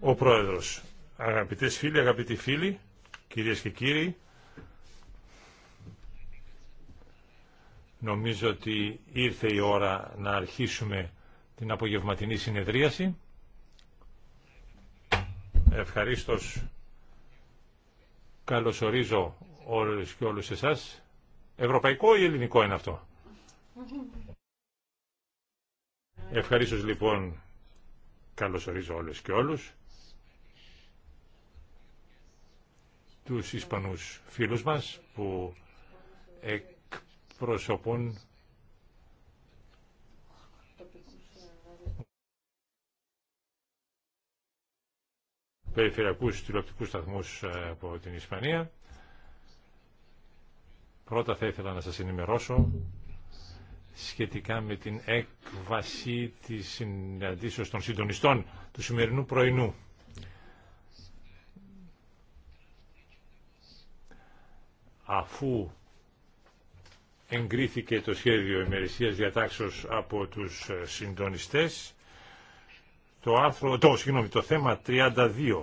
Ο Πρόεδρος, αγαπητές φίλοι, αγαπητοί φίλοι, κυρίες και κύριοι, νομίζω ότι ήρθε η ώρα να αρχίσουμε την απογευματινή συνεδρίαση. Ευχαρίστως καλωσορίζω όλους και όλους εσάς Ευρωπαϊκό ή ελληνικό είναι αυτό. Ευχαριστώ λοιπόν ορίζω όλες και όλους τους Ισπανούς φίλους μας που εκπροσωπούν περιφερειακούς τηλεοπτικούς σταθμούς ε, από την Ισπανία Πρώτα θα ήθελα να σας ενημερώσω σχετικά με την έκβαση της συναντήσεως των συντονιστών του σημερινού πρωινού. Αφού εγκρίθηκε το σχέδιο ημερησίας διατάξεως από τους συντονιστές, το, άρθρο, το, συγγνώμη, το θέμα 32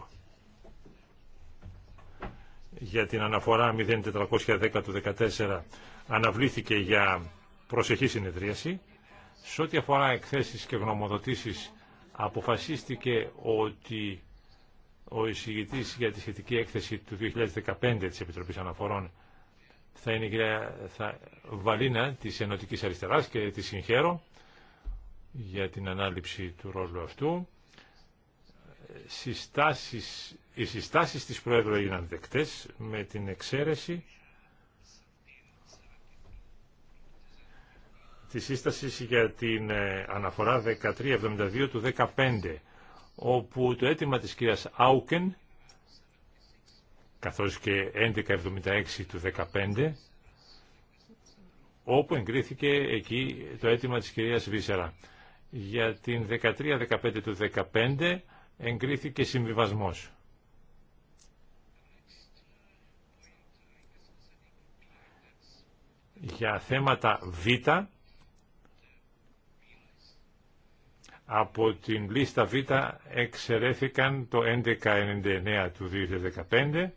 για την αναφορά 0410 του 2014 αναβλήθηκε για προσεχή συνεδρίαση. Σε ό,τι αφορά εκθέσεις και γνωμοδοτήσεις αποφασίστηκε ότι ο εισηγητής για τη σχετική έκθεση του 2015 της Επιτροπής Αναφορών θα είναι η κυρία θα, Βαλίνα της Ενωτικής Αριστεράς και τη συγχαίρω για την ανάληψη του ρόλου αυτού συστάσεις, οι συστάσεις της Πρόεδρου έγιναν δεκτές με την εξαίρεση τη σύσταση για την ε, αναφορά 1372 του 15 όπου το αίτημα της κυρίας Άουκεν καθώς και 1176 του 15 όπου εγκρίθηκε εκεί το αίτημα της κυρίας Βίσερα. Για την 13-15 του 15 εγκρίθηκε συμβιβασμός. Για θέματα Β από την λίστα Β εξαιρέθηκαν το 1199 του 2015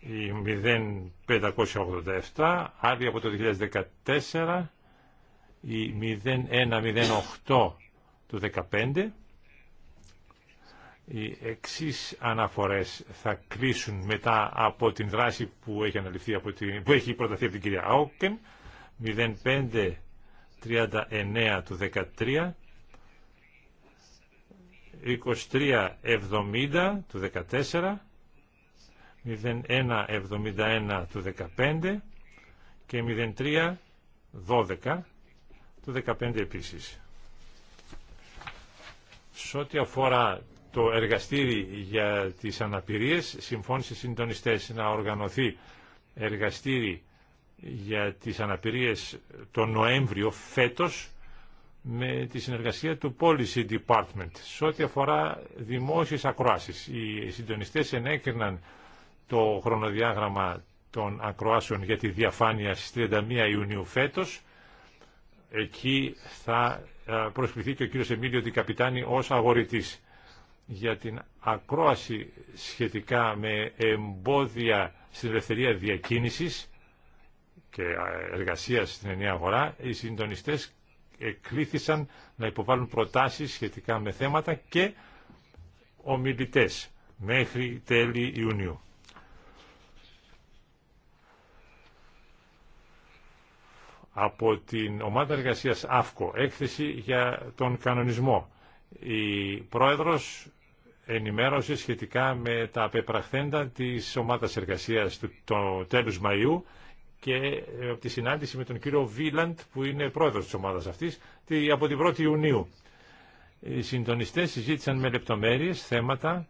η 0587, άδεια από το 2014 η 0108 του 15 οι εξή αναφορές θα κλείσουν μετά από την δράση που έχει, αναλυθεί από την, που έχει προταθεί από την κυρία Άουκεν 0539 του 13 2370 του 14 0171 του 15 και 0312 του 2015 επίσης. Σε ό,τι αφορά το εργαστήρι για τις αναπηρίες, συμφώνησε οι συντονιστές να οργανωθεί εργαστήρι για τις αναπηρίες το Νοέμβριο φέτος με τη συνεργασία του Policy Department. Σε ό,τι αφορά δημόσιες ακροάσεις, οι συντονιστές ενέκριναν το χρονοδιάγραμμα των ακροάσεων για τη διαφάνεια στις 31 Ιουνίου φέτος Εκεί θα ε, προσκληθεί και ο κύριος Εμίλιο Δικαπιτάνη ως αγορητής για την ακρόαση σχετικά με εμπόδια στην ελευθερία διακίνησης και ε, εργασίας στην ενιαία αγορά, οι συντονιστές εκλήθησαν να υποβάλουν προτάσεις σχετικά με θέματα και ομιλητές μέχρι τέλη Ιουνίου. από την ομάδα εργασίας ΑΦΚΟ, έκθεση για τον κανονισμό. Η πρόεδρος ενημέρωσε σχετικά με τα απεπραχθέντα της ομάδας εργασίας του το τέλους Μαΐου και ε, από τη συνάντηση με τον κύριο Βίλαντ που είναι πρόεδρος της ομάδας αυτής από την 1η Ιουνίου. Οι συντονιστές συζήτησαν με λεπτομέρειες θέματα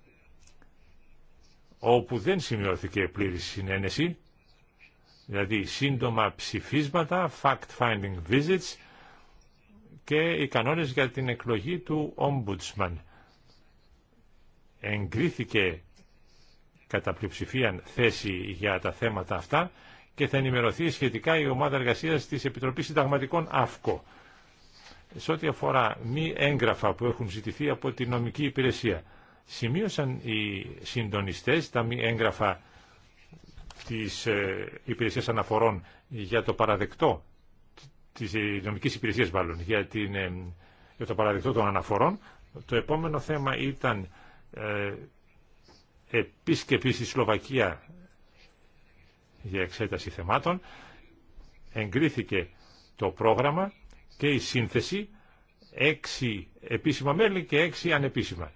όπου δεν σημειώθηκε πλήρη συνένεση δηλαδή σύντομα ψηφίσματα, fact-finding visits και οι κανόνες για την εκλογή του Ombudsman. Εγκρίθηκε κατά πλειοψηφία θέση για τα θέματα αυτά και θα ενημερωθεί σχετικά η ομάδα εργασίας της Επιτροπής Συνταγματικών ΑΦΚΟ. Σε ό,τι αφορά μη έγγραφα που έχουν ζητηθεί από την νομική υπηρεσία, σημείωσαν οι συντονιστές τα μη έγγραφα τις ε, υπηρεσίας αναφορών για το παραδεκτό της νομικής υπηρεσίας μάλλον για, την, ε, για το παραδεκτό των αναφορών το επόμενο θέμα ήταν ε, επίσκεψη στη Σλοβακία για εξέταση θεμάτων εγκρίθηκε το πρόγραμμα και η σύνθεση έξι επίσημα μέλη και έξι ανεπίσημα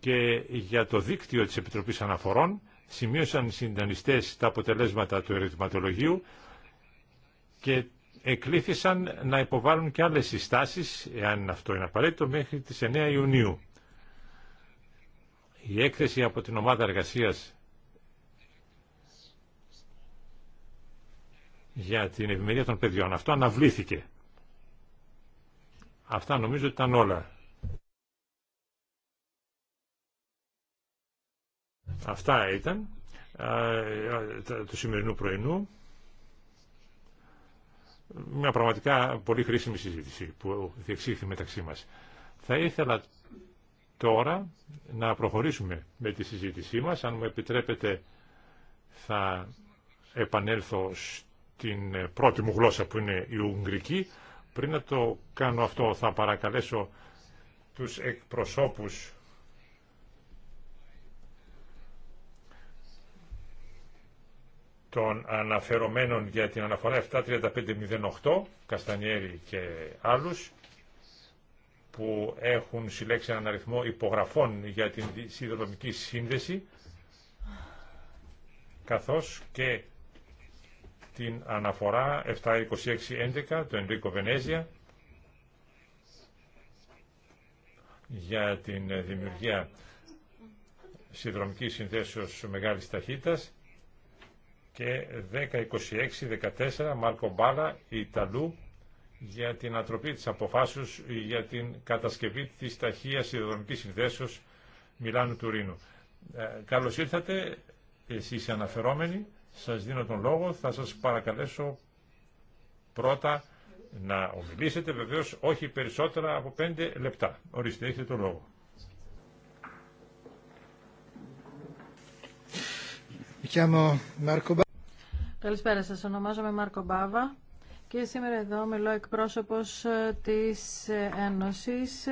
και για το δίκτυο της Επιτροπής Αναφορών σημείωσαν συντονιστές τα αποτελέσματα του ερωτηματολογίου και εκλήθησαν να υποβάλουν και άλλες συστάσεις, εάν αυτό είναι απαραίτητο, μέχρι τις 9 Ιουνίου. Η έκθεση από την ομάδα εργασίας για την ευημερία των παιδιών. Αυτό αναβλήθηκε. Αυτά νομίζω ήταν όλα. Αυτά ήταν ε, ε, του σημερινού πρωινού. Μια πραγματικά πολύ χρήσιμη συζήτηση που διεξήχθη μεταξύ μας. Θα ήθελα τώρα να προχωρήσουμε με τη συζήτησή μας. Αν μου επιτρέπετε θα επανέλθω στην πρώτη μου γλώσσα που είναι η Ουγγρική. Πριν να το κάνω αυτό θα παρακαλέσω τους εκπροσώπους των αναφερομένων για την αναφορά 73508, Καστανιέρη και άλλους, που έχουν συλλέξει έναν αριθμό υπογραφών για την συνδρομική σύνδεση, καθώς και την αναφορά 72611 του Ενρίκο Βενέζια για την δημιουργία συνδρομικής συνδέσεως μεγάλης ταχύτητας και 10-26-14 Μάρκο Μπάλα Ιταλού για την ανατροπή της αποφάσεως για την κατασκευή της ταχειας ιδεοδρομικής σιδηροδρομικής συνδέσεως Μιλάνου-Τουρίνου. Ε, καλώς ήρθατε, εσείς αναφερόμενοι, σας δίνω τον λόγο, θα σας παρακαλέσω πρώτα να ομιλήσετε βεβαίως όχι περισσότερα από 5 λεπτά. Ορίστε, έχετε τον λόγο. Καλησπέρα σας, ονομάζομαι Μάρκο Μπάβα και σήμερα εδώ μιλώ εκπρόσωπος ε, της ε, Ένωσης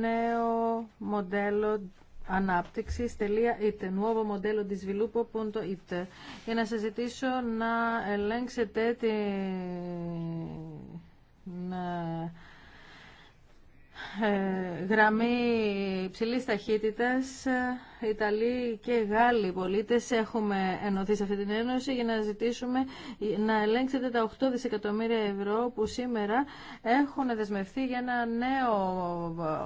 Νέο Μοντέλο ανάπτυξης, τελεία είτε, nuovo μοντέλο τη Βιλούπο, είτε. Για να ζητήσω να ελέγξετε την ε, ε, γραμμή υψηλή ταχύτητα. Ε, Ιταλοί και Γάλλοι πολίτε έχουμε ενωθεί σε αυτή την ένωση για να ζητήσουμε να ελέγξετε τα 8 δισεκατομμύρια ευρώ που σήμερα έχουν δεσμευθεί για ένα νέο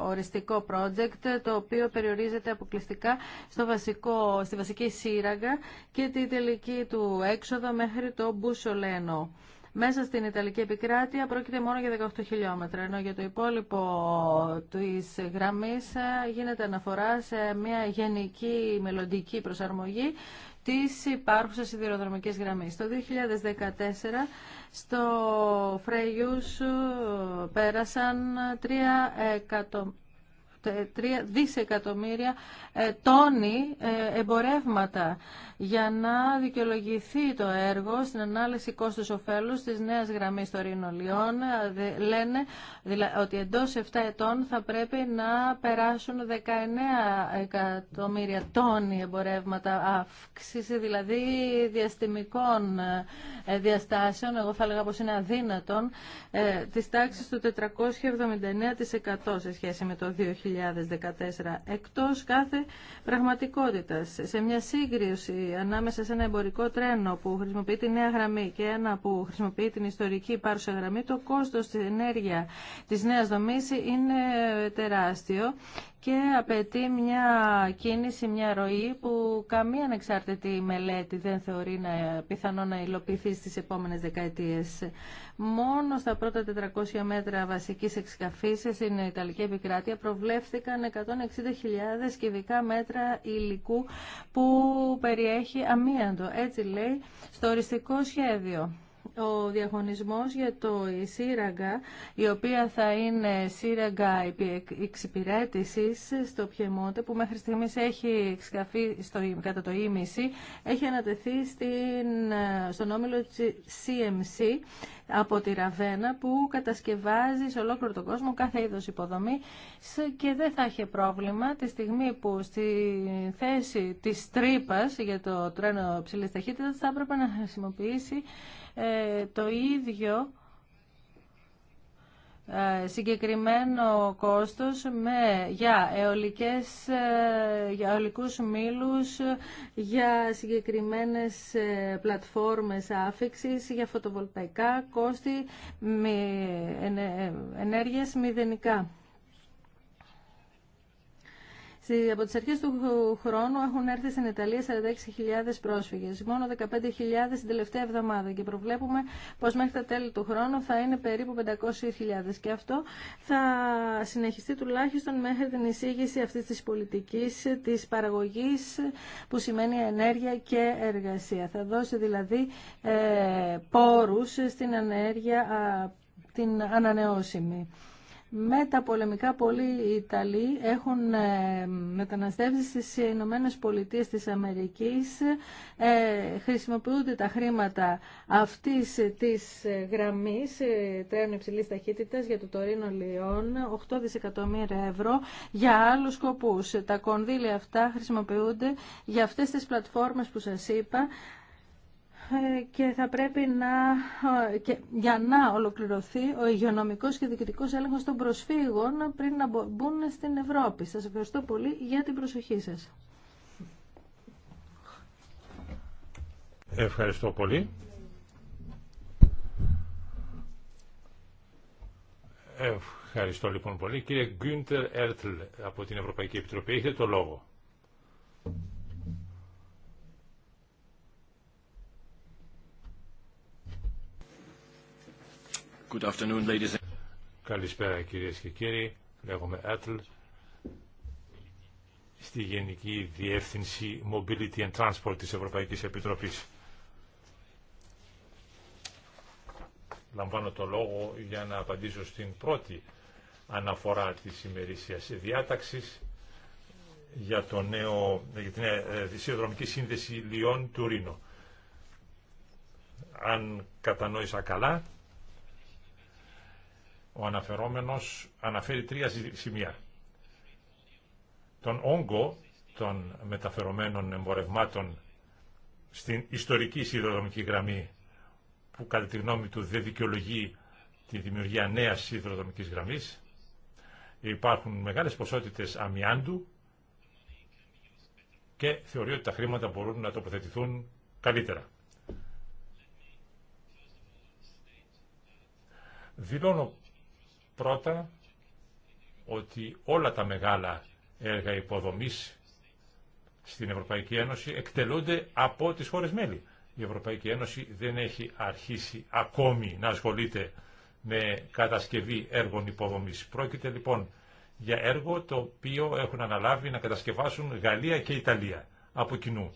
οριστικό project το οποίο περιορίζεται αποκλειστικά στο βασικό, στη βασική σύραγγα και τη τελική του έξοδο μέχρι το Μπουσολένο. Μέσα στην Ιταλική επικράτεια πρόκειται μόνο για 18 χιλιόμετρα, ενώ για το υπόλοιπο της γραμμής ε, γίνεται αναφορά σε μια γενική μελλοντική προσαρμογή της υπάρχουσας σιδηροδρομικής γραμμής. Το 2014 στο Φρέγιους, ε, πέρασαν 3 εκατομμύρια 3 δισεκατομμύρια ε, τόνοι ε, εμπορεύματα για να δικαιολογηθεί το έργο στην ανάλυση κόστος ωφέλους της νέας γραμμής των Ρινολιών. Ε, λένε ότι εντός 7 ετών θα πρέπει να περάσουν 19 εκατομμύρια τόνοι εμπορεύματα αύξηση δηλαδή διαστημικών διαστάσεων, εγώ θα έλεγα πως είναι αδύνατον, της τάξης του 479% σε σχέση με το 2000. 2014 εκτός κάθε πραγματικότητας. Σε μια σύγκριση ανάμεσα σε ένα εμπορικό τρένο που χρησιμοποιεί τη νέα γραμμή και ένα που χρησιμοποιεί την ιστορική πάρουσα γραμμή, το κόστος της ενέργεια της νέας δομής είναι τεράστιο και απαιτεί μια κίνηση, μια ροή που καμία ανεξάρτητη μελέτη δεν θεωρεί να, πιθανό να υλοποιηθεί στις επόμενες δεκαετίες. Μόνο στα πρώτα 400 μέτρα βασικής εξκαφής στην Ιταλική επικράτεια προβλέφθηκαν 160.000 κυβικά μέτρα υλικού που περιέχει αμίαντο. Έτσι λέει στο οριστικό σχέδιο ο διαγωνισμός για το η η οποία θα είναι σύραγγα εξυπηρέτησης στο Πιεμόντε, που μέχρι στιγμής έχει σκαφεί κατά το ίμιση, έχει ανατεθεί στην, στον όμιλο CMC από τη Ραβένα, που κατασκευάζει σε ολόκληρο τον κόσμο κάθε είδος υποδομή και δεν θα έχει πρόβλημα τη στιγμή που στη θέση της τρύπα για το τρένο ψηλής ταχύτητας θα έπρεπε να χρησιμοποιήσει ε, το ίδιο ε, συγκεκριμένο κόστος με, για, αιωλικές, ε, για μήλους, για συγκεκριμένες πλατφόρμες άφηξης, για φωτοβολταϊκά κόστη με ενέργειας μηδενικά. Από τις αρχές του χρόνου έχουν έρθει στην Ιταλία 46.000 πρόσφυγες, μόνο 15.000 την τελευταία εβδομάδα και προβλέπουμε πως μέχρι τα τέλη του χρόνου θα είναι περίπου 500.000 και αυτό θα συνεχιστεί τουλάχιστον μέχρι την εισήγηση αυτής της πολιτικής της παραγωγής που σημαίνει ενέργεια και εργασία. Θα δώσει δηλαδή ε, πόρους στην ενέργεια την ανανεώσιμη με τα πολεμικά πολλοί Ιταλοί έχουν ε, μεταναστεύσει στις Ηνωμένε Πολιτείες της Αμερικής. Ε, χρησιμοποιούνται τα χρήματα αυτής της ε, γραμμής τρένου υψηλή ταχύτητας για το Τωρίνο Λιόν, 8 δισεκατομμύρια ευρώ για άλλους σκοπούς. Τα κονδύλια αυτά χρησιμοποιούνται για αυτές τις πλατφόρμες που σας είπα, ε, και θα πρέπει να, ε, για να ολοκληρωθεί ο υγειονομικός και διοικητικός έλεγχος των προσφύγων πριν να μπουν στην Ευρώπη. Σας ευχαριστώ πολύ για την προσοχή σας. Ευχαριστώ πολύ. Ευχαριστώ λοιπόν πολύ. Κύριε Γκούντερ Έρτλ από την Ευρωπαϊκή Επιτροπή, έχετε το λόγο. Καλησπέρα κυρίες και κύριοι. Λέγομαι Άτλ στη Γενική Διεύθυνση Mobility and Transport της Ευρωπαϊκής Επιτροπής. Λαμβάνω το λόγο για να απαντήσω στην πρώτη αναφορά της ημερήσιας διάταξης για, το νέο, για την ε, συνδεση σύνδεση Λιών-Τουρίνο. Αν κατανόησα καλά, ο αναφερόμενος αναφέρει τρία σημεία. Τον όγκο των μεταφερομένων εμπορευμάτων στην ιστορική σιδηροδρομική γραμμή που κατά τη γνώμη του δεν δικαιολογεί τη δημιουργία νέας σιδηροδρομικής γραμμής. Υπάρχουν μεγάλες ποσότητες αμοιάντου και θεωρεί ότι τα χρήματα μπορούν να τοποθετηθούν καλύτερα. Δηλώνω Πρώτα, ότι όλα τα μεγάλα έργα υποδομής στην Ευρωπαϊκή Ένωση εκτελούνται από τις χώρες μέλη. Η Ευρωπαϊκή Ένωση δεν έχει αρχίσει ακόμη να ασχολείται με κατασκευή έργων υποδομής. Πρόκειται λοιπόν για έργο το οποίο έχουν αναλάβει να κατασκευάσουν Γαλλία και Ιταλία από κοινού.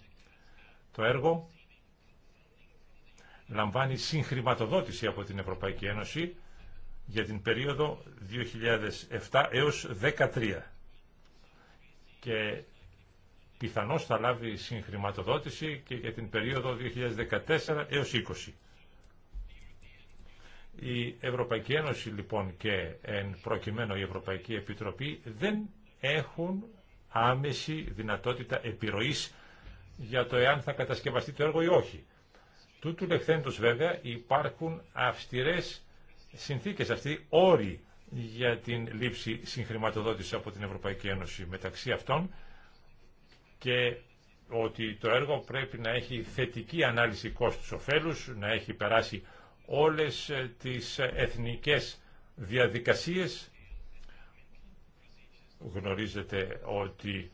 Το έργο λαμβάνει συγχρηματοδότηση από την Ευρωπαϊκή Ένωση για την περίοδο 2007 έως 2013 και πιθανώς θα λάβει συγχρηματοδότηση και για την περίοδο 2014 έως 20. Η Ευρωπαϊκή Ένωση λοιπόν και εν προκειμένου η Ευρωπαϊκή Επιτροπή δεν έχουν άμεση δυνατότητα επιρροής για το εάν θα κατασκευαστεί το έργο ή όχι. Τούτου λεχθέντος βέβαια υπάρχουν αυστηρές συνθήκες αυτοί, όροι για την λήψη συγχρηματοδότηση από την Ευρωπαϊκή Ένωση μεταξύ αυτών και ότι το έργο πρέπει να έχει θετική ανάλυση κόστους κόστους-οφέλους να έχει περάσει όλες τις εθνικές διαδικασίες. Γνωρίζετε ότι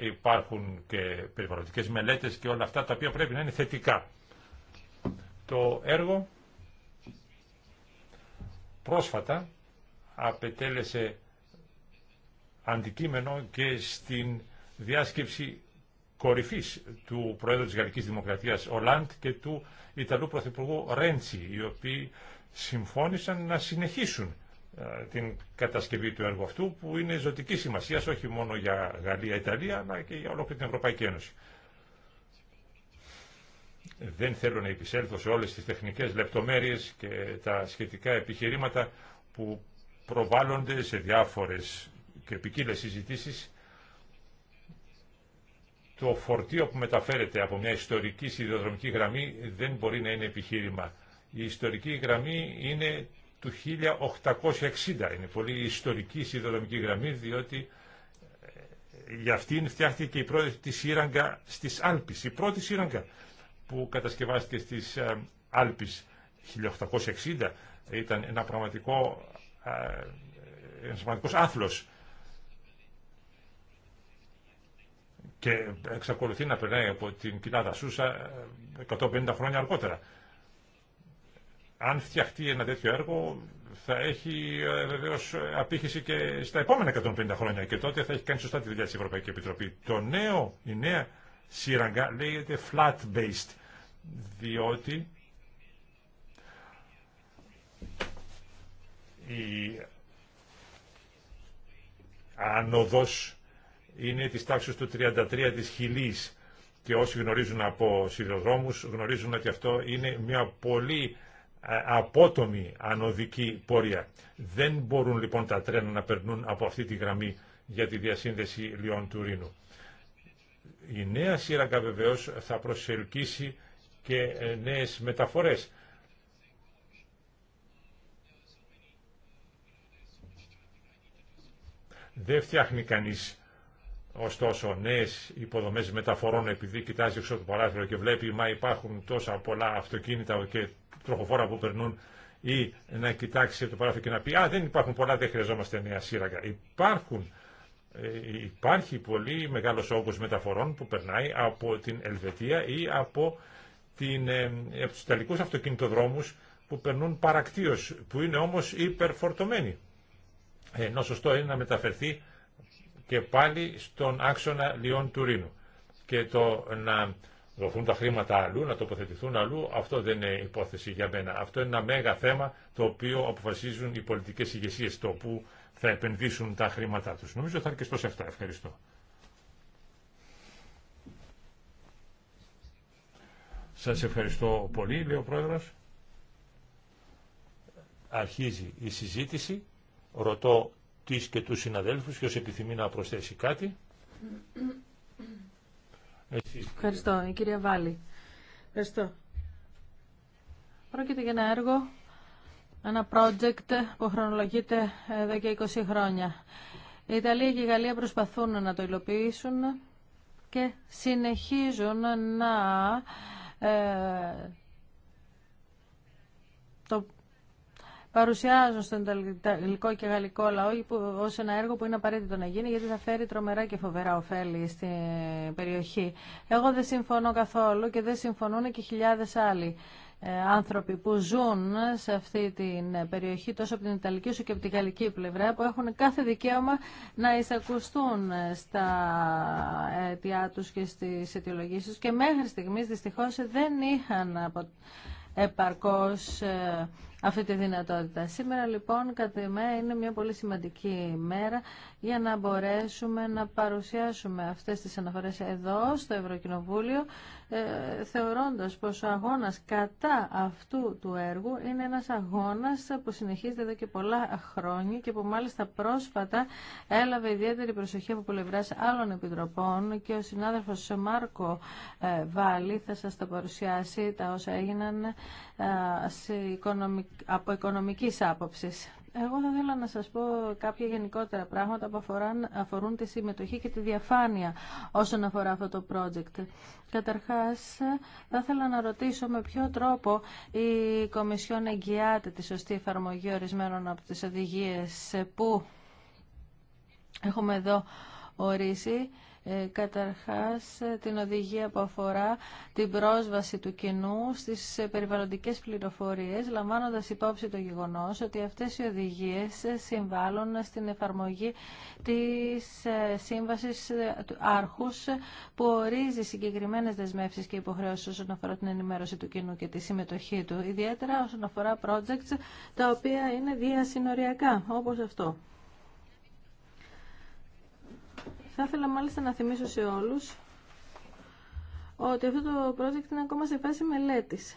υπάρχουν και περιβαλλοντικές μελέτες και όλα αυτά τα οποία πρέπει να είναι θετικά. Το έργο πρόσφατα απετέλεσε αντικείμενο και στην διάσκεψη κορυφής του Προέδρου της Γαλλικής Δημοκρατίας Ολάντ και του Ιταλού Πρωθυπουργού Ρέντσι, οι οποίοι συμφώνησαν να συνεχίσουν ε, την κατασκευή του έργου αυτού που είναι ζωτική σημασία όχι μόνο για Γαλλία-Ιταλία αλλά και για ολόκληρη την Ευρωπαϊκή Ένωση. Δεν θέλω να επισέλθω σε όλες τις τεχνικές λεπτομέρειες και τα σχετικά επιχειρήματα που προβάλλονται σε διάφορες και ποικίλε συζητήσει. Το φορτίο που μεταφέρεται από μια ιστορική σιδηροδρομική γραμμή δεν μπορεί να είναι επιχείρημα. Η ιστορική γραμμή είναι του 1860. Είναι πολύ ιστορική σιδηροδρομική γραμμή διότι ε, για αυτήν φτιάχτηκε η πρώτη σύραγγα στις Άλπεις. Η πρώτη σύραγγα που κατασκευάστηκε στις ε, Άλπεις 1860 ήταν ένα πραγματικό, ε, ένας πραγματικός άθλος και εξακολουθεί να περνάει από την κοιλάδα Σούσα 150 ε, χρόνια αργότερα. Αν φτιαχτεί ένα τέτοιο έργο θα έχει βεβαίω απήχηση και στα επόμενα 150 χρόνια και τότε θα έχει κάνει σωστά τη δουλειά της Ευρωπαϊκή Επιτροπή. Το νέο, η νέα σύραγγα λέγεται flat-based διότι η άνοδος είναι της τάξης του 33 της χιλής και όσοι γνωρίζουν από σιδηροδρόμους γνωρίζουν ότι αυτό είναι μια πολύ ε, απότομη ανωδική πορεία. Δεν μπορούν λοιπόν τα τρένα να περνούν από αυτή τη γραμμή για τη διασύνδεση Λιών Τουρίνου. Η νέα σύραγγα βεβαίως θα προσελκύσει και ε, νέες μεταφορές. Δεν φτιάχνει κανείς ωστόσο νέες υποδομές μεταφορών επειδή κοιτάζει εξώ το παράθυρο και βλέπει μα υπάρχουν τόσα πολλά αυτοκίνητα και τροχοφόρα που περνούν ή να κοιτάξει το παράθυρο και να πει «Α, δεν υπάρχουν πολλά, δεν χρειαζόμαστε νέα σύραγγα». Υπάρχουν, ε, υπάρχει πολύ μεγάλος όγκος μεταφορών που περνάει από την Ελβετία ή από την, ε, από τους Ιταλικούς αυτοκινητοδρόμους που περνούν παρακτίως, που είναι όμως υπερφορτωμένοι. Ενώ σωστό είναι να μεταφερθεί και πάλι στον άξονα Λιών Τουρίνου. Και το να δοθούν τα χρήματα αλλού, να τοποθετηθούν αλλού, αυτό δεν είναι υπόθεση για μένα. Αυτό είναι ένα μέγα θέμα το οποίο αποφασίζουν οι πολιτικές ηγεσίες, το που θα επενδύσουν τα χρήματά τους. Νομίζω θα αρκεστώ σε αυτά. Ευχαριστώ. Σας ευχαριστώ πολύ, λέει ο Πρόεδρος. Αρχίζει η συζήτηση. Ρωτώ τις και τους συναδέλφους, ποιος επιθυμεί να προσθέσει κάτι. Εσείς. Ευχαριστώ, η κυρία Βάλη. Ευχαριστώ. Πρόκειται για ένα έργο, ένα project που χρονολογείται ε, εδώ και 20 χρόνια. Η Ιταλία και η Γαλλία προσπαθούν να το υλοποιήσουν και συνεχίζουν να ε, το παρουσιάζουν στον Ιταλικό και Γαλλικό λαό ω ένα έργο που είναι απαραίτητο να γίνει γιατί θα φέρει τρομερά και φοβερά ωφέλη στην περιοχή. Εγώ δεν συμφωνώ καθόλου και δεν συμφωνούν και χιλιάδες άλλοι. Ε, άνθρωποι που ζουν σε αυτή την ε, περιοχή τόσο από την Ιταλική όσο και από την Γαλλική πλευρά που έχουν κάθε δικαίωμα να εισακουστούν ε, στα αιτιά τους και στις αιτιολογίες και μέχρι στιγμής δυστυχώς δεν είχαν απο... επαρκώς αυτή τη δυνατότητα. Σήμερα λοιπόν κατά μένα είναι μια πολύ σημαντική μέρα για να μπορέσουμε να παρουσιάσουμε αυτές τις αναφορές εδώ στο Ευρωκοινοβούλιο ε, θεωρώντας πως ο αγώνας κατά αυτού του έργου είναι ένας αγώνας που συνεχίζεται εδώ και πολλά χρόνια και που μάλιστα πρόσφατα έλαβε ιδιαίτερη προσοχή από πλευράς άλλων επιτροπών και ο συνάδελφος Μάρκο ε, Βάλι θα σας τα παρουσιάσει τα όσα έγιναν ε, από οικονομικής άποψης. Εγώ θα ήθελα να σας πω κάποια γενικότερα πράγματα που αφορούν, τη συμμετοχή και τη διαφάνεια όσον αφορά αυτό το project. Καταρχάς, θα ήθελα να ρωτήσω με ποιο τρόπο η Κομισιόν εγγυάται τη σωστή εφαρμογή ορισμένων από τις οδηγίες που έχουμε εδώ ορίσει ε, καταρχάς την οδηγία που αφορά την πρόσβαση του κοινού στις ε, περιβαλλοντικές πληροφορίες, λαμβάνοντας υπόψη το γεγονός ότι αυτές οι οδηγίες ε, συμβάλλουν στην εφαρμογή της σύμβασης του άρχους που ορίζει συγκεκριμένες δεσμεύσεις και υποχρεώσεις όσον αφορά την ενημέρωση του κοινού και τη συμμετοχή του, ιδιαίτερα όσον αφορά projects τα οποία είναι διασυνοριακά, όπως αυτό. Θα ήθελα μάλιστα να θυμίσω σε όλους ότι αυτό το project είναι ακόμα σε φάση μελέτης.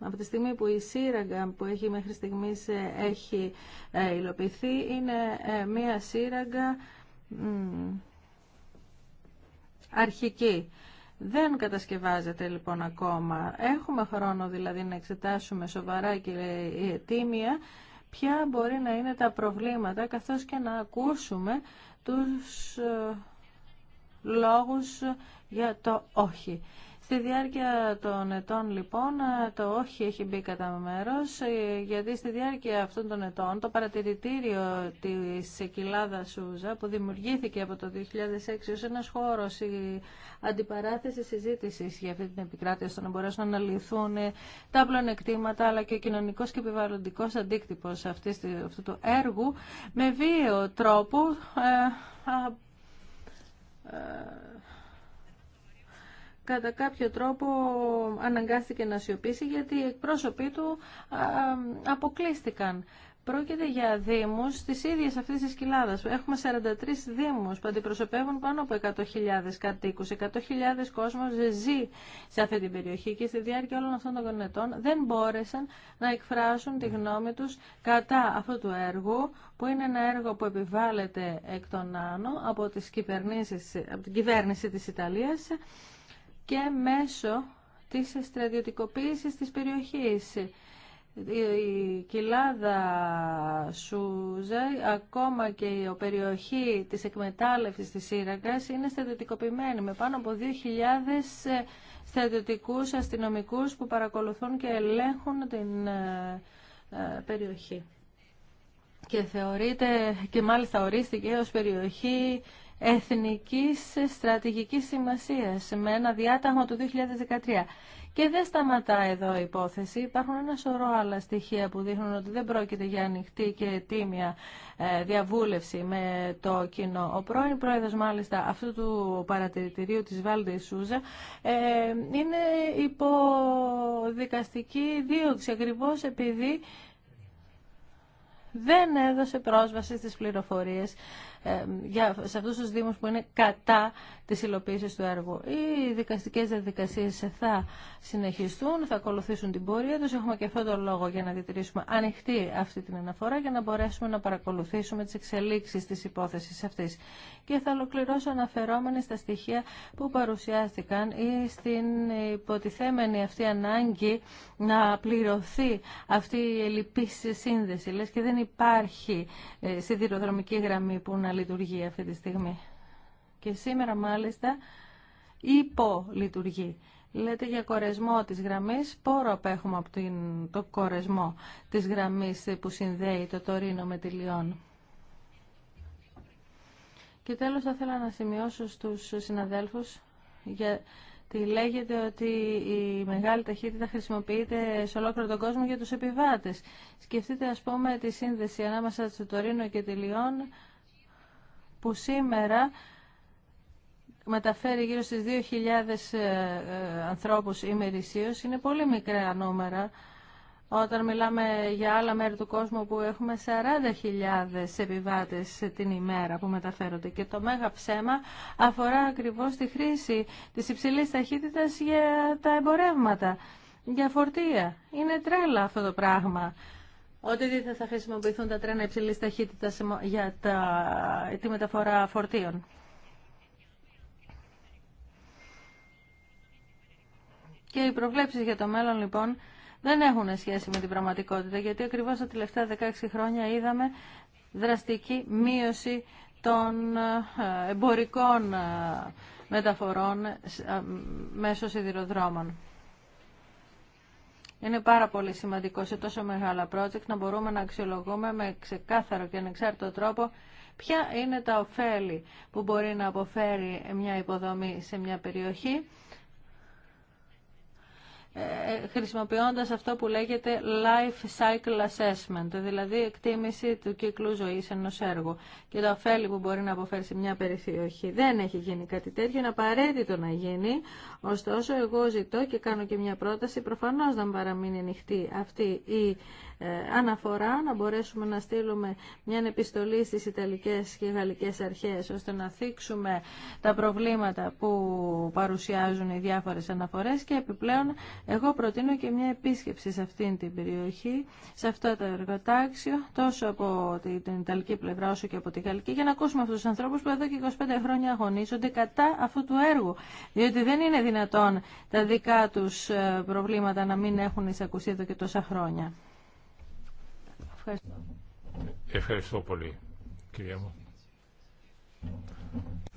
Από τη στιγμή που η σύραγγα που έχει μέχρι στιγμής ε, έχει ε, υλοποιηθεί, είναι ε, μία σύραγγα αρχική. Δεν κατασκευάζεται λοιπόν ακόμα. Έχουμε χρόνο δηλαδή να εξετάσουμε σοβαρά και τίμια ποια μπορεί να είναι τα προβλήματα καθώς και να ακούσουμε τους λόγους για το όχι. Στη διάρκεια των ετών λοιπόν το όχι έχει μπει κατά μέρος ε, γιατί στη διάρκεια αυτών των ετών το παρατηρητήριο της κοιλάδα Σούζα που δημιουργήθηκε από το 2006 ως ένας χώρος η αντιπαράθεση συζήτησης για αυτή την επικράτεια στο να μπορέσουν να αναλυθούν ε, τα πλονεκτήματα αλλά και ο κοινωνικός και επιβαλλοντικός αντίκτυπος αυτού του έργου με βίαιο τρόπο ε, ε, κατά κάποιο τρόπο αναγκάστηκε να σιωπήσει γιατί οι εκπρόσωποι του αποκλείστηκαν. Πρόκειται για Δήμου της ίδια αυτή τη Κοιλάδα. Έχουμε 43 δήμους που αντιπροσωπεύουν πάνω από 100.000 κατοίκου, 100.000 κόσμος ζει σε αυτή την περιοχή και στη διάρκεια όλων αυτών των ετών δεν μπόρεσαν να εκφράσουν τη γνώμη τους κατά αυτού του έργου που είναι ένα έργο που επιβάλλεται εκ των άνω από, τις από την κυβέρνηση τη Ιταλία και μέσω τη στρατιωτικοποίηση τη περιοχή η κοιλάδα Σούζα, ακόμα και η περιοχή της εκμετάλλευσης της Σύρακας είναι στρατιωτικοποιημένη με πάνω από 2.000 ε, στρατιωτικούς αστυνομικούς που παρακολουθούν και ελέγχουν την ε, ε, περιοχή. Και θεωρείται και μάλιστα ορίστηκε ως περιοχή εθνικής στρατηγικής σημασίας με ένα διάταγμα του 2013. Και δεν σταματά εδώ η υπόθεση. Υπάρχουν ένα σωρό άλλα στοιχεία που δείχνουν ότι δεν πρόκειται για ανοιχτή και τίμια ε, διαβούλευση με το κοινό. Ο πρώην πρόεδρος μάλιστα αυτού του παρατηρητηρίου της Βάλντε Σούζα ε, είναι υποδικαστική δικαστική δίωξη ακριβώ επειδή δεν έδωσε πρόσβαση στις πληροφορίες ε, για, σε αυτούς τους Δήμους που είναι κατά της υλοποίηση του έργου. Οι δικαστικές διαδικασίε θα συνεχιστούν, θα ακολουθήσουν την πορεία τους. Έχουμε και αυτό τον λόγο για να διατηρήσουμε ανοιχτή αυτή την αναφορά για να μπορέσουμε να παρακολουθήσουμε τις εξελίξεις της υπόθεσης αυτής. Και θα ολοκληρώσω αναφερόμενοι στα στοιχεία που παρουσιάστηκαν ή στην υποτιθέμενη αυτή ανάγκη να πληρωθεί αυτή η ελλειπής σύνδεση. Λες και δεν υπάρχει ε, σιδηροδρομική γραμμή που να λειτουργεί αυτή τη στιγμή. Και σήμερα μάλιστα υπολειτουργεί. Λέτε για κορεσμό της γραμμής, πόρο απέχουμε από το κορεσμό της γραμμής που συνδέει το Τωρίνο με τη Λιόν. Και τέλος θα ήθελα να σημειώσω στους συναδέλφους για τη λέγεται ότι η μεγάλη ταχύτητα χρησιμοποιείται σε ολόκληρο τον κόσμο για τους επιβάτες. Σκεφτείτε ας πούμε τη σύνδεση ανάμεσα στο Τωρίνο και τη Λιόν που σήμερα μεταφέρει γύρω στις 2.000 ε, ε, ανθρώπους ημερησίως. Είναι πολύ μικρά νούμερα όταν μιλάμε για άλλα μέρη του κόσμου που έχουμε 40.000 επιβάτες την ημέρα που μεταφέρονται. Και το μέγα ψέμα αφορά ακριβώς τη χρήση της υψηλής ταχύτητας για τα εμπορεύματα, για φορτία. Είναι τρέλα αυτό το πράγμα. Ότι θα χρησιμοποιηθούν τα τρένα υψηλής ταχύτητας για τα... τη μεταφορά φορτίων. Και οι προβλέψεις για το μέλλον λοιπόν δεν έχουν σχέση με την πραγματικότητα, γιατί ακριβώς τα τελευταία 16 χρόνια είδαμε δραστική μείωση των ε, εμπορικών ε, μεταφορών ε, μέσω σιδηροδρόμων. Είναι πάρα πολύ σημαντικό σε τόσο μεγάλα project να μπορούμε να αξιολογούμε με ξεκάθαρο και ανεξάρτητο τρόπο ποια είναι τα ωφέλη που μπορεί να αποφέρει μια υποδομή σε μια περιοχή ε, χρησιμοποιώντας αυτό που λέγεται life cycle assessment, δηλαδή εκτίμηση του κύκλου ζωής ενός έργου και το ωφέλη που μπορεί να αποφέρει σε μια περιοχή. Δεν έχει γίνει κάτι τέτοιο, είναι απαραίτητο να γίνει, ωστόσο εγώ ζητώ και κάνω και μια πρόταση προφανώς να παραμείνει ανοιχτή αυτή η ε, αναφορά, να μπορέσουμε να στείλουμε μια επιστολή στις Ιταλικές και Γαλλικές αρχές, ώστε να θίξουμε τα προβλήματα που παρουσιάζουν οι διάφορες αναφορές και επιπλέον εγώ προτείνω και μια επίσκεψη σε αυτήν την περιοχή, σε αυτό το εργοτάξιο, τόσο από την Ιταλική πλευρά όσο και από την Γαλλική, για να ακούσουμε αυτούς τους ανθρώπους που εδώ και 25 χρόνια αγωνίζονται κατά αυτού του έργου. Διότι δεν είναι δυνατόν τα δικά τους ε, προβλήματα να μην έχουν εισακουστεί εδώ και τόσα χρόνια. Ευχαριστώ. πολύ, κυρία μου.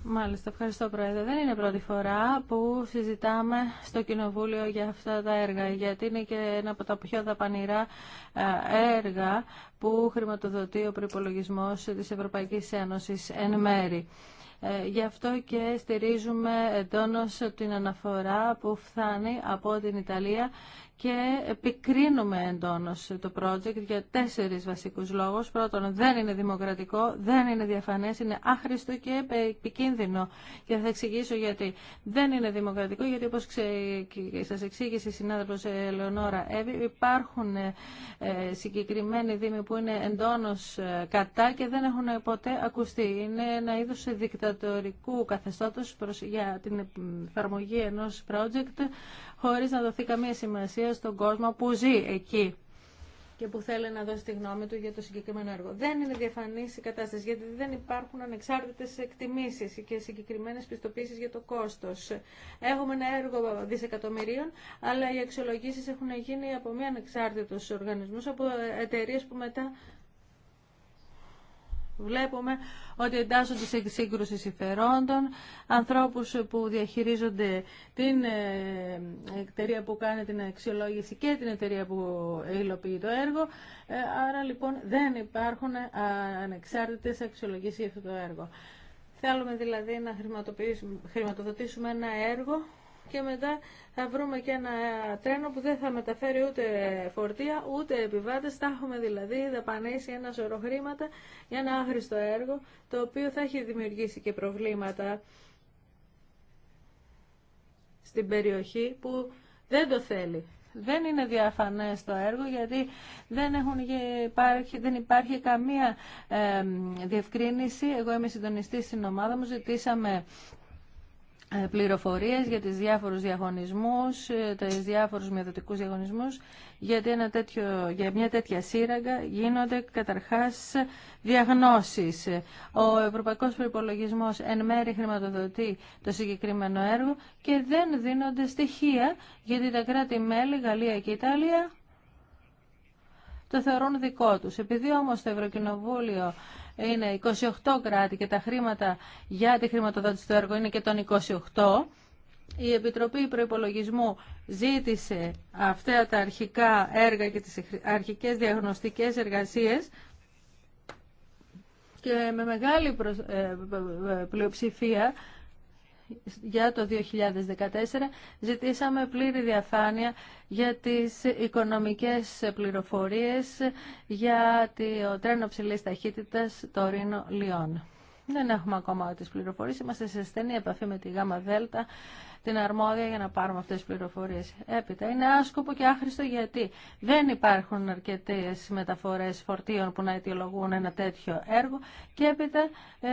Μάλιστα, ευχαριστώ Πρόεδρε. Δεν είναι πρώτη φορά που συζητάμε στο Κοινοβούλιο για αυτά τα έργα, γιατί είναι και ένα από τα πιο δαπανηρά ε, έργα που χρηματοδοτεί ο προπολογισμό της Ευρωπαϊκής Ένωσης εν μέρη. Ε, γι' αυτό και στηρίζουμε εντόνως την αναφορά που φθάνει από την Ιταλία και επικρίνουμε εντόνως το project για τέσσερις βασικούς λόγους. Πρώτον, δεν είναι δημοκρατικό, δεν είναι διαφανές, είναι άχρηστο και επικίνδυνο. Και θα εξηγήσω γιατί δεν είναι δημοκρατικό, γιατί όπως ξε... σας εξήγησε η συνάδελφος Λεωνόρα Εύη, υπάρχουν ε, ε, συγκεκριμένοι δήμοι που είναι εντόνως ε, κατά και δεν έχουν ποτέ ακουστεί. Είναι ένα είδος δικτατορικού καθεστώτος προς... για την εφαρμογή ενός project χωρίς να δοθεί καμία σημασία στον κόσμο που ζει εκεί και που θέλει να δώσει τη γνώμη του για το συγκεκριμένο έργο. Δεν είναι διαφανή η κατάσταση, γιατί δεν υπάρχουν ανεξάρτητε εκτιμήσει και συγκεκριμένε πιστοποίησει για το κόστο. Έχουμε ένα έργο δισεκατομμυρίων, αλλά οι αξιολογήσει έχουν γίνει από μη ανεξάρτητου οργανισμού, από εταιρείε που μετά Βλέπουμε ότι εντάσσονται σε σύγκρουση συμφερόντων, ανθρώπους που διαχειρίζονται την ε, εταιρεία που κάνει την αξιολόγηση και την εταιρεία που υλοποιεί το έργο. Ε, άρα λοιπόν δεν υπάρχουν ε, ανεξάρτητες αξιολογήσεις για αυτό το έργο. Θέλουμε δηλαδή να χρηματοδοτήσουμε ένα έργο και μετά θα βρούμε και ένα τρένο που δεν θα μεταφέρει ούτε φορτία ούτε επιβάτες. Θα έχουμε δηλαδή δαπανήσει ένα σωρό χρήματα για ένα άχρηστο έργο το οποίο θα έχει δημιουργήσει και προβλήματα στην περιοχή που δεν το θέλει. Δεν είναι διαφανές το έργο γιατί δεν, έχουν υπάρχει, δεν υπάρχει καμία διευκρίνηση. Εγώ είμαι συντονιστή στην ομάδα μου, ζητήσαμε ε, πληροφορίες για τις διάφορους διαγωνισμούς, ε, τις διάφορους μειοδοτικούς διαγωνισμούς, γιατί ένα τέτοιο, για μια τέτοια σύραγγα γίνονται καταρχάς διαγνώσεις. Ο Ευρωπαϊκός Προϋπολογισμός εν μέρη χρηματοδοτεί το συγκεκριμένο έργο και δεν δίνονται στοιχεία, γιατί τα κράτη-μέλη, Γαλλία και Ιταλία, το θεωρούν δικό τους. Επειδή όμως το Ευρωκοινοβούλιο είναι 28 κράτη και τα χρήματα για τη χρηματοδότηση του έργου είναι και των 28. Η Επιτροπή Προϋπολογισμού ζήτησε αυτά τα αρχικά έργα και τις αρχικές διαγνωστικές εργασίες και με μεγάλη ε, ε, ε, πλειοψηφία για το 2014 ζητήσαμε πλήρη διαφάνεια για τις οικονομικές πληροφορίες για το τρένο ψηλής ταχύτητας το Ρήνο Λιών. Δεν έχουμε ακόμα τις πληροφορίες, είμαστε σε στενή επαφή με τη ΓΑΜΑ ΔΕΛΤΑ την αρμόδια για να πάρουμε αυτές τις πληροφορίες. Έπειτα είναι άσκοπο και άχρηστο γιατί δεν υπάρχουν αρκετές μεταφορές φορτίων που να αιτιολογούν ένα τέτοιο έργο και έπειτα ε,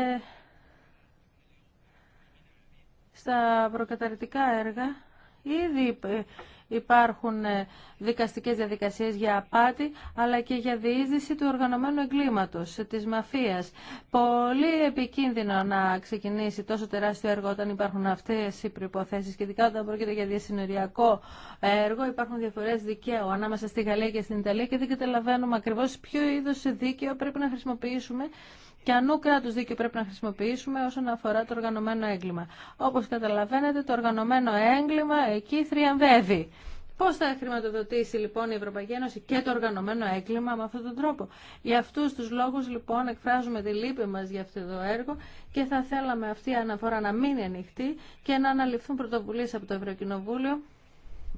στα προκαταρκτικά έργα ήδη ε, υπάρχουν ε, δικαστικές διαδικασίες για απάτη αλλά και για διείσδυση του οργανωμένου εγκλήματος, ε, της μαφίας. Πολύ επικίνδυνο να ξεκινήσει τόσο τεράστιο έργο όταν υπάρχουν αυτές οι προϋποθέσεις και ειδικά όταν πρόκειται για διασυνοριακό έργο υπάρχουν διαφορές δικαίου ανάμεσα στη Γαλλία και στην Ιταλία και δεν καταλαβαίνουμε ακριβώς ποιο είδος δίκαιο πρέπει να χρησιμοποιήσουμε και ανού κράτου δίκαιο πρέπει να χρησιμοποιήσουμε όσον αφορά το οργανωμένο έγκλημα. Όπω καταλαβαίνετε, το οργανωμένο έγκλημα εκεί θριαμβεύει. Πώ θα χρηματοδοτήσει λοιπόν η Ευρωπαϊκή Ένωση και το οργανωμένο έγκλημα με αυτόν τον τρόπο. Για αυτού του λόγου λοιπόν εκφράζουμε τη λύπη μα για αυτό το έργο και θα θέλαμε αυτή η αναφορά να μείνει ανοιχτή και να αναλυφθούν πρωτοβουλίε από το Ευρωκοινοβούλιο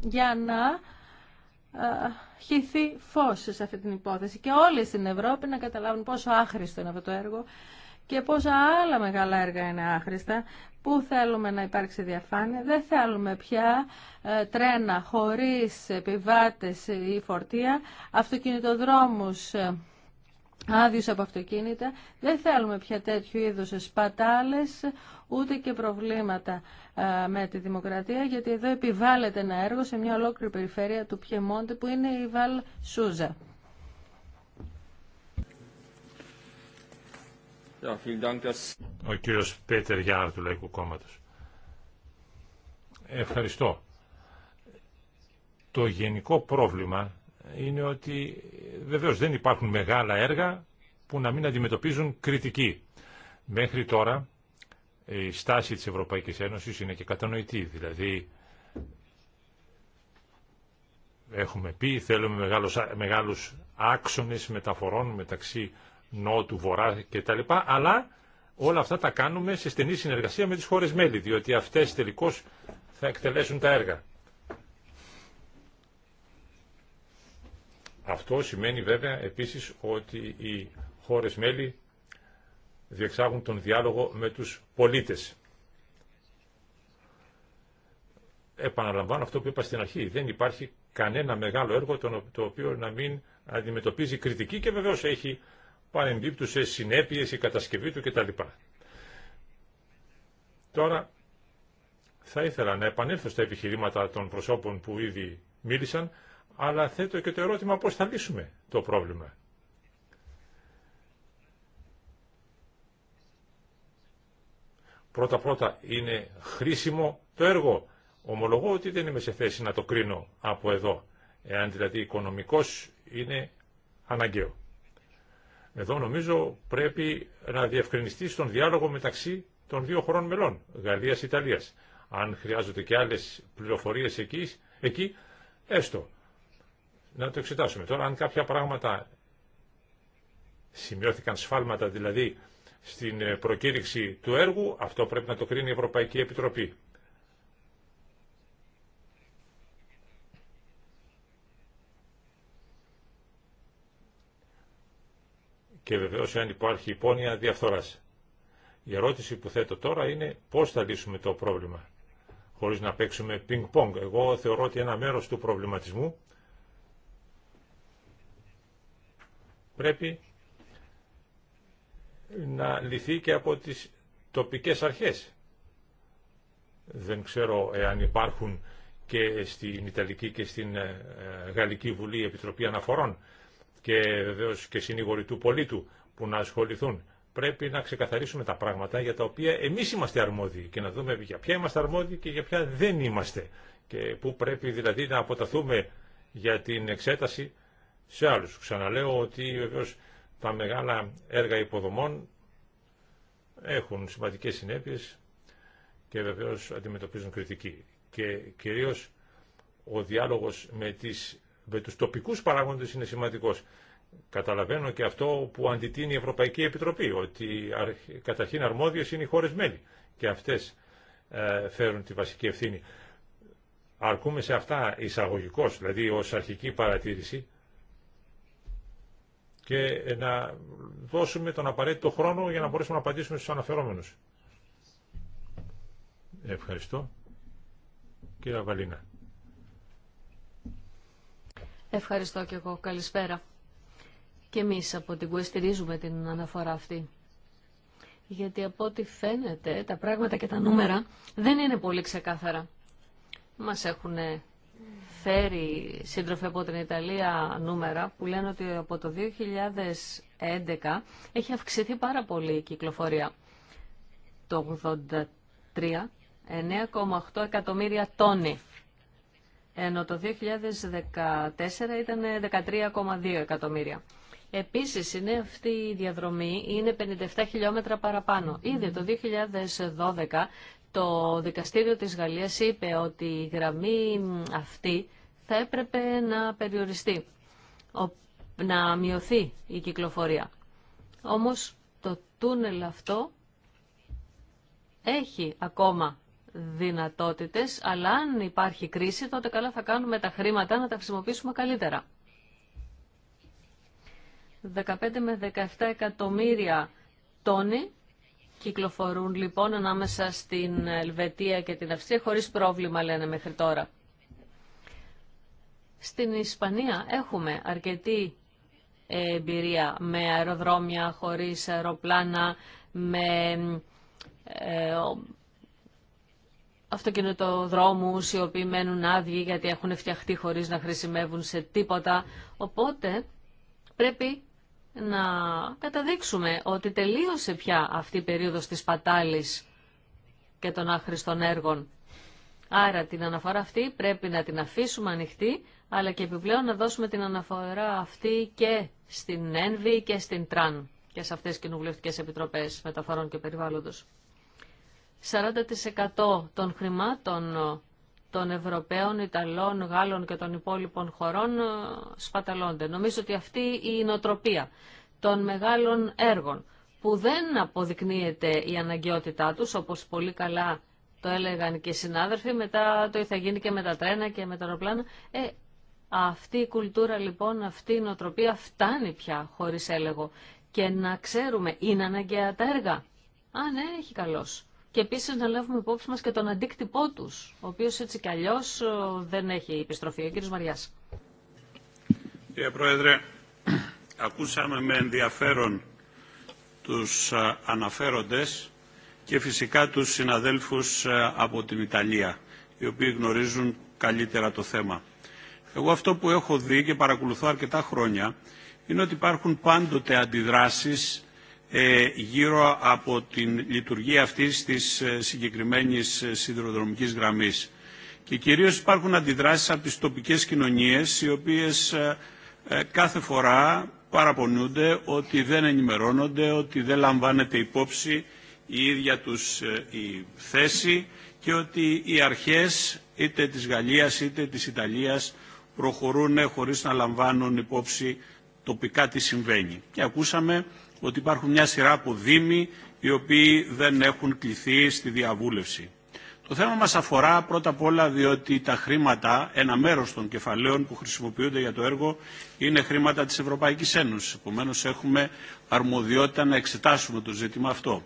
για να χυθεί φως σε αυτή την υπόθεση και όλοι στην Ευρώπη να καταλάβουν πόσο άχρηστο είναι αυτό το έργο και πόσα άλλα μεγάλα έργα είναι άχρηστα, πού θέλουμε να υπάρξει διαφάνεια. Δεν θέλουμε πια ε, τρένα χωρίς επιβάτες ή φορτία, αυτοκινητοδρόμους ε, άδειους από αυτοκίνητα. Δεν θέλουμε πια τέτοιου είδους σπατάλες, ούτε και προβλήματα με τη δημοκρατία, γιατί εδώ επιβάλλεται ένα έργο σε μια ολόκληρη περιφέρεια του Πιεμόντε, που είναι η Βαλ Σούζα. Ο κύριος Πέτερ του Λαϊκού Κόμματος. Ευχαριστώ. Το γενικό πρόβλημα είναι ότι βεβαίως δεν υπάρχουν μεγάλα έργα που να μην αντιμετωπίζουν κριτική. Μέχρι τώρα η στάση της Ευρωπαϊκής Ένωσης είναι και κατανοητή. Δηλαδή έχουμε πει θέλουμε μεγάλους, μεγάλους άξονες μεταφορών μεταξύ νότου, βορρά κτλ. Αλλά όλα αυτά τα κάνουμε σε στενή συνεργασία με τις χώρες μέλη, διότι αυτές τελικώς θα εκτελέσουν τα έργα. Αυτό σημαίνει βέβαια επίσης ότι οι χώρες μέλη διεξάγουν τον διάλογο με τους πολίτες. Επαναλαμβάνω αυτό που είπα στην αρχή. Δεν υπάρχει κανένα μεγάλο έργο το οποίο να μην αντιμετωπίζει κριτική και βεβαίως έχει παρεμπίπτου σε συνέπειες η κατασκευή του κτλ. Τώρα θα ήθελα να επανέλθω στα επιχειρήματα των προσώπων που ήδη μίλησαν αλλά θέτω και το ερώτημα πώς θα λύσουμε το πρόβλημα. Πρώτα-πρώτα είναι χρήσιμο το έργο. Ομολογώ ότι δεν είμαι σε θέση να το κρίνω από εδώ, εάν δηλαδή οικονομικός είναι αναγκαίο. Εδώ νομίζω πρέπει να διευκρινιστεί στον διάλογο μεταξύ των δύο χωρών μελών, Γαλλίας-Ιταλίας. Αν χρειάζονται και άλλες πληροφορίες εκεί, εκεί έστω να το εξετάσουμε. Τώρα, αν κάποια πράγματα σημειώθηκαν σφάλματα, δηλαδή στην ε, προκήρυξη του έργου, αυτό πρέπει να το κρίνει η Ευρωπαϊκή Επιτροπή. Και βεβαίως αν υπάρχει υπόνοια διαφθοράς. Η ερώτηση που θέτω τώρα είναι πώς θα λύσουμε το πρόβλημα χωρίς να παίξουμε πινκ-πονγκ. Εγώ θεωρώ ότι ένα μέρος του προβληματισμού πρέπει να λυθεί και από τις τοπικές αρχές. Δεν ξέρω εάν υπάρχουν και στην Ιταλική και στην ε, Γαλλική Βουλή Επιτροπή Αναφορών και βεβαίω και συνήγοροι του πολίτου που να ασχοληθούν. Πρέπει να ξεκαθαρίσουμε τα πράγματα για τα οποία εμείς είμαστε αρμόδιοι και να δούμε για ποια είμαστε αρμόδιοι και για ποια δεν είμαστε και που πρέπει δηλαδή να αποταθούμε για την εξέταση σε άλλους. Ξαναλέω ότι βεβαίως τα μεγάλα έργα υποδομών έχουν σημαντικές συνέπειες και βεβαίως αντιμετωπίζουν κριτική. Και κυρίως ο διάλογος με, τις, με τους τοπικούς παράγοντες είναι σημαντικός. Καταλαβαίνω και αυτό που αντιτείνει η Ευρωπαϊκή Επιτροπή, ότι καταρχήν αρμόδιες είναι οι χώρες μέλη και αυτές ε, φέρουν τη βασική ευθύνη. Αρκούμε σε αυτά εισαγωγικώς, δηλαδή ως αρχική παρατήρηση, και ε, να δώσουμε τον απαραίτητο χρόνο για να μπορέσουμε να απαντήσουμε στους αναφερόμενους. Ευχαριστώ. Κύριε Βαλίνα. Ευχαριστώ και εγώ. Καλησπέρα. Και εμείς από την ΚΟΕ στηρίζουμε την αναφορά αυτή. Γιατί από ό,τι φαίνεται τα πράγματα και τα νούμερα δεν είναι πολύ ξεκάθαρα. Μας έχουν φέρει σύντροφε από την Ιταλία νούμερα που λένε ότι από το 2011 έχει αυξηθεί πάρα πολύ η κυκλοφορία. Το 83, 9,8 εκατομμύρια τόνοι. Ενώ το 2014 ήταν 13,2 εκατομμύρια. Επίσης είναι αυτή η διαδρομή, είναι 57 χιλιόμετρα παραπάνω. Ήδη το 2012 το δικαστήριο της Γαλλίας είπε ότι η γραμμή αυτή θα έπρεπε να περιοριστεί, να μειωθεί η κυκλοφορία. Όμως το τούνελ αυτό έχει ακόμα δυνατότητες, αλλά αν υπάρχει κρίση τότε καλά θα κάνουμε τα χρήματα να τα χρησιμοποιήσουμε καλύτερα. 15 με 17 εκατομμύρια τόνοι Κυκλοφορούν λοιπόν ανάμεσα στην Ελβετία και την Αυστρία χωρίς πρόβλημα λένε μέχρι τώρα. Στην Ισπανία έχουμε αρκετή εμπειρία με αεροδρόμια χωρίς αεροπλάνα, με ε, αυτοκινητοδρόμους οι οποίοι μένουν άδειοι γιατί έχουν φτιαχτεί χωρίς να χρησιμεύουν σε τίποτα. Οπότε πρέπει να καταδείξουμε ότι τελείωσε πια αυτή η περίοδος της πατάλης και των άχρηστων έργων. Άρα την αναφορά αυτή πρέπει να την αφήσουμε ανοιχτή, αλλά και επιπλέον να δώσουμε την αναφορά αυτή και στην ΕΝΒΗ και στην ΤΡΑΝ και σε αυτές τις κοινοβουλευτικές επιτροπές μεταφορών και περιβάλλοντος. 40% των χρημάτων των Ευρωπαίων, Ιταλών, Γάλλων και των υπόλοιπων χωρών ε, σπαταλώνται. Νομίζω ότι αυτή η νοοτροπία των μεγάλων έργων που δεν αποδεικνύεται η αναγκαιότητά τους, όπως πολύ καλά το έλεγαν και οι συνάδελφοι, μετά το θα γίνει και με τα τρένα και με τα αεροπλάνα. Ε, αυτή η κουλτούρα λοιπόν, αυτή η νοοτροπία φτάνει πια χωρίς έλεγο. Και να ξέρουμε, είναι αναγκαία τα έργα. Α, ναι, έχει καλώς και επίση να λάβουμε υπόψη μα και τον αντίκτυπό τους, ο οποίος έτσι κι αλλιώ ε, δεν έχει επιστροφή. Ο Μαρία. Μαριάς. Κύριε Πρόεδρε, ακούσαμε με ενδιαφέρον τους ε, αναφέροντες και φυσικά τους συναδέλφους ε, από την Ιταλία, οι οποίοι γνωρίζουν καλύτερα το θέμα. Εγώ αυτό που έχω δει και παρακολουθώ αρκετά χρόνια είναι ότι υπάρχουν πάντοτε αντιδράσεις ε, γύρω από την λειτουργία αυτής της ε, συγκεκριμένης ε, σιδηροδρομικής γραμμής. Και κυρίως υπάρχουν αντιδράσεις από τις τοπικές κοινωνίες, οι οποίες κάθε φορά παραπονούνται ότι δεν ενημερώνονται, ότι δεν λαμβάνεται υπόψη η ίδια τους η θέση και ότι οι αρχές είτε της Γαλλίας είτε της Ιταλίας προχωρούν χωρίς να λαμβάνουν υπόψη τοπικά τι συμβαίνει. Και ακούσαμε ότι υπάρχουν μια σειρά από δήμοι οι οποίοι δεν έχουν κληθεί στη διαβούλευση. Το θέμα μας αφορά πρώτα απ' όλα διότι τα χρήματα, ένα μέρος των κεφαλαίων που χρησιμοποιούνται για το έργο είναι χρήματα της Ευρωπαϊκής Ένωσης. Επομένω, έχουμε αρμοδιότητα να εξετάσουμε το ζήτημα αυτό.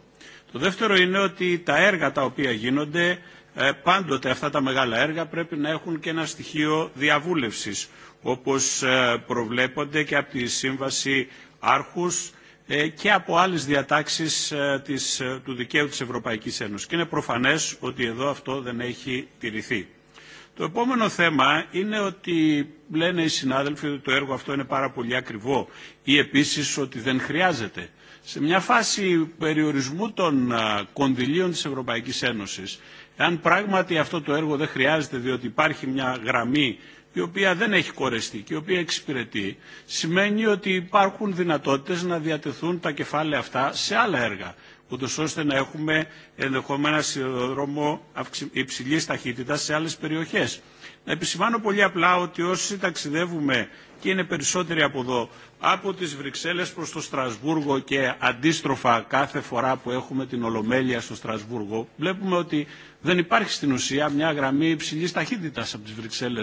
Το δεύτερο είναι ότι τα έργα τα οποία γίνονται, ε, πάντοτε αυτά τα μεγάλα έργα πρέπει να έχουν και ένα στοιχείο διαβούλευσης όπως ε, προβλέπονται και από τη Σύμβαση Άρχους ε, και από άλλες διατάξεις ε, ε, του δικαίου της Ευρωπαϊκής Ένωσης. Και είναι προφανές ότι εδώ αυτό δεν έχει τηρηθεί. Το επόμενο θέμα είναι ότι λένε οι συνάδελφοι ότι το έργο αυτό είναι πάρα πολύ ακριβό ή επίσης ότι δεν χρειάζεται. Σε μια φάση περιορισμού των κονδυλίων της Ευρωπαϊκής Ένωσης, αν πράγματι αυτό το έργο δεν χρειάζεται διότι υπάρχει μια γραμμή η οποία δεν έχει κορεστεί και η οποία εξυπηρετεί, σημαίνει ότι υπάρχουν δυνατότητες να διατεθούν τα κεφάλαια αυτά σε άλλα έργα, ούτω ώστε να έχουμε ενδεχόμενα σιδηρόδρομο υψηλής ταχύτητας σε άλλες περιοχές. Να επισημάνω πολύ απλά ότι όσοι ταξιδεύουμε και είναι περισσότεροι από εδώ, από τις Βρυξέλλες προς το Στρασβούργο και αντίστροφα κάθε φορά που έχουμε την Ολομέλεια στο Στρασβούργο, βλέπουμε ότι δεν υπάρχει στην ουσία μια γραμμή υψηλή ταχύτητα από τι Βρυξέλλε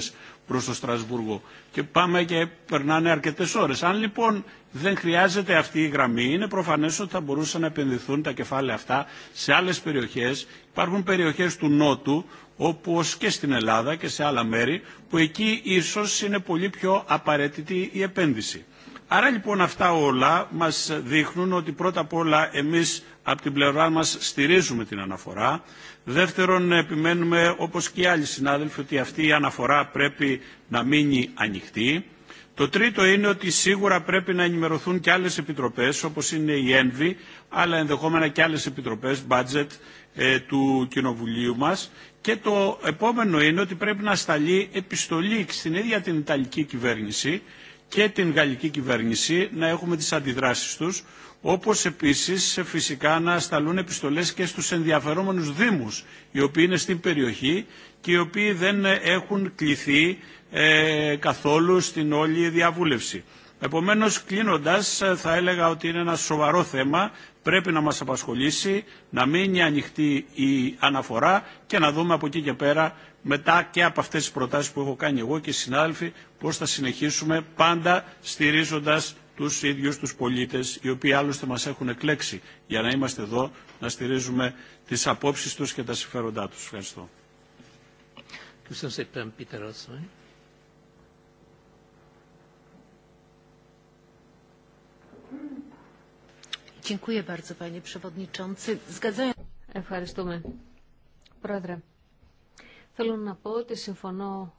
προ το Στρασβούργο. Και πάμε και περνάνε αρκετέ ώρε. Αν λοιπόν δεν χρειάζεται αυτή η γραμμή, είναι προφανέ ότι θα μπορούσαν να επενδυθούν τα κεφάλαια αυτά σε άλλε περιοχέ. Υπάρχουν περιοχέ του Νότου, όπω και στην Ελλάδα και σε άλλα μέρη, που εκεί ίσω είναι πολύ πιο απαραίτητη η επένδυση. Άρα λοιπόν αυτά όλα μας δείχνουν ότι πρώτα απ' όλα εμείς από την πλευρά μας στηρίζουμε την αναφορά. Δεύτερον, επιμένουμε, όπως και οι άλλοι συνάδελφοι, ότι αυτή η αναφορά πρέπει να μείνει ανοιχτή. Το τρίτο είναι ότι σίγουρα πρέπει να ενημερωθούν και άλλες επιτροπές, όπως είναι η ΕΝΒΗ, αλλά ενδεχόμενα και άλλες επιτροπές, budget, ε, του Κοινοβουλίου μας. Και το επόμενο είναι ότι πρέπει να σταλεί επιστολή στην ίδια την Ιταλική κυβέρνηση και την Γαλλική κυβέρνηση, να έχουμε τις αντιδράσεις τους, όπως επίσης φυσικά να σταλούν επιστολές και στους ενδιαφερόμενους δήμους οι οποίοι είναι στην περιοχή και οι οποίοι δεν έχουν κληθεί ε, καθόλου στην όλη διαβούλευση. Επομένως, κλείνοντας, ε, θα έλεγα ότι είναι ένα σοβαρό θέμα, πρέπει να μας απασχολήσει, να μείνει ανοιχτή η αναφορά και να δούμε από εκεί και πέρα, μετά και από αυτές τις προτάσεις που έχω κάνει εγώ και οι συνάδελφοι, πώς θα συνεχίσουμε πάντα στηρίζοντας τους ίδιους τους πολίτες, οι οποίοι άλλωστε μας έχουν εκλέξει για να είμαστε εδώ, να στηρίζουμε τις απόψεις τους και τα συμφέροντά τους. Ευχαριστώ. Ευχαριστούμε. Πρόεδρε, θέλω να πω ότι συμφωνώ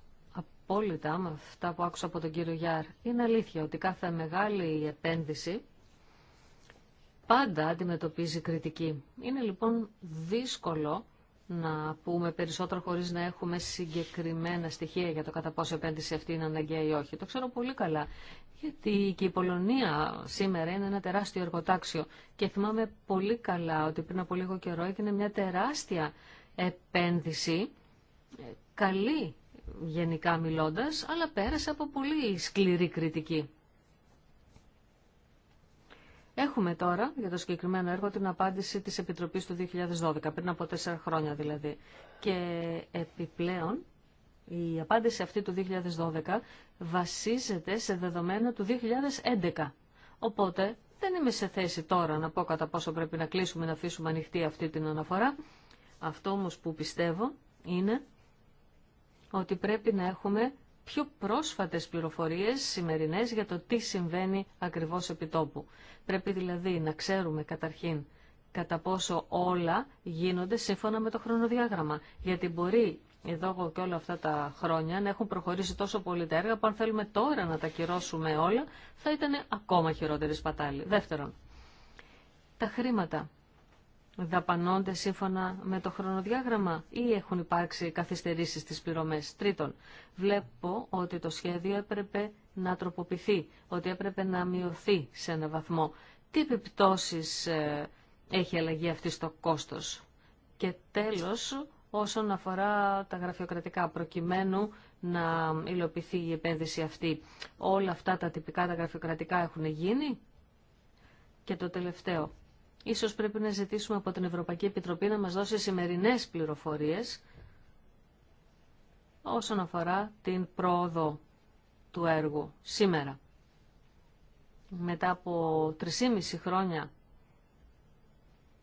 απόλυτα με αυτά που άκουσα από τον κύριο Γιάρ. Είναι αλήθεια ότι κάθε μεγάλη επένδυση πάντα αντιμετωπίζει κριτική. Είναι λοιπόν δύσκολο να πούμε περισσότερο χωρίς να έχουμε συγκεκριμένα στοιχεία για το κατά πόσο επένδυση αυτή είναι αναγκαία ή όχι. Το ξέρω πολύ καλά, γιατί και η Πολωνία σήμερα είναι ένα τεράστιο εργοτάξιο και θυμάμαι πολύ καλά ότι πριν από λίγο καιρό έγινε μια τεράστια επένδυση ε, καλή γενικά μιλώντας, αλλά πέρασε από πολύ σκληρή κριτική. Έχουμε τώρα για το συγκεκριμένο έργο την απάντηση της Επιτροπής του 2012, πριν από τέσσερα χρόνια δηλαδή. Και επιπλέον η απάντηση αυτή του 2012 βασίζεται σε δεδομένα του 2011. Οπότε δεν είμαι σε θέση τώρα να πω κατά πόσο πρέπει να κλείσουμε να αφήσουμε ανοιχτή αυτή την αναφορά. Αυτό όμως που πιστεύω είναι ότι πρέπει να έχουμε πιο πρόσφατες πληροφορίες σημερινές για το τι συμβαίνει ακριβώς επί τόπου. Πρέπει δηλαδή να ξέρουμε καταρχήν κατά πόσο όλα γίνονται σύμφωνα με το χρονοδιάγραμμα. Γιατί μπορεί εδώ και όλα αυτά τα χρόνια να έχουν προχωρήσει τόσο πολύ τα έργα που αν θέλουμε τώρα να τα κυρώσουμε όλα θα ήταν ακόμα χειρότερη σπατάλη. Δεύτερον, τα χρήματα δαπανώνται σύμφωνα με το χρονοδιάγραμμα ή έχουν υπάρξει καθυστερήσεις στις πληρωμές. Τρίτον, βλέπω ότι το σχέδιο έπρεπε να τροποποιηθεί, ότι έπρεπε να μειωθεί σε ένα βαθμό. Τι επιπτώσεις ε, έχει αλλαγή αυτή στο κόστος. Και τέλος, όσον αφορά τα γραφειοκρατικά, προκειμένου να υλοποιηθεί η επένδυση αυτή. Όλα αυτά τα τυπικά τα γραφειοκρατικά έχουν γίνει. Και το τελευταίο, Ίσως πρέπει να ζητήσουμε από την Ευρωπαϊκή Επιτροπή να μας δώσει σημερινές πληροφορίες όσον αφορά την πρόοδο του έργου σήμερα. Μετά από 3,5 χρόνια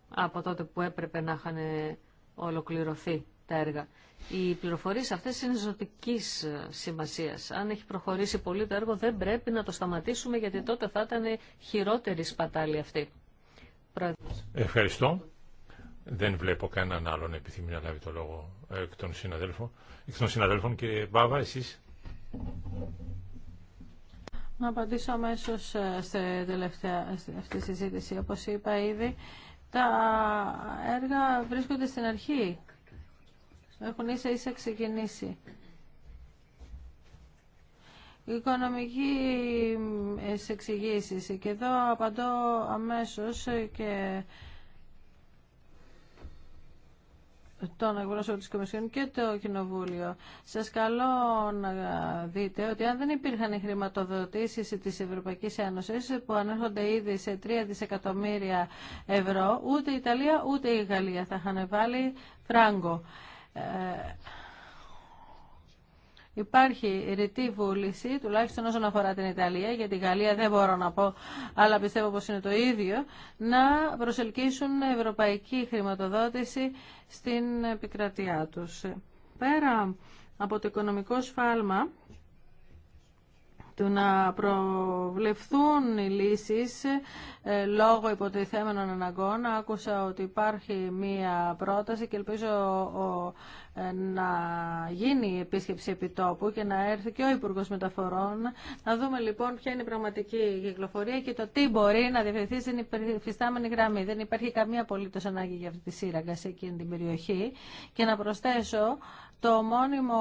από τότε που έπρεπε να είχαν ολοκληρωθεί τα έργα. Οι πληροφορίες αυτές είναι ζωτικής σημασίας. Αν έχει προχωρήσει πολύ το έργο δεν πρέπει να το σταματήσουμε γιατί τότε θα ήταν χειρότερη σπατάλη αυτή. Ευχαριστώ. Δεν βλέπω κανέναν άλλον επιθυμεί να λάβει το λόγο ε, εκ των συναδέλφων. Εκ των συναδέλφων, κύριε Μπάβα, εσείς. Να απαντήσω αμέσω ε, σε τελευταία αυτή τη συζήτηση. Όπως είπα ήδη, τα έργα βρίσκονται στην αρχή. Έχουν ίσα ίσα ξεκινήσει. Οικονομική ε, εξηγήσει. Και εδώ απαντώ αμέσως και τον εκπρόσωπο της Κομισιόν και το Κοινοβούλιο. Σας καλώ να δείτε ότι αν δεν υπήρχαν οι χρηματοδοτήσεις της Ευρωπαϊκής Ένωσης που ανέρχονται ήδη σε 3 δισεκατομμύρια ευρώ, ούτε η Ιταλία ούτε η Γαλλία θα είχαν βάλει φράγκο. Ε, Υπάρχει ρητή βούληση, τουλάχιστον όσον αφορά την Ιταλία, γιατί η Γαλλία δεν μπορώ να πω, αλλά πιστεύω πως είναι το ίδιο, να προσελκύσουν ευρωπαϊκή χρηματοδότηση στην επικρατειά τους. Πέρα από το οικονομικό σφάλμα, του να προβλεφθούν οι λύσεις ε, λόγω υποτιθέμενων αναγκών. Άκουσα ότι υπάρχει μία πρόταση και ελπίζω ε, να γίνει η επίσκεψη επιτόπου και να έρθει και ο Υπουργό Μεταφορών. Να δούμε λοιπόν ποια είναι η πραγματική κυκλοφορία και το τι μπορεί να διευθυνθεί στην υφιστάμενη γραμμή. Δεν υπάρχει καμία απολύτω ανάγκη για αυτή τη σύραγγα σε εκείνη την περιοχή. Και να προσθέσω το μόνιμο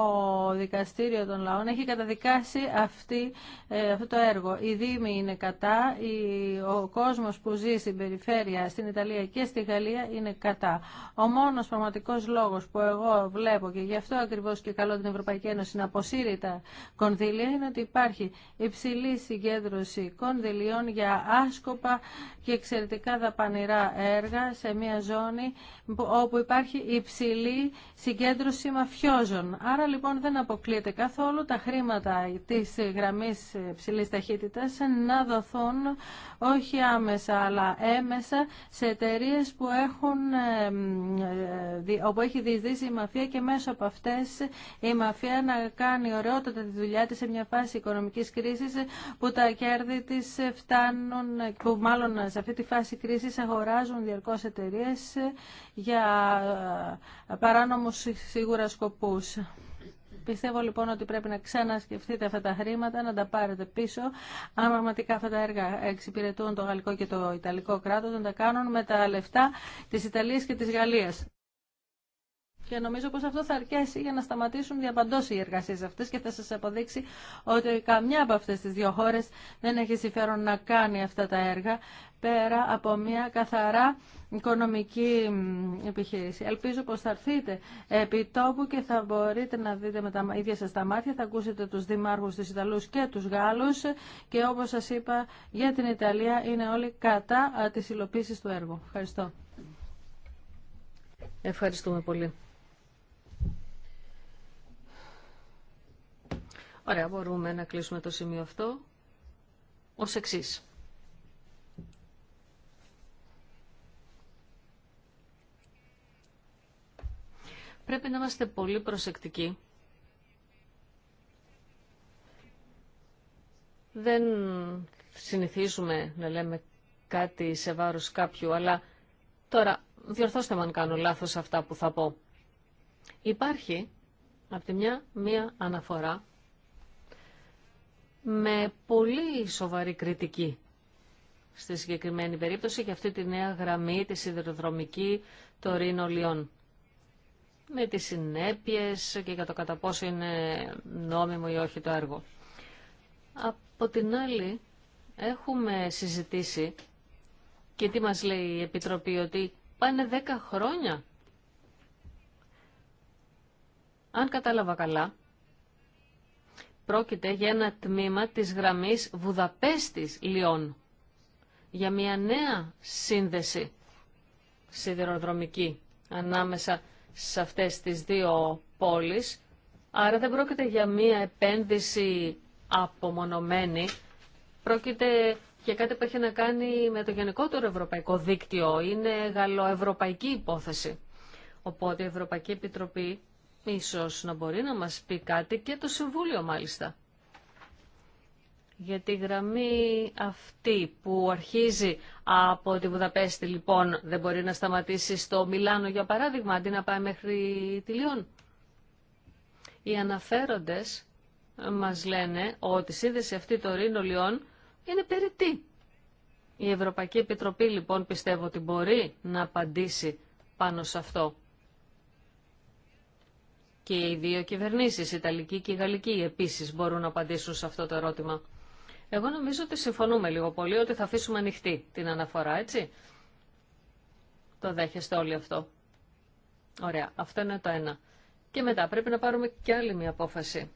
δικαστήριο των λαών έχει καταδικάσει αυτή, ε, αυτό το έργο. Η Δήμοι είναι κατά, η, ο κόσμος που ζει στην περιφέρεια, στην Ιταλία και στη Γαλλία είναι κατά. Ο μόνος πραγματικός λόγος που εγώ βλέπω και γι' αυτό ακριβώς και καλό την Ευρωπαϊκή Ένωση να αποσύρει τα κονδύλια είναι ότι υπάρχει υψηλή συγκέντρωση κονδυλίων για άσκοπα και εξαιρετικά δαπανηρά έργα σε μια ζώνη όπου υπάρχει υψηλή συγκέντρωση μαφιών Άρα λοιπόν δεν αποκλείεται καθόλου τα χρήματα της γραμμής ψηλής ταχύτητας να δοθούν όχι άμεσα αλλά έμεσα σε εταιρείε που έχουν, ε, όπου έχει διεισδύσει η μαφία και μέσω από αυτές η μαφία να κάνει ωραιότατα τη δουλειά της σε μια φάση οικονομικής κρίσης που τα κέρδη της φτάνουν, που μάλλον σε αυτή τη φάση κρίσης αγοράζουν διαρκώς εταιρείε για παράνομους σίγουρα σκοπούς Πιστεύω λοιπόν ότι πρέπει να ξανασκεφτείτε αυτά τα χρήματα, να τα πάρετε πίσω. Αν πραγματικά αυτά τα έργα εξυπηρετούν το γαλλικό και το ιταλικό κράτος, να τα κάνουν με τα λεφτά της Ιταλίας και της Γαλλίας και νομίζω πως αυτό θα αρκέσει για να σταματήσουν διαπαντός οι εργασίες αυτές και θα σας αποδείξει ότι καμιά από αυτές τις δύο χώρες δεν έχει συμφέρον να κάνει αυτά τα έργα πέρα από μια καθαρά οικονομική επιχείρηση. Ελπίζω πως θα έρθετε επί τόπου και θα μπορείτε να δείτε με τα ίδια σας τα μάτια, θα ακούσετε τους δημάρχους, της Ιταλούς και τους Γάλλους και όπως σας είπα για την Ιταλία είναι όλοι κατά τη υλοποίηση του έργου. Ευχαριστώ. Ευχαριστούμε πολύ. Ωραία, μπορούμε να κλείσουμε το σημείο αυτό ως εξής. Πρέπει να είμαστε πολύ προσεκτικοί. Δεν συνηθίζουμε να λέμε κάτι σε βάρος κάποιου, αλλά τώρα διορθώστε με αν κάνω λάθος αυτά που θα πω. Υπάρχει, από τη μια, μία αναφορά με πολύ σοβαρή κριτική στη συγκεκριμένη περίπτωση για αυτή τη νέα γραμμή, τη σιδηροδρομική το Ρήνο Λιών. Με τις συνέπειες και για το κατά πόσο είναι νόμιμο ή όχι το έργο. Από την άλλη, έχουμε συζητήσει και τι μας λέει η Επιτροπή, ότι πάνε 10 χρόνια. Αν κατάλαβα καλά, πρόκειται για ένα τμήμα της γραμμής Βουδαπέστης-Λιών, για μια νέα σύνδεση σιδηροδρομική ανάμεσα σε αυτές τις δύο πόλεις, άρα δεν πρόκειται για μια επένδυση απομονωμένη, πρόκειται για κάτι που έχει να κάνει με το γενικότερο ευρωπαϊκό δίκτυο, είναι γαλλοευρωπαϊκή υπόθεση. Οπότε η Ευρωπαϊκή Επιτροπή Ίσως να μπορεί να μας πει κάτι και το Συμβούλιο μάλιστα. Γιατί τη γραμμή αυτή που αρχίζει από τη Βουδαπέστη λοιπόν δεν μπορεί να σταματήσει στο Μιλάνο για παράδειγμα αντί να πάει μέχρι τη Λιόν. Οι αναφέροντες μας λένε ότι η σύνδεση αυτή το Ρήνο Λιόν είναι περιττή. Η Ευρωπαϊκή Επιτροπή λοιπόν πιστεύω ότι μπορεί να απαντήσει πάνω σε αυτό. Και οι δύο κυβερνήσεις, η Ιταλική και η Γαλλική, επίσης μπορούν να απαντήσουν σε αυτό το ερώτημα. Εγώ νομίζω ότι συμφωνούμε λίγο πολύ ότι θα αφήσουμε ανοιχτή την αναφορά, έτσι. Το δέχεστε όλοι αυτό. Ωραία, αυτό είναι το ένα. Και μετά πρέπει να πάρουμε και άλλη μια απόφαση.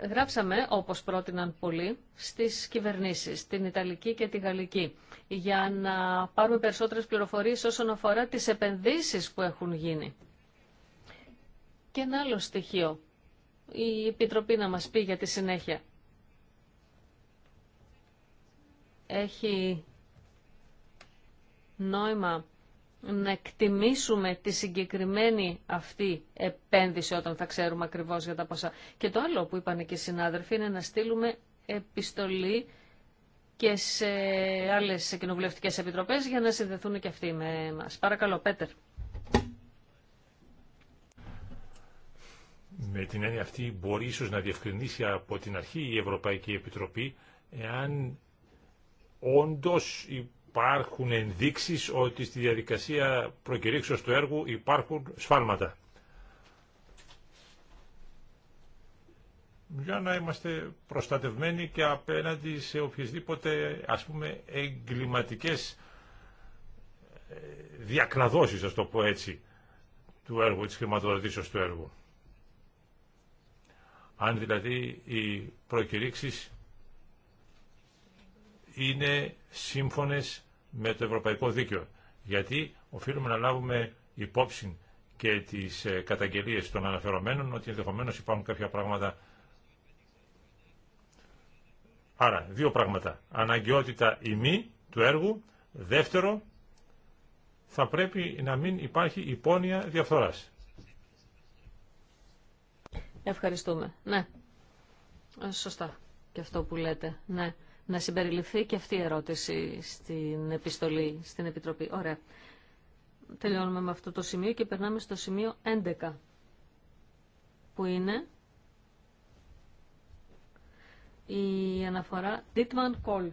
Γράψαμε, όπως πρότειναν πολλοί, στις κυβερνήσεις, την Ιταλική και τη Γαλλική, για να πάρουμε περισσότερες πληροφορίες όσον αφορά τις επενδύσεις που έχουν γίνει και ένα άλλο στοιχείο. Η Επιτροπή να μας πει για τη συνέχεια. Έχει νόημα να εκτιμήσουμε τη συγκεκριμένη αυτή επένδυση όταν θα ξέρουμε ακριβώς για τα ποσά. Και το άλλο που είπαν και οι συνάδελφοι είναι να στείλουμε επιστολή και σε άλλες κοινοβουλευτικές επιτροπές για να συνδεθούν και αυτοί με μας. Παρακαλώ, Πέτερ. Με την έννοια αυτή μπορεί ίσως να διευκρινίσει από την αρχή η Ευρωπαϊκή Επιτροπή εάν όντως υπάρχουν ενδείξεις ότι στη διαδικασία προκηρύξεως του έργου υπάρχουν σφάλματα. Για να είμαστε προστατευμένοι και απέναντι σε οποιασδήποτε ας πούμε εγκληματικές ε, διακλαδώσεις, ας το πω έτσι, του έργου, της χρηματοδοτήσεως του έργου αν δηλαδή οι προκηρύξεις είναι σύμφωνες με το ευρωπαϊκό δίκαιο. Γιατί οφείλουμε να λάβουμε υπόψη και τις ε, καταγγελίες των αναφερομένων ότι ενδεχομένω υπάρχουν κάποια πράγματα. Άρα, δύο πράγματα. Αναγκαιότητα ημί του έργου. Δεύτερο, θα πρέπει να μην υπάρχει υπόνοια διαφθοράς. Ευχαριστούμε. Ναι. Ε, σωστά και αυτό που λέτε. Ναι. Να συμπεριληφθεί και αυτή η ερώτηση στην επιστολή, στην Επιτροπή. Ωραία. Τελειώνουμε με αυτό το σημείο και περνάμε στο σημείο 11 που είναι η αναφορά dietmann Dietmann-Koll.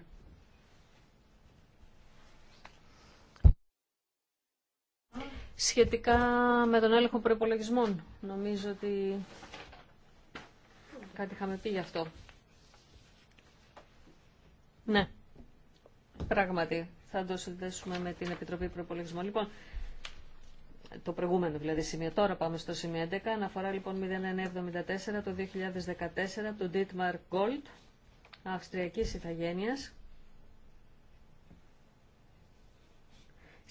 Σχετικά με τον έλεγχο προπολογισμών, νομίζω ότι Κάτι είχαμε πει γι' αυτό. Ναι. Πράγματι, θα το συνδέσουμε με την Επιτροπή Προπολογισμών. Λοιπόν, το προηγούμενο δηλαδή σημείο. Τώρα πάμε στο σημείο 11. Αναφορά λοιπόν 0974 το 2014 του Dietmar Gold, Αυστριακής Ιθαγένειας.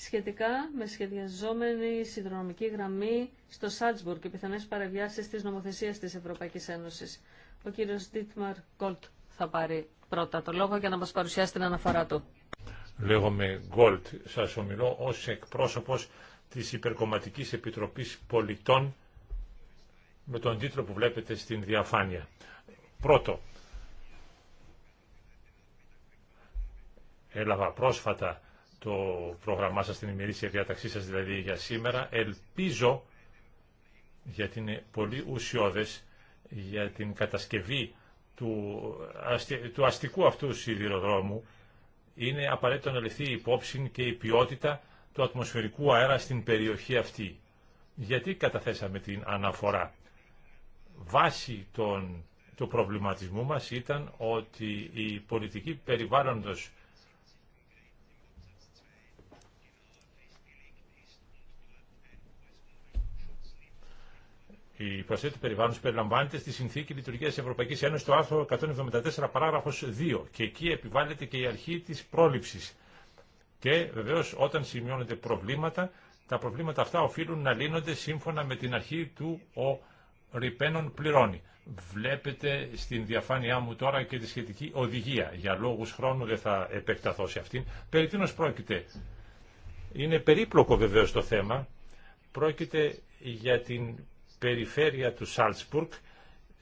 σχετικά με σχεδιαζόμενη συνδρομική γραμμή στο Σάλτσμπουργκ και πιθανέ παραβιάσεις της νομοθεσίας της Ευρωπαϊκής Ένωσης. Ο κύριο Δίτμαρ Γκολτ θα πάρει πρώτα το λόγο για να μας παρουσιάσει την αναφορά του. Λέγομαι Γκόλτ, σα ομιλώ ω εκπρόσωπο της Υπερκομματικής Επιτροπής Πολιτών με τον τίτλο που βλέπετε στην διαφάνεια. Πρώτο, έλαβα πρόσφατα το πρόγραμμά σας, την ημερήσια διάταξή σας δηλαδή για σήμερα. Ελπίζω, γιατί είναι πολύ ουσιώδες, για την κατασκευή του, του αστικού αυτού σιδηροδρόμου, είναι απαραίτητο να ληφθεί υπόψη και η ποιότητα του ατμοσφαιρικού αέρα στην περιοχή αυτή. Γιατί καταθέσαμε την αναφορά. Βάση των, του προβληματισμού μας ήταν ότι η πολιτική περιβάλλοντος Η προσθέτει του περιβάλλοντο περιλαμβάνεται στη Συνθήκη Λειτουργία τη Ευρωπαϊκή Ένωση, το άρθρο 174, παράγραφο 2. Και εκεί επιβάλλεται και η αρχή τη πρόληψη. Και βεβαίω όταν σημειώνονται προβλήματα, τα προβλήματα αυτά οφείλουν να λύνονται σύμφωνα με την αρχή του ο ρηπαίνων πληρώνει. Βλέπετε στην διαφάνειά μου τώρα και τη σχετική οδηγία. Για λόγους χρόνου δεν θα επεκταθώ σε αυτήν. Περί τίνος πρόκειται. Είναι περίπλοκο βεβαίως το θέμα. Πρόκειται για την περιφέρεια του Σάλτσπουργκ,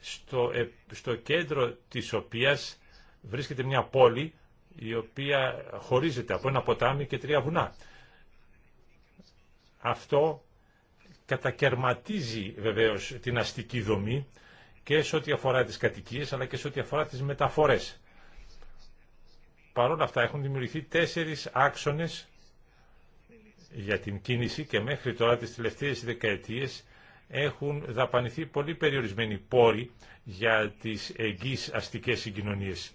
στο, ε, στο κέντρο της οποίας βρίσκεται μια πόλη η οποία χωρίζεται από ένα ποτάμι και τρία βουνά. Αυτό κατακαιρματίζει βεβαίως την αστική δομή και σε ό,τι αφορά τις κατοικίες αλλά και σε ό,τι αφορά τις μεταφορές. Παρόλα αυτά έχουν δημιουργηθεί τέσσερις άξονες για την κίνηση και μέχρι τώρα τις τελευταίες δεκαετίες έχουν δαπανηθεί πολύ περιορισμένοι πόροι για τις εγγύς αστικές συγκοινωνίες.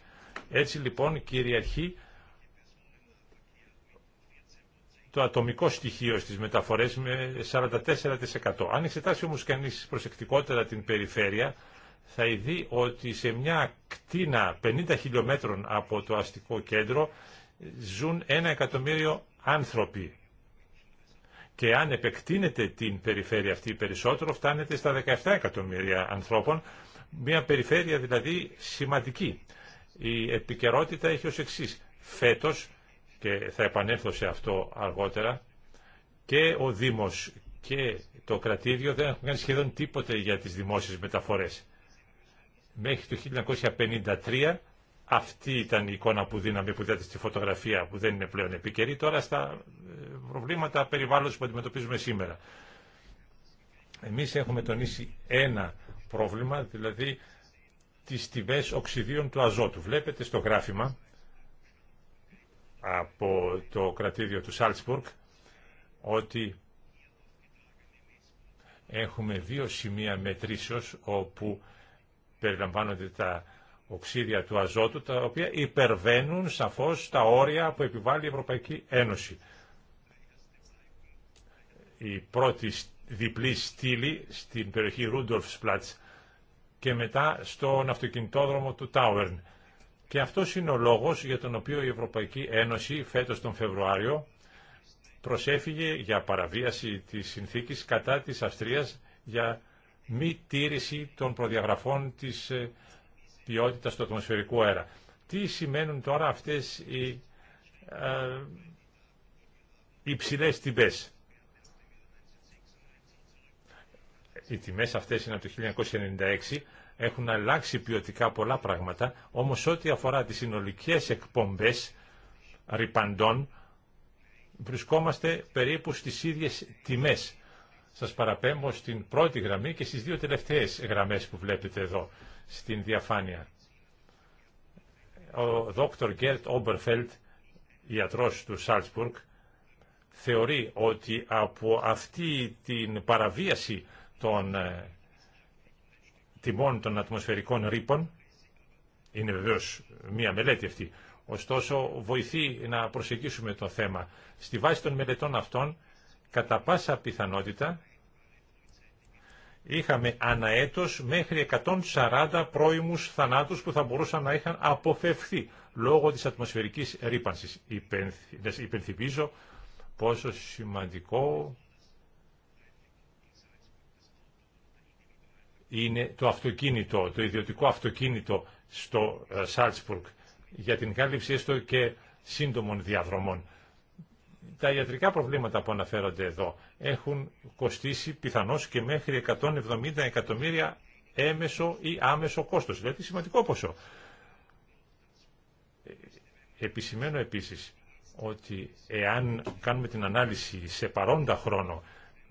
Έτσι λοιπόν κυριαρχεί το ατομικό στοιχείο στις μεταφορές με 44%. Αν εξετάσει όμως κανείς προσεκτικότερα την περιφέρεια, θα ειδεί ότι σε μια κτίνα 50 χιλιόμετρων από το αστικό κέντρο ζουν ένα εκατομμύριο άνθρωποι και αν επεκτείνεται την περιφέρεια αυτή περισσότερο φτάνεται στα 17 εκατομμύρια ανθρώπων, μια περιφέρεια δηλαδή σημαντική. Η επικαιρότητα έχει ως εξής. Φέτος, και θα επανέλθω σε αυτό αργότερα, και ο Δήμος και το κρατήδιο δεν έχουν κάνει σχεδόν τίποτε για τις δημόσιες μεταφορές. Μέχρι το 1953 αυτή ήταν η εικόνα που δίναμε, που δέτε στη φωτογραφία, που δεν είναι πλέον επικαιρή, τώρα στα ε, προβλήματα περιβάλλοντος που αντιμετωπίζουμε σήμερα. Εμείς έχουμε τονίσει ένα πρόβλημα, δηλαδή τις τιμές οξυδίων του αζότου. Βλέπετε στο γράφημα από το κρατήδιο του Σάλτσπουργκ ότι έχουμε δύο σημεία μετρήσεως όπου περιλαμβάνονται τα οξύδια του αζότου, τα οποία υπερβαίνουν σαφώς τα όρια που επιβάλλει η Ευρωπαϊκή Ένωση. Η πρώτη διπλή στήλη στην περιοχή Ρούντολφσπλατς και μετά στον αυτοκινητόδρομο του Τάουερν. Και αυτό είναι ο λόγος για τον οποίο η Ευρωπαϊκή Ένωση φέτος τον Φεβρουάριο προσέφυγε για παραβίαση της συνθήκης κατά της Αυστρίας για μη τήρηση των προδιαγραφών της ε, ...ποιότητα του ατμοσφαιρικού αέρα. Τι σημαίνουν τώρα αυτές οι ε, υψηλές τιμές. Οι τιμές αυτές είναι από το 1996, έχουν αλλάξει ποιοτικά πολλά πράγματα, όμως ό,τι αφορά τις συνολικές εκπομπές ρηπαντών, βρισκόμαστε περίπου στις ίδιες τιμές. Σας παραπέμπω στην πρώτη γραμμή και στις δύο τελευταίες γραμμές που βλέπετε εδώ στην διαφάνεια. Ο Δόκτωρ Γκέρτ Όμπερφελτ, ιατρός του Σάλτσπουργκ, θεωρεί ότι από αυτή την παραβίαση των ε, τιμών των ατμοσφαιρικών ρήπων, είναι βεβαίως μία μελέτη αυτή, ωστόσο βοηθεί να προσεγγίσουμε το θέμα. Στη βάση των μελετών αυτών, κατά πάσα πιθανότητα, είχαμε αναέτος μέχρι 140 πρώιμους θανάτους που θα μπορούσαν να είχαν αποφευθεί λόγω της ατμοσφαιρικής ρήπανσης. Υπενθυμίζω πόσο σημαντικό είναι το αυτοκίνητο, το ιδιωτικό αυτοκίνητο στο Σάλτσπουργκ ε, για την κάλυψη έστω και σύντομων διαδρομών. Τα ιατρικά προβλήματα που αναφέρονται εδώ έχουν κοστίσει πιθανώς και μέχρι 170 εκατομμύρια έμεσο ή άμεσο κόστος, δηλαδή σημαντικό ποσό. Επισημαίνω επίσης ότι εάν κάνουμε την ανάλυση σε παρόντα χρόνο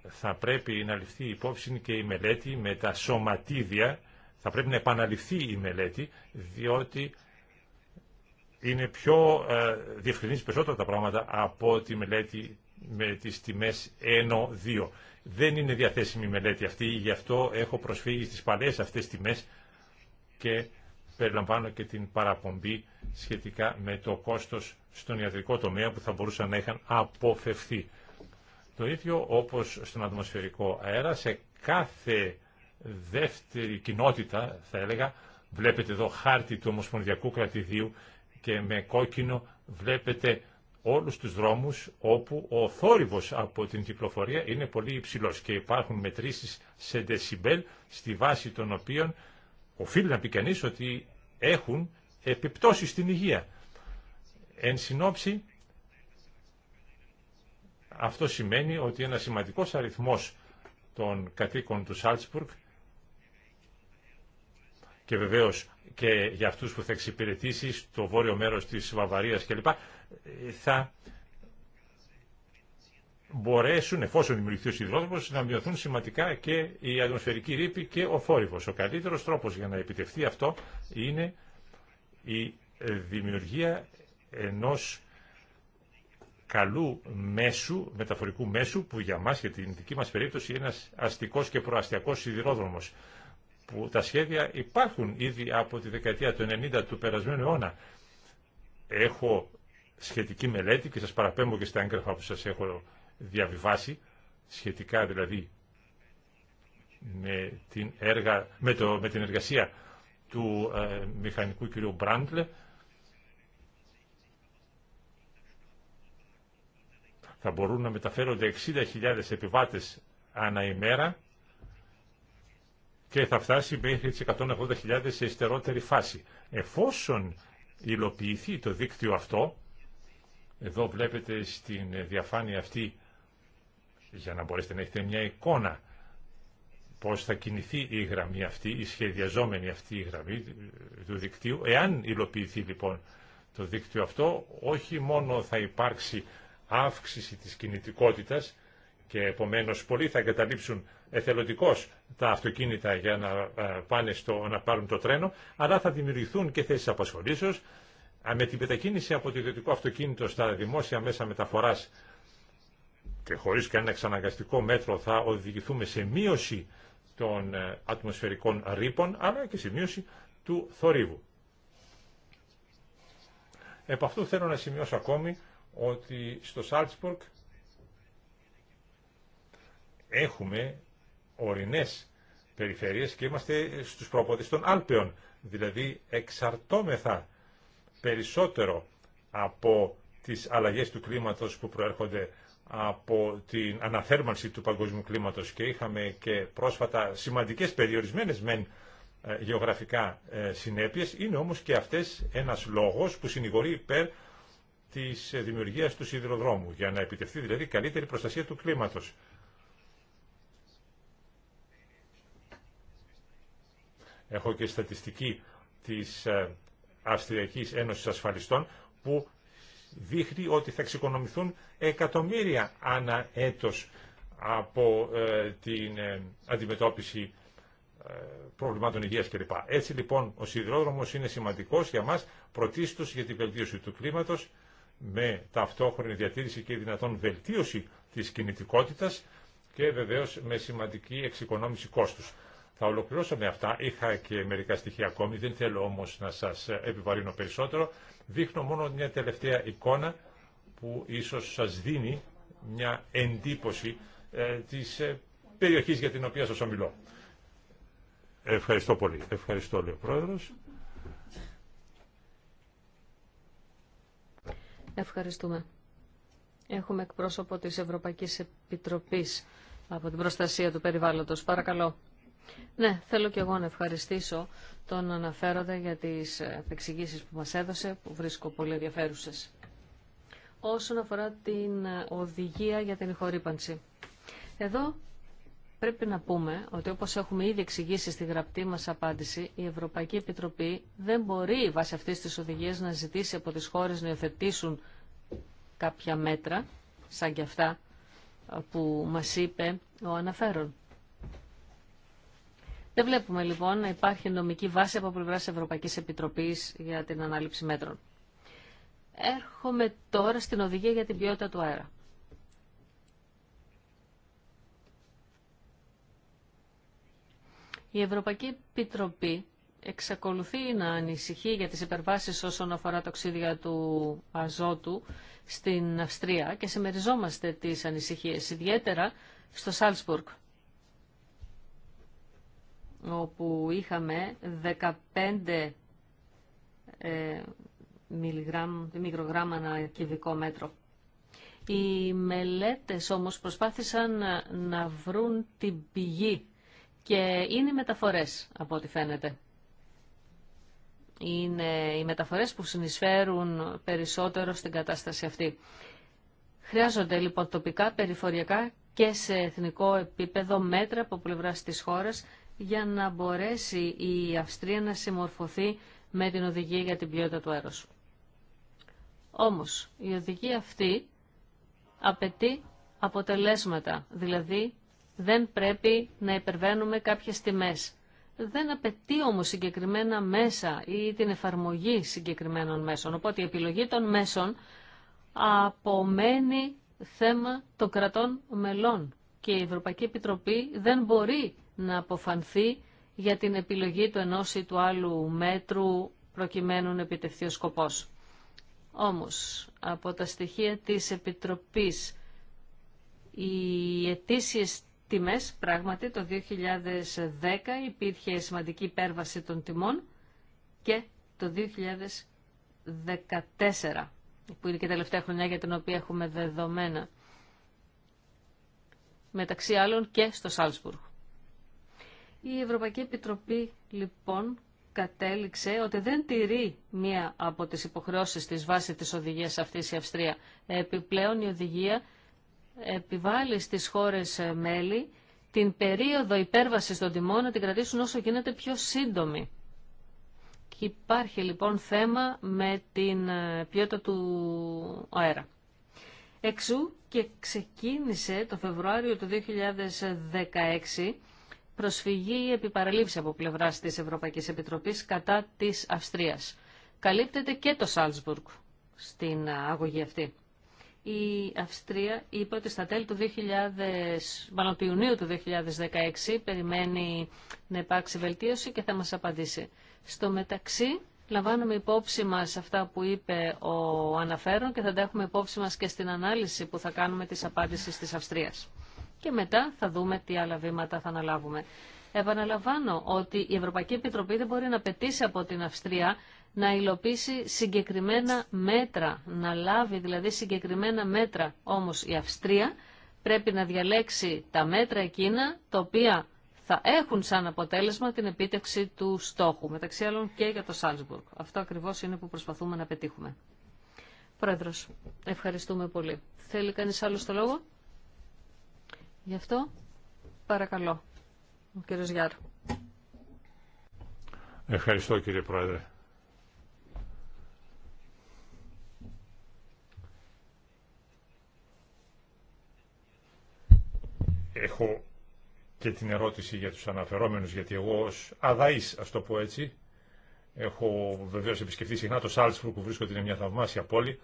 θα πρέπει να ληφθεί υπόψη και η μελέτη με τα σωματίδια, θα πρέπει να επαναληφθεί η μελέτη διότι είναι πιο ε, διευκρινής περισσότερα τα πράγματα από τη μελέτη με τις τιμές 1-2. Δεν είναι διαθέσιμη η μελέτη αυτή, γι' αυτό έχω προσφύγει στις παλές αυτές τιμές και περιλαμβάνω και την παραπομπή σχετικά με το κόστος στον ιατρικό τομέα που θα μπορούσαν να είχαν αποφευθεί. Το ίδιο όπως στον ατμοσφαιρικό αέρα, σε κάθε δεύτερη κοινότητα, θα έλεγα, βλέπετε εδώ χάρτη του Ομοσπονδιακού Κρατηδίου και με κόκκινο βλέπετε όλους τους δρόμους όπου ο θόρυβος από την κυκλοφορία είναι πολύ υψηλός και υπάρχουν μετρήσεις σε δεσιμπέλ στη βάση των οποίων οφείλει να πει κανείς ότι έχουν επιπτώσεις στην υγεία. Εν συνόψη, αυτό σημαίνει ότι ένα σημαντικός αριθμός των κατοίκων του Σάλτσπουργκ και βεβαίως και για αυτού που θα εξυπηρετήσει στο βόρειο μέρος της Βαβαρίας κλπ. θα μπορέσουν, εφόσον δημιουργηθεί ο σιδηρόδρομος, να μειωθούν σημαντικά και η ατμοσφαιρική ρήπη και ο θόρυβο. Ο καλύτερος τρόπος για να επιτευχθεί αυτό είναι η δημιουργία ενός καλού μέσου, μεταφορικού μέσου, που για μας και την δική μας περίπτωση είναι ένας αστικός και προαστιακός σιδηρόδρομος που τα σχέδια υπάρχουν ήδη από τη δεκαετία του 90 του περασμένου αιώνα. Έχω σχετική μελέτη και σας παραπέμπω και στα έγγραφα που σας έχω διαβιβάσει, σχετικά δηλαδή με την, έργα, με το, με την εργασία του ε, μηχανικού κυρίου Μπράντλε. Θα μπορούν να μεταφέρονται 60.000 επιβάτες ανά ημέρα και θα φτάσει μέχρι τις 180.000 σε ιστερότερη φάση. Εφόσον υλοποιηθεί το δίκτυο αυτό, εδώ βλέπετε στην διαφάνεια αυτή, για να μπορέσετε να έχετε μια εικόνα πώς θα κινηθεί η γραμμή αυτή, η σχεδιαζόμενη αυτή η γραμμή του δικτύου. Εάν υλοποιηθεί λοιπόν το δίκτυο αυτό, όχι μόνο θα υπάρξει αύξηση της κινητικότητας, και επομένως πολλοί θα εγκαταλείψουν εθελοντικώς τα αυτοκίνητα για να ε, πάνε στο, να πάρουν το τρένο, αλλά θα δημιουργηθούν και θέσεις απασχολήσεως. Με την μετακίνηση από το ιδιωτικό αυτοκίνητο στα δημόσια μέσα μεταφοράς και χωρίς κανένα εξαναγκαστικό μέτρο θα οδηγηθούμε σε μείωση των ε, ατμοσφαιρικών ρήπων, αλλά και σε μείωση του θορύβου. Επ' αυτού θέλω να σημειώσω ακόμη ότι στο Σάλτσπουργκ έχουμε ορεινές περιφέρειες και είμαστε στους πρόποδες των Άλπαιων, δηλαδή εξαρτώμεθα περισσότερο από τις αλλαγές του κλίματος που προέρχονται από την αναθέρμανση του παγκόσμιου κλίματος και είχαμε και πρόσφατα σημαντικές περιορισμένες μεν ε, γεωγραφικά ε, συνέπειες, είναι όμως και αυτές ένας λόγος που συνηγορεί υπέρ της ε, δημιουργίας του σιδηροδρόμου, για να επιτευχθεί δηλαδή καλύτερη προστασία του κλίματος. Έχω και στατιστική της ε, Αυστριακής Ένωσης Ασφαλιστών που δείχνει ότι θα εξοικονομηθούν εκατομμύρια ανά έτος από ε, την ε, αντιμετώπιση προβλημάτων υγείας κλπ. Έτσι λοιπόν ο σιδηρόδρομος είναι σημαντικός για μας πρωτίστως για την βελτίωση του κλίματος με ταυτόχρονη διατήρηση και δυνατόν βελτίωση της κινητικότητας και βεβαίως με σημαντική εξοικονόμηση κόστους. Θα ολοκληρώσω με αυτά. Είχα και μερικά στοιχεία ακόμη, δεν θέλω όμως να σας επιβαρύνω περισσότερο. Δείχνω μόνο μια τελευταία εικόνα που ίσως σας δίνει μια εντύπωση ε, της ε, περιοχής για την οποία σας ομιλώ. Ευχαριστώ πολύ. Ευχαριστώ, λέει Πρόεδρος. Ευχαριστούμε. Έχουμε εκπρόσωπο της Ευρωπαϊκής Επιτροπής από την Προστασία του Περιβάλλοντος. Παρακαλώ. Ναι, θέλω και εγώ να ευχαριστήσω τον αναφέροντα για τις ε, εξηγήσεις που μας έδωσε, που βρίσκω πολύ ενδιαφέρουσες. Όσον αφορά την ε, οδηγία για την ηχορύπανση. Εδώ πρέπει να πούμε ότι όπως έχουμε ήδη εξηγήσει στη γραπτή μας απάντηση, η Ευρωπαϊκή Επιτροπή δεν μπορεί βάσει αυτής της οδηγίας να ζητήσει από τις χώρες να υιοθετήσουν κάποια μέτρα, σαν και αυτά ε, που μας είπε ο αναφέρον. Δεν βλέπουμε λοιπόν να υπάρχει νομική βάση από πλευρά Ευρωπαϊκή Επιτροπή για την ανάληψη μέτρων. Έρχομαι τώρα στην οδηγία για την ποιότητα του αέρα. Η Ευρωπαϊκή Επιτροπή εξακολουθεί να ανησυχεί για τις υπερβάσεις όσον αφορά τα οξύδια του αζότου στην Αυστρία και συμμεριζόμαστε τις ανησυχίες, ιδιαίτερα στο Σάλσπουργκ όπου είχαμε 15 ε, μικρογράμμα ένα κυβικό μέτρο. Οι μελέτες όμως προσπάθησαν να βρουν την πηγή και είναι οι μεταφορές από ό,τι φαίνεται. Είναι οι μεταφορές που συνεισφέρουν περισσότερο στην κατάσταση αυτή. Χρειάζονται λοιπόν τοπικά, περιφοριακά και σε εθνικό επίπεδο μέτρα από πλευρά της χώρας για να μπορέσει η Αυστρία να συμμορφωθεί με την οδηγία για την ποιότητα του αέρος. Όμως, η οδηγία αυτή απαιτεί αποτελέσματα, δηλαδή δεν πρέπει να υπερβαίνουμε κάποιες τιμές. Δεν απαιτεί όμως συγκεκριμένα μέσα ή την εφαρμογή συγκεκριμένων μέσων. Οπότε η επιλογή των μέσων απομένει θέμα των κρατών μελών και η Ευρωπαϊκή Επιτροπή δεν μπορεί να αποφανθεί για την επιλογή του ενός ή του άλλου μέτρου προκειμένου να επιτευχθεί ο σκοπός. Όμως, από τα στοιχεία της Επιτροπής, οι ετήσιες τιμές, πράγματι το 2010 υπήρχε σημαντική υπέρβαση των τιμών και το 2014, που είναι και τελευταία χρονιά για την οποία έχουμε δεδομένα, μεταξύ άλλων και στο Σάλσπουργο. Η Ευρωπαϊκή Επιτροπή λοιπόν κατέληξε ότι δεν τηρεί μία από τις υποχρεώσεις της βάση της οδηγίας αυτής η Αυστρία. Επιπλέον η οδηγία επιβάλλει στις χώρες ε, μέλη την περίοδο υπέρβασης των τιμών να την κρατήσουν όσο γίνεται πιο σύντομη. υπάρχει λοιπόν θέμα με την ε, ποιότητα του αέρα. Εξού και ξεκίνησε το Φεβρουάριο του 2016 προσφυγή ή επιπαραλήψη από πλευρά τη Ευρωπαϊκή Επιτροπή κατά τη Αυστρία. Καλύπτεται και το Σάλτσμπουργκ στην αγωγή αυτή. Η Αυστρία είπε ότι στα τέλη του 2000, Ιουνίου του 2016 περιμένει να υπάρξει βελτίωση και θα μας απαντήσει. Στο μεταξύ λαμβάνουμε υπόψη μας αυτά που είπε ο αναφέρον και θα τα έχουμε υπόψη μας και στην ανάλυση που θα κάνουμε της απάντησης της Αυστρίας και μετά θα δούμε τι άλλα βήματα θα αναλάβουμε. Επαναλαμβάνω ότι η Ευρωπαϊκή Επιτροπή δεν μπορεί να πετύσει από την Αυστρία να υλοποιήσει συγκεκριμένα μέτρα, να λάβει δηλαδή συγκεκριμένα μέτρα. Όμως η Αυστρία πρέπει να διαλέξει τα μέτρα εκείνα τα οποία θα έχουν σαν αποτέλεσμα την επίτευξη του στόχου, μεταξύ άλλων και για το Σάλτσμπουργκ. Αυτό ακριβώς είναι που προσπαθούμε να πετύχουμε. Πρόεδρος, ευχαριστούμε πολύ. Θέλει κανείς άλλο το λόγο? Γι' αυτό παρακαλώ, ο κύριος Γιάρου. Ευχαριστώ κύριε Πρόεδρε. Έχω και την ερώτηση για τους αναφερόμενους, γιατί εγώ ως αδαής, ας το πω έτσι, έχω βεβαίως επισκεφτεί συχνά το Σάλτσφουρ, που βρίσκονται, είναι μια θαυμάσια πόλη,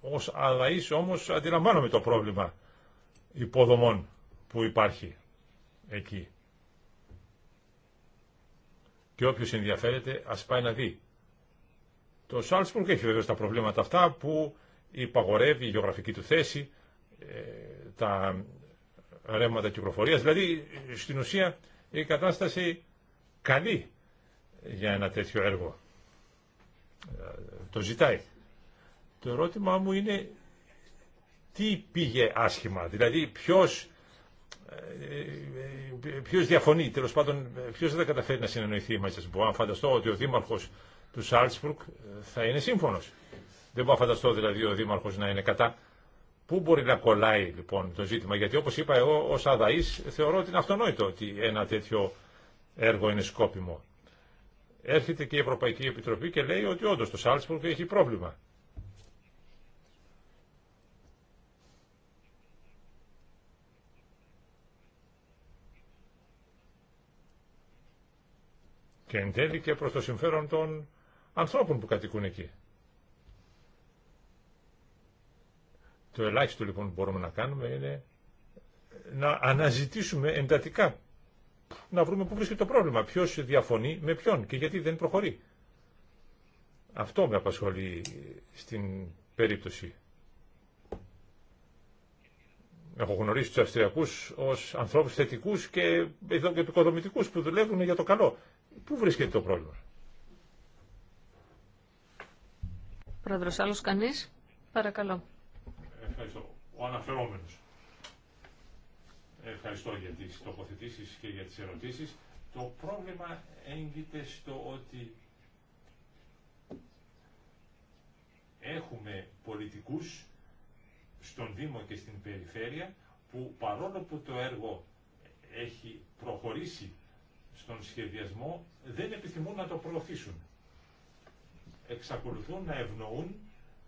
ως αδαής όμως αντιλαμβάνομαι το πρόβλημα υποδομών που υπάρχει εκεί. Και όποιος ενδιαφέρεται ας πάει να δει. Το Σάλτσπουργκ έχει βεβαίως τα προβλήματα αυτά που υπαγορεύει η γεωγραφική του θέση, ε, τα ρεύματα κυκλοφορίας. Δηλαδή στην ουσία η κατάσταση καλή για ένα τέτοιο έργο. Ε, το ζητάει. Το ερώτημά μου είναι τι πήγε άσχημα, δηλαδή ποιος, ε, ε, ποιος διαφωνεί, τέλος πάντων ποιος δεν θα καταφέρει να συνεννοηθεί μαζί σας. Μπορώ να φανταστώ ότι ο δήμαρχος του Σάλτσπουργκ ε, θα είναι σύμφωνος. Δεν μπορώ να φανταστώ δηλαδή ο δήμαρχος να είναι κατά. Πού μπορεί να κολλάει λοιπόν το ζήτημα, γιατί όπως είπα εγώ ως αδαής θεωρώ ότι είναι αυτονόητο ότι ένα τέτοιο έργο είναι σκόπιμο. Έρχεται και η Ευρωπαϊκή Επιτροπή και λέει ότι όντω το Σάλτσπουργκ έχει πρόβλημα. και εν τέλει και προς το συμφέρον των ανθρώπων που κατοικούν εκεί. Το ελάχιστο λοιπόν που μπορούμε να κάνουμε είναι να αναζητήσουμε εντατικά, να βρούμε πού βρίσκεται το πρόβλημα, ποιος διαφωνεί με ποιον και γιατί δεν προχωρεί. Αυτό με απασχολεί στην περίπτωση. Έχω γνωρίσει τους Αυστριακούς ως ανθρώπους θετικούς και, και που δουλεύουν για το καλό. Πού βρίσκεται το πρόβλημα. Πρόεδρος, άλλος κανείς. Παρακαλώ. Ευχαριστώ. Ο αναφερόμενος. Ευχαριστώ για τις τοποθετήσεις και για τις ερωτήσεις. Το πρόβλημα έγκυται στο ότι έχουμε πολιτικούς στον Δήμο και στην Περιφέρεια που παρόλο που το έργο έχει προχωρήσει στον σχεδιασμό δεν επιθυμούν να το προωθήσουν. Εξακολουθούν να ευνοούν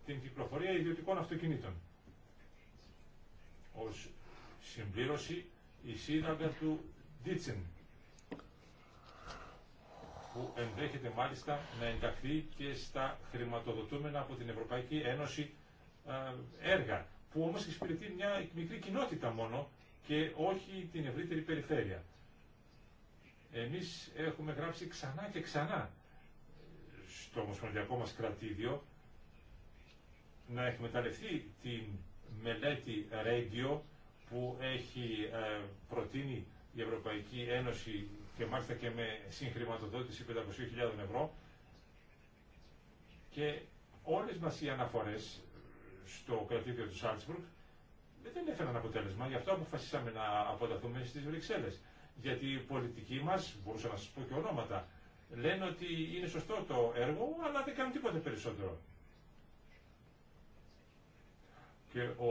την κυκλοφορία ιδιωτικών αυτοκινήτων. Ως συμπλήρωση η σύνταγμα του Ντίτσεν που ενδέχεται μάλιστα να ενταχθεί και στα χρηματοδοτούμενα από την Ευρωπαϊκή Ένωση ε, έργα που όμως εξυπηρετεί μια μικρή κοινότητα μόνο και όχι την ευρύτερη περιφέρεια. Εμείς έχουμε γράψει ξανά και ξανά στο ομοσπονδιακό μας κρατήδιο να εκμεταλλευτεί την μελέτη Radio που έχει ε, προτείνει η Ευρωπαϊκή Ένωση και μάλιστα και με συγχρηματοδότηση 500.000 ευρώ και όλες μας οι αναφορές στο κρατήδιο του Σάλτσμπουργκ δεν έφεραν αποτέλεσμα, γι' αυτό αποφασίσαμε να αποταθούμε στις Βρυξέλλες γιατί οι πολιτικοί μα μπορούσα να σα πω και ονόματα, λένε ότι είναι σωστό το έργο, αλλά δεν κάνουν τίποτα περισσότερο. Και ο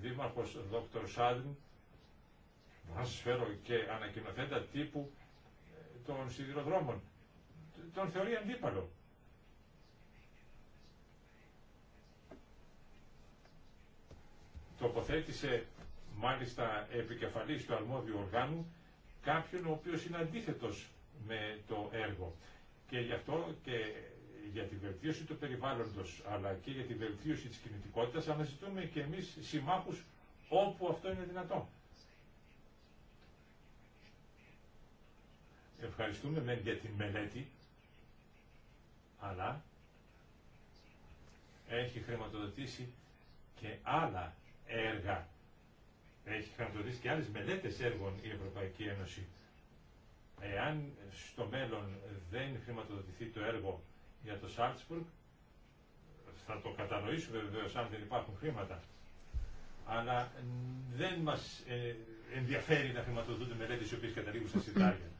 Δήμαρχος Δόκτωρ μπορώ να σα φέρω και ανακοινοθέντα τύπου ε, των σιδηροδρόμων, τον θεωρεί αντίπαλο. Τοποθέτησε μάλιστα επικεφαλής του αρμόδιου οργάνου κάποιον ο οποίος είναι αντίθετος με το έργο. Και γι' αυτό και για τη βελτίωση του περιβάλλοντος αλλά και για τη βελτίωση της κινητικότητας αναζητούμε και εμείς συμμάχους όπου αυτό είναι δυνατό. Ευχαριστούμε μεν για την μελέτη, αλλά έχει χρηματοδοτήσει και άλλα έργα έχει χρηματοδοτήσει και άλλες μελέτες έργων η Ευρωπαϊκή Ένωση. Εάν στο μέλλον δεν χρηματοδοτηθεί το έργο για το Σάλτσπουργκ, θα το κατανοήσουμε βεβαίω αν δεν υπάρχουν χρήματα, αλλά δεν μας ε, ενδιαφέρει να χρηματοδοτούνται μελέτες οι οποίες καταλήγουν στα σιτάρια.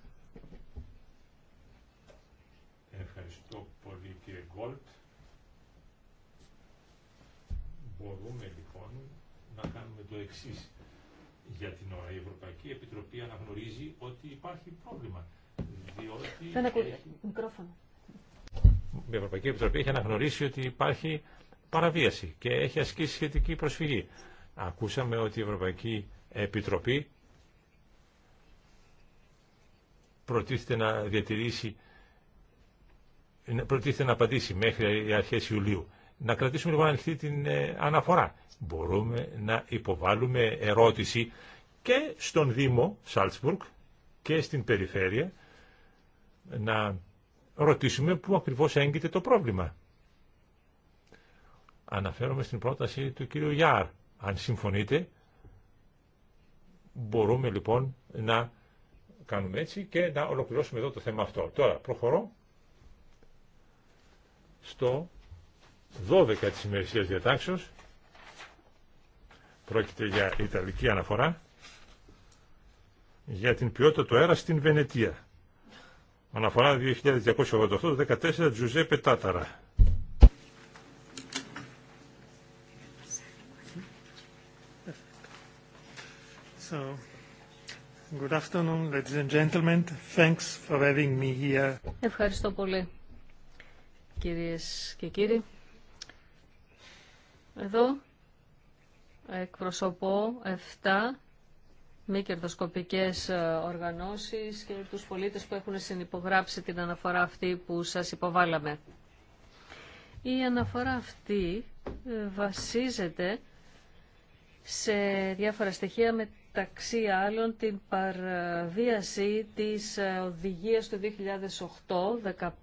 Ευχαριστώ πολύ κύριε Γκόλτ. Μπορούμε λοιπόν να κάνουμε το εξής για την ώρα. Η Ευρωπαϊκή Επιτροπή αναγνωρίζει ότι υπάρχει πρόβλημα. Διότι Δεν ακούτε. Έχει... Μικρόφωνο. Η Ευρωπαϊκή Επιτροπή έχει αναγνωρίσει ότι υπάρχει παραβίαση και έχει ασκήσει σχετική προσφυγή. Ακούσαμε ότι η Ευρωπαϊκή Επιτροπή προτίθεται να διατηρήσει προτίθεται να απαντήσει μέχρι οι αρχές Ιουλίου να κρατήσουμε λοιπόν ανοιχτή την ε, αναφορά. Μπορούμε να υποβάλουμε ερώτηση και στον Δήμο Σάλτσμπουργκ και στην περιφέρεια να ρωτήσουμε πού ακριβώς έγκυται το πρόβλημα. Αναφέρομαι στην πρόταση του κύριου Γιάρ. Αν συμφωνείτε, μπορούμε λοιπόν να κάνουμε έτσι και να ολοκληρώσουμε εδώ το θέμα αυτό. Τώρα προχωρώ στο 12 της ημερησίας διατάξεως. Πρόκειται για Ιταλική αναφορά για την ποιότητα του αέρα στην Βενετία. Αναφορά 2288-14 Τζουζέπε Τάταρα. So, good afternoon, ladies and gentlemen. Thanks for having me here. Ευχαριστώ πολύ, κυρίες και κύριοι. Εδώ εκπροσωπώ 7 μη κερδοσκοπικέ ε, οργανώσεις και τους πολίτες που έχουν συνυπογράψει την αναφορά αυτή που σας υποβάλαμε. Η αναφορά αυτή ε, βασίζεται σε διάφορα στοιχεία μεταξύ άλλων την παραβίαση της ε, οδηγίας του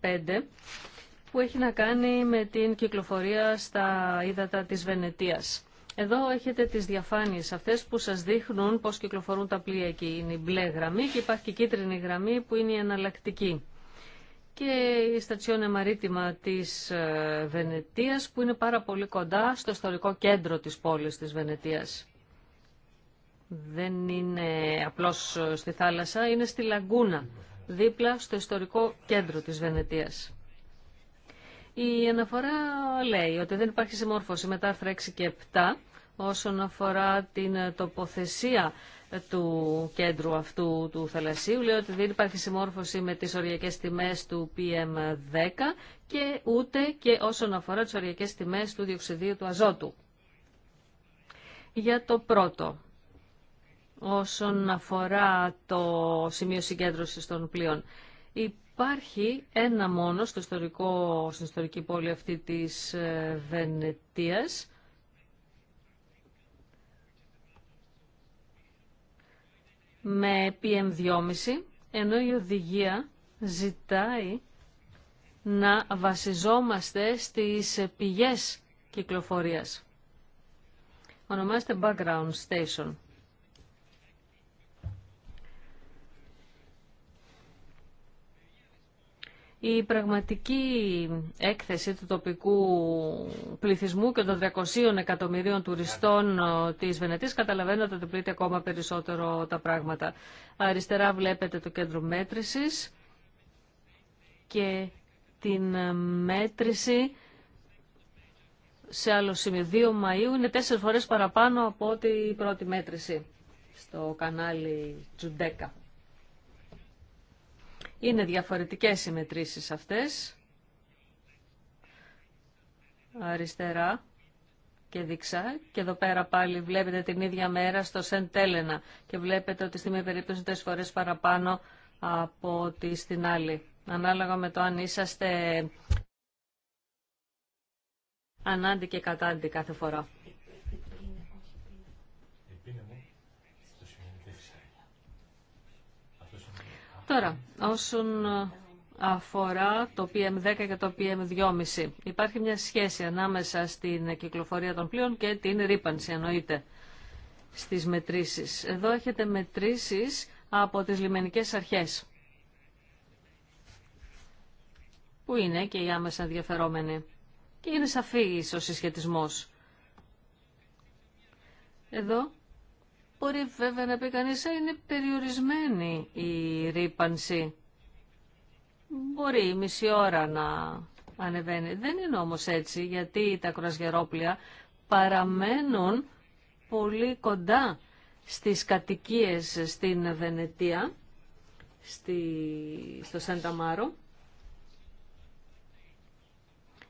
2008-15 που έχει να κάνει με την κυκλοφορία στα ύδατα της Βενετίας. Εδώ έχετε τις διαφάνειες αυτές που σας δείχνουν πώς κυκλοφορούν τα πλοία εκεί. Είναι η μπλε γραμμή και υπάρχει και η κίτρινη γραμμή που είναι η εναλλακτική. Και η στατσιόνε μαρίτιμα της ε, Βενετίας που είναι πάρα πολύ κοντά στο ιστορικό κέντρο της πόλης της Βενετίας. Δεν είναι απλώς ε, στη θάλασσα, είναι στη Λαγκούνα, δίπλα στο ιστορικό κέντρο της Βενετίας. Η αναφορά λέει ότι δεν υπάρχει συμμόρφωση με τα άρθρα 6 και 7 όσον αφορά την τοποθεσία του κέντρου αυτού του θαλασσίου. Λέει ότι δεν υπάρχει συμμόρφωση με τις οριακές τιμές του PM10 και ούτε και όσον αφορά τις οριακές τιμές του διοξιδίου του αζότου. Για το πρώτο, όσον αφορά το σημείο συγκέντρωσης των πλοίων. Υπάρχει ένα μόνο στο ιστορικό, στην ιστορική πόλη αυτή της ε, Βενετίας. με PM2,5, ενώ η οδηγία ζητάει να βασιζόμαστε στις πηγές κυκλοφορίας. Ονομάζεται Background Station. Η πραγματική έκθεση του τοπικού πληθυσμού και των 300 εκατομμυρίων τουριστών ε, της Βενετής καταλαβαίνετε ότι πλήττει ακόμα περισσότερο τα πράγματα. Αριστερά βλέπετε το κέντρο μέτρησης και την ε, μέτρηση σε άλλο σημείο. 2 Μαΐου είναι τέσσερις φορές παραπάνω από την πρώτη μέτρηση στο κανάλι Τζουντέκα. Είναι διαφορετικές οι μετρήσεις αυτές. Αριστερά και δείξα. Και εδώ πέρα πάλι βλέπετε την ίδια μέρα στο Σεν Τέλενα και βλέπετε ότι στη μία περίπτωση φορές παραπάνω από ότι στην άλλη. Ανάλογα με το αν είσαστε ανάντι και κατάντι κάθε φορά. Τώρα, όσον ε, αφορά το PM10 και το PM2,5. Υπάρχει μια σχέση ανάμεσα στην κυκλοφορία των πλοίων και την ρήπανση, εννοείται, στις μετρήσεις. Εδώ έχετε μετρήσεις από τις λιμενικές αρχές, που είναι και οι άμεσα ενδιαφερόμενοι. Και είναι σαφή ο συσχετισμός. Εδώ Μπορεί βέβαια να πει κανείς, «Ε, είναι περιορισμένη η ρήπανση. Μπορεί μισή ώρα να ανεβαίνει. Δεν είναι όμως έτσι, γιατί τα κρουαζιερόπλια παραμένουν πολύ κοντά στις κατοικίες στην Βενετία, στο Σανταμάρο,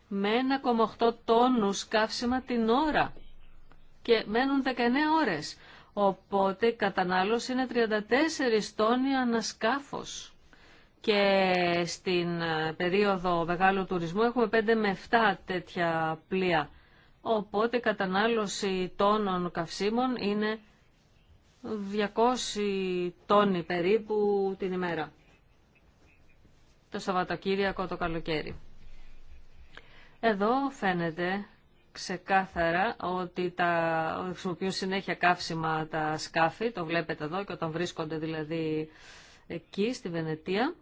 με 1,8 τόνους καύσιμα την ώρα και μένουν 19 ώρες. Οπότε η κατανάλωση είναι 34 τόνοι ανασκάφος. Και στην ε, περίοδο μεγάλου τουρισμού έχουμε 5 με 7 τέτοια πλοία. Οπότε η κατανάλωση τόνων καυσίμων είναι 200 τόνοι περίπου την ημέρα. Το Σαββατοκύριακο το καλοκαίρι. Εδώ φαίνεται ξεκάθαρα ότι τα χρησιμοποιούν συνέχεια καύσιμα τα σκάφη, το βλέπετε εδώ και όταν βρίσκονται δηλαδή εκεί στη Βενετία.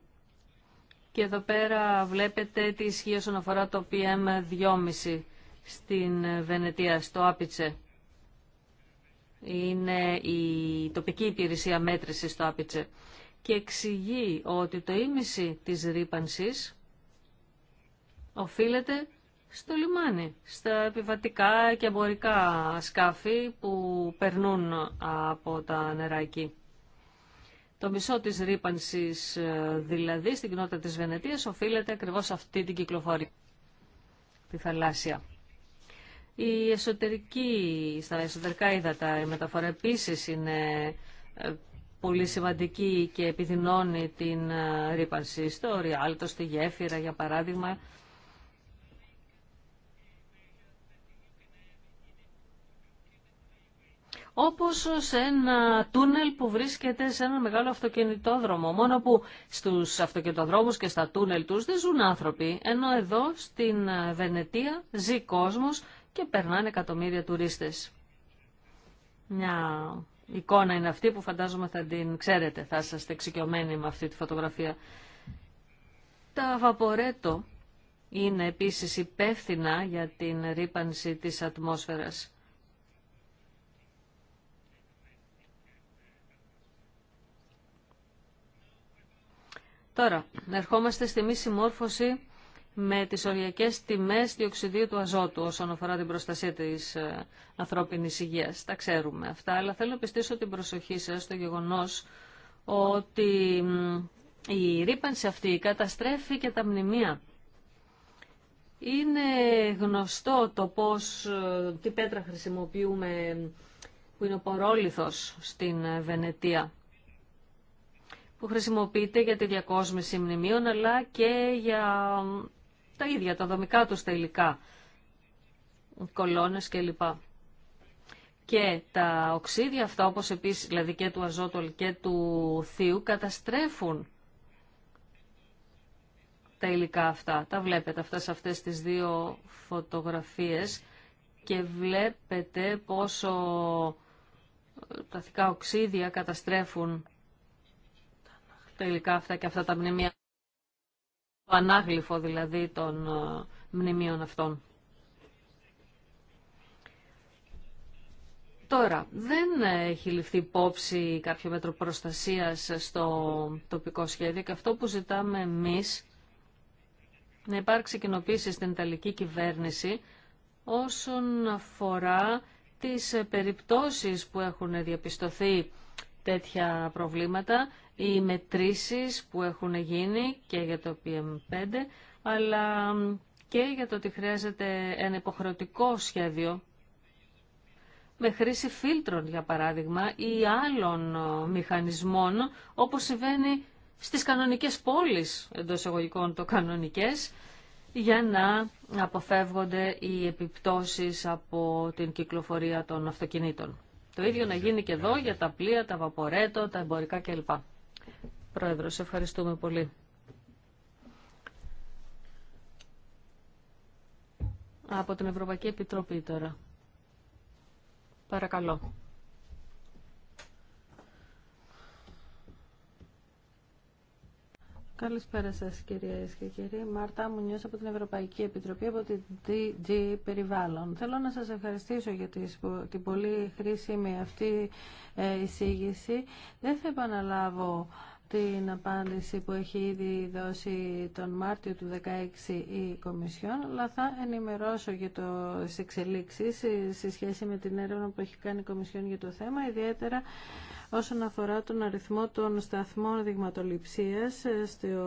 Και εδώ πέρα βλέπετε τι ισχύει όσον αφορά το PM2,5 στην Βενετία, στο Άπιτσε. Είναι η τοπική υπηρεσία μέτρησης στο Άπιτσε και εξηγεί ότι το ίμιση της ρήπανσης οφείλεται στο λιμάνι, στα επιβατικά και εμπορικά σκάφη που περνούν από τα νερά εκεί. Το μισό της ρήπανσης ε, δηλαδή στην κοινότητα της Βενετίας οφείλεται ακριβώς αυτή την κυκλοφορία, τη θαλάσσια. Η εσωτερική, στα εσωτερικά ύδατα η μεταφορά επίση είναι ε, πολύ σημαντική και επιδεινώνει την ε, ρήπανση στο Ριάλτο, στη Γέφυρα για παράδειγμα όπως σε ένα τούνελ που βρίσκεται σε ένα μεγάλο αυτοκινητόδρομο. Μόνο που στους αυτοκινητοδρόμους και στα τούνελ τους δεν ζουν άνθρωποι, ενώ εδώ στην Βενετία ζει κόσμος και περνάνε εκατομμύρια τουρίστες. Μια εικόνα είναι αυτή που φαντάζομαι θα την ξέρετε, θα είστε εξοικειωμένοι με αυτή τη φωτογραφία. Τα βαπορέτο είναι επίσης υπεύθυνα για την ρήπανση της ατμόσφαιρας. Τώρα, ερχόμαστε στη μη συμμόρφωση με τις οριακές τιμές διοξιδίου του αζότου όσον αφορά την προστασία της ε, ανθρώπινης υγείας. Τα ξέρουμε αυτά, αλλά θέλω να πιστήσω την προσοχή σας στο γεγονός ότι η ρήπανση αυτή καταστρέφει και τα μνημεία. Είναι γνωστό το πώς, ε, τι πέτρα χρησιμοποιούμε που είναι ο στην Βενετία που χρησιμοποιείται για τη διακόσμηση μνημείων αλλά και για τα ίδια, τα δομικά τους τα υλικά, κολόνες κλπ. Και τα οξύδια αυτά, όπως επίσης δηλαδή και του αζότολ και του θείου, καταστρέφουν τα υλικά αυτά. Τα βλέπετε αυτά σε αυτές τις δύο φωτογραφίες και βλέπετε πόσο τα θικά οξύδια καταστρέφουν Τελικά αυτά και αυτά τα μνημεία. Το ανάγλυφο δηλαδή των ε, μνημείων αυτών. Τώρα, δεν έχει ληφθεί υπόψη κάποιο μέτρο προστασίας στο τοπικό σχέδιο και αυτό που ζητάμε εμείς να υπάρξει κοινοποίηση στην Ιταλική κυβέρνηση όσον αφορά τις περιπτώσεις που έχουν διαπιστωθεί τέτοια προβλήματα οι μετρήσεις που έχουν γίνει και για το PM5, αλλά και για το ότι χρειάζεται ένα υποχρεωτικό σχέδιο με χρήση φίλτρων, για παράδειγμα, ή άλλων ε, μηχανισμών, όπως συμβαίνει στις κανονικές πόλεις, εντό εγωγικών το κανονικές, για να αποφεύγονται οι επιπτώσεις από την κυκλοφορία των αυτοκινήτων. Το ίδιο να γίνει και εδώ για τα πλοία, τα βαπορέτο, τα εμπορικά κλπ. Πρόεδρος, ευχαριστούμε πολύ. Από την Ευρωπαϊκή Επιτροπή τώρα. Παρακαλώ. Καλησπέρα σα, κυρίε και κύριοι. Μάρτα Μουνιό από την Ευρωπαϊκή Επιτροπή, από την DG Περιβάλλον. Θέλω να σα ευχαριστήσω για την πολύ χρήσιμη αυτή ε, εισήγηση. Δεν θα επαναλάβω την απάντηση που έχει ήδη δώσει τον Μάρτιο του 2016 η Κομισιόν, αλλά θα ενημερώσω για το εξελίξεις ε, σε σχέση με την έρευνα που έχει κάνει η Κομισιόν για το θέμα, ιδιαίτερα όσον αφορά τον αριθμό των σταθμών δειγματοληψίας ε, στην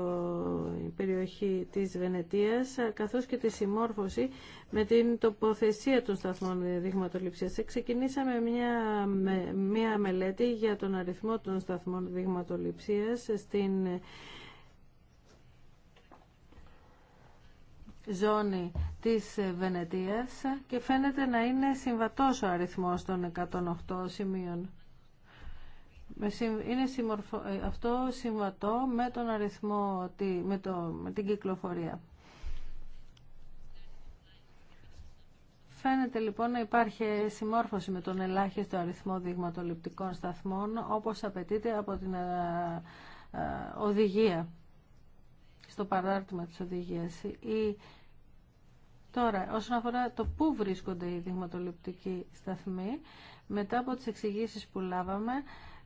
περιοχή της Βενετίας ε, καθώς και τη συμμόρφωση με την τοποθεσία των σταθμών δειγματοληψίας. Ε, ξεκινήσαμε μια, μια μελέτη για τον αριθμό των σταθμών δειγματοληψίας στην ζώνη της Βενετίας και φαίνεται να είναι συμβατός ο αριθμός των 108 σημείων είναι ε, αυτό συμβατό με τον αριθμό, με, το... με την κυκλοφορία. Φαίνεται λοιπόν να υπάρχει συμμόρφωση με τον ελάχιστο αριθμό δειγματοληπτικών σταθμών όπως απαιτείται από την ε, ε, οδηγία στο παράρτημα της οδηγίας. Η... Τώρα, όσον αφορά το πού βρίσκονται οι δειγματοληπτικοί σταθμοί, μετά από τις εξηγήσεις που λάβαμε,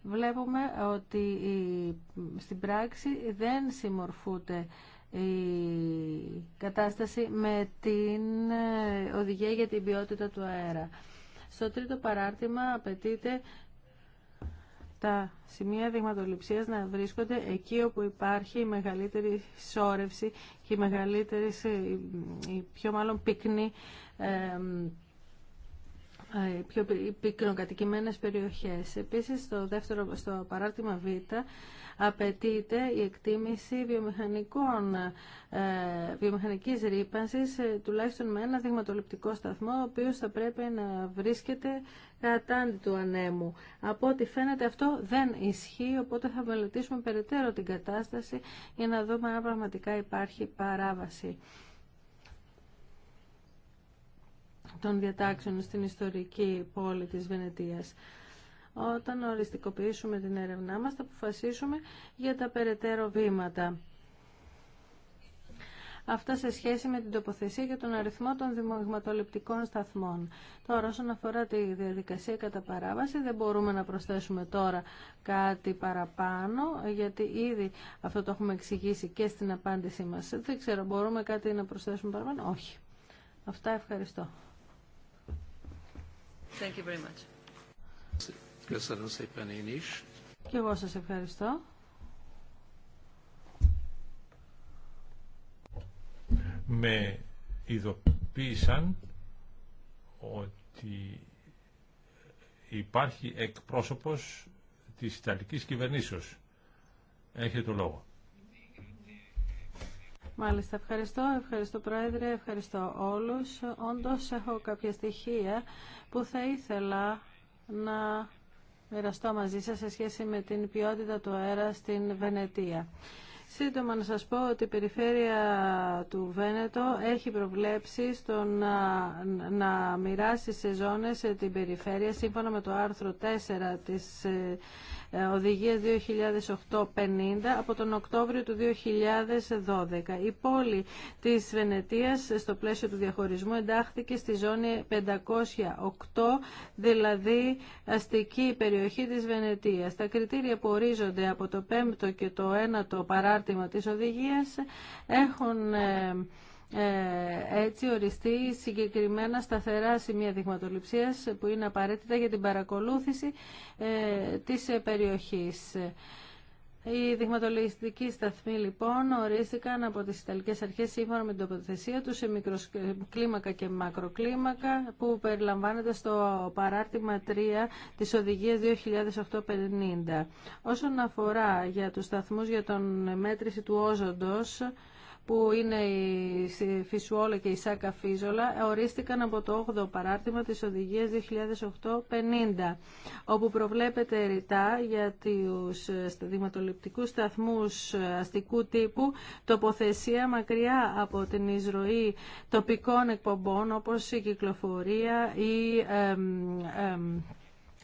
βλέπουμε ότι στην πράξη δεν συμμορφούνται η κατάσταση με την ε, οδηγία για την ποιότητα του αέρα. Στο τρίτο παράρτημα απαιτείται τα σημεία δειγματοληψίας να βρίσκονται εκεί όπου υπάρχει η μεγαλύτερη σώρευση και η μεγαλύτερη, η πιο μάλλον πυκνή ε, πιο πυκνοκατοικημένες περιοχές. Επίσης, στο δεύτερο στο παράρτημα Β απαιτείται η εκτίμηση βιομηχανικών, ε, βιομηχανικής ρήπανσης ε, τουλάχιστον με ένα δειγματοληπτικό σταθμό ο οποίος θα πρέπει να βρίσκεται κατά του ανέμου. Από ό,τι φαίνεται αυτό δεν ισχύει οπότε θα μελετήσουμε περαιτέρω την κατάσταση για να δούμε αν πραγματικά υπάρχει παράβαση. των διατάξεων στην ιστορική πόλη της Βενετίας. Όταν οριστικοποιήσουμε την έρευνά μας θα αποφασίσουμε για τα περαιτέρω βήματα. Αυτά σε σχέση με την τοποθεσία για τον αριθμό των δημογματοληπτικών σταθμών. Τώρα, όσον αφορά τη διαδικασία κατά παράβαση, δεν μπορούμε να προσθέσουμε τώρα κάτι παραπάνω, γιατί ήδη αυτό το έχουμε εξηγήσει και στην απάντησή μας. Δεν ξέρω, μπορούμε κάτι να προσθέσουμε παραπάνω. Όχι. Αυτά ευχαριστώ. Και εγώ σας ευχαριστώ. Με ειδοποίησαν ότι υπάρχει εκπρόσωπος της Ιταλικής κυβερνήσεως. Έχετε το λόγο. Μάλιστα, ευχαριστώ. Ευχαριστώ Πρόεδρε, ευχαριστώ όλους. Όντως έχω κάποια στοιχεία που θα ήθελα να μοιραστώ μαζί σας σε σχέση με την ποιότητα του αέρα στην Βενετία. Σύντομα να σας πω ότι η περιφέρεια του Βένετο έχει προβλέψει στο να, μοιράσει σε ζώνες την περιφέρεια σύμφωνα με το άρθρο 4 της ε, ε, οδηγία 2008-50 από τον Οκτώβριο του 2012. Η πόλη της Βενετίας στο πλαίσιο του διαχωρισμού εντάχθηκε στη ζώνη 508, δηλαδή αστική περιοχή της Βενετίας. Τα κριτήρια που ορίζονται από το 5ο και το 1ο παράρτημα της οδηγίας έχουν ε, ε, έτσι οριστεί συγκεκριμένα σταθερά σημεία δειγματοληψίας που είναι απαραίτητα για την παρακολούθηση ε, της περιοχής. Οι δειγματολογιστικοί σταθμοί λοιπόν ορίστηκαν από τις Ιταλικές Αρχές σύμφωνα με την τοποθεσία τους σε μικροκλίμακα και μακροκλίμακα που περιλαμβάνεται στο παράρτημα 3 της Οδηγίας 2850. Όσον αφορά για τους σταθμούς για τον μέτρηση του όζοντος, που είναι η Φυσουόλα και η Σάκα Φίζολα, ορίστηκαν από το 8ο παράρτημα της Οδηγίας 2008-50, όπου προβλέπεται ρητά για τους ε, δηματοληπτικούς σταθμούς ε, αστικού τύπου τοποθεσία μακριά από την εισρωή τοπικών εκπομπών, όπως η κυκλοφορία ή...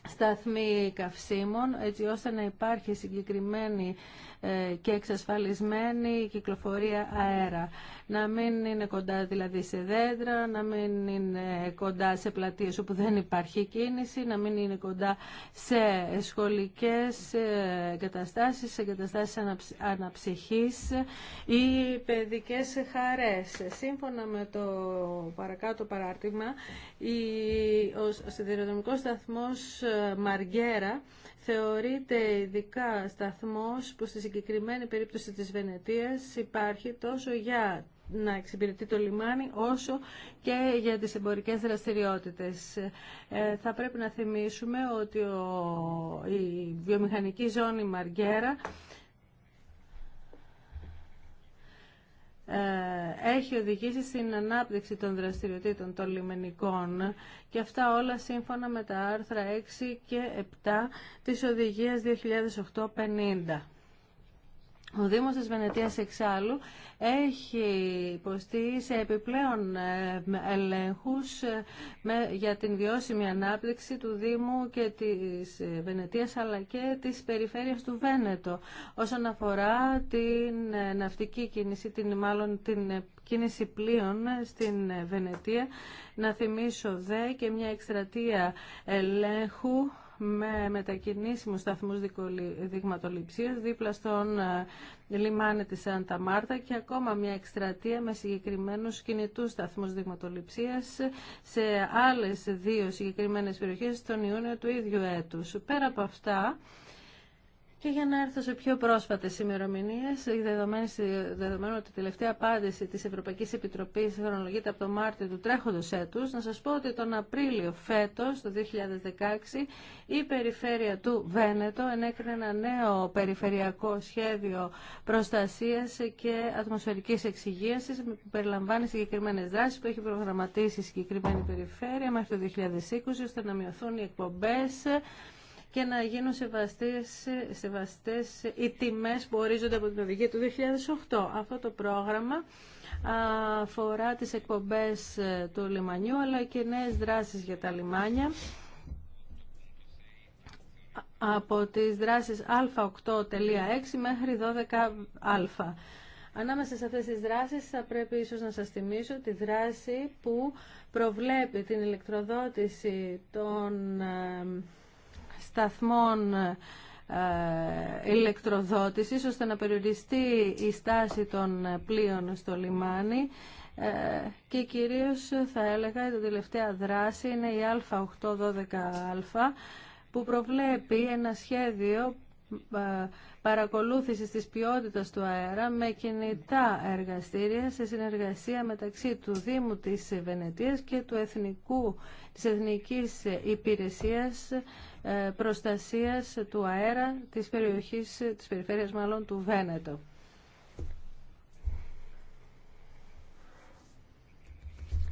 σταθμοί καυσίμων, έτσι ώστε να υπάρχει συγκεκριμένη ε, και εξασφαλισμένη κυκλοφορία αέρα. Να μην είναι κοντά δηλαδή σε δέντρα, να μην είναι κοντά σε πλατείες όπου δεν υπάρχει κίνηση, να μην είναι κοντά σε σχολικές ε, εγκαταστάσεις, σε εγκαταστάσεις αναψυχής ή παιδικές χαρές. Σύμφωνα με το παρακάτω παράρτημα, ο σιδηροδρομικός σταθμός ε, Μαργέρα θεωρείται ειδικά σταθμός που στη συγκεκριμένη περίπτωση της Βενετίας υπάρχει τόσο για να εξυπηρετεί το λιμάνι όσο και για τις εμπορικές δραστηριότητες. Ε, θα πρέπει να θυμίσουμε ότι η βιομηχανική ζώνη Μαργκέρα Ε, έχει οδηγήσει στην ανάπτυξη των δραστηριοτήτων των λιμενικών και αυτά όλα σύμφωνα με τα άρθρα 6 και 7 της Οδηγίας 2008-50. Ο Δήμος της Βενετίας εξάλλου έχει υποστεί σε επιπλέον ε, ελέγχους ε, για την βιώσιμη ανάπτυξη του Δήμου και της ε, Βενετίας αλλά και της περιφέρειας του Βένετο όσον αφορά την ναυτική κίνηση, την, μάλλον την κίνηση πλοίων στην Βενετία. Να θυμίσω δε και μια εκστρατεία ελέγχου με μετακινήσιμου σταθμού δείγματοληψία δίπλα στον ε, λιμάνι της Σάντα Μάρτα και ακόμα μια εκστρατεία με συγκεκριμένου κινητού σταθμού δείγματοληψία σε άλλε δύο συγκεκριμένες περιοχές τον Ιούνιο του ίδιου έτους. Πέρα από αυτά, και για να έρθω σε πιο πρόσφατε ημερομηνίε, δεδομένου ότι η τελευταία απάντηση τη Ευρωπαϊκή Επιτροπή χρονολογείται από το Μάρτιο του τρέχοντο έτου, να σα πω ότι τον Απρίλιο φέτο, το 2016, η περιφέρεια του Βένετο ενέκρινε ένα νέο περιφερειακό σχέδιο προστασία και ατμοσφαιρική εξυγίαση, που περιλαμβάνει συγκεκριμένε δράσει που έχει προγραμματίσει η συγκεκριμένη περιφέρεια μέχρι το 2020, ώστε να μειωθούν οι εκπομπέ και να γίνουν σεβαστές, σεβαστές οι τιμές που ορίζονται από την οδηγία του 2008. Αυτό το πρόγραμμα αφορά τις εκπομπές του λιμανιού αλλά και νέες δράσεις για τα λιμάνια από τις δράσεις α8.6 μέχρι 12α. Ανάμεσα σε αυτές τις δράσεις θα πρέπει ίσως να σας θυμίσω τη δράση που προβλέπει την ηλεκτροδότηση των ε, σταθμών ε, ηλεκτροδότησης ώστε να περιοριστεί η στάση των πλοίων στο λιμάνι ε, και κυρίως ε, θα έλεγα η τελευταία δράση είναι η Α812α που προβλέπει ένα σχέδιο παρακολούθησης της ποιότητας του αέρα με κινητά εργαστήρια σε συνεργασία μεταξύ του Δήμου της Βενετίας και του Εθνικού της Εθνικής Υπηρεσίας ε, Προστασίας του Αέρα της περιοχής, της περιφέρειας μάλλον του Βένετο.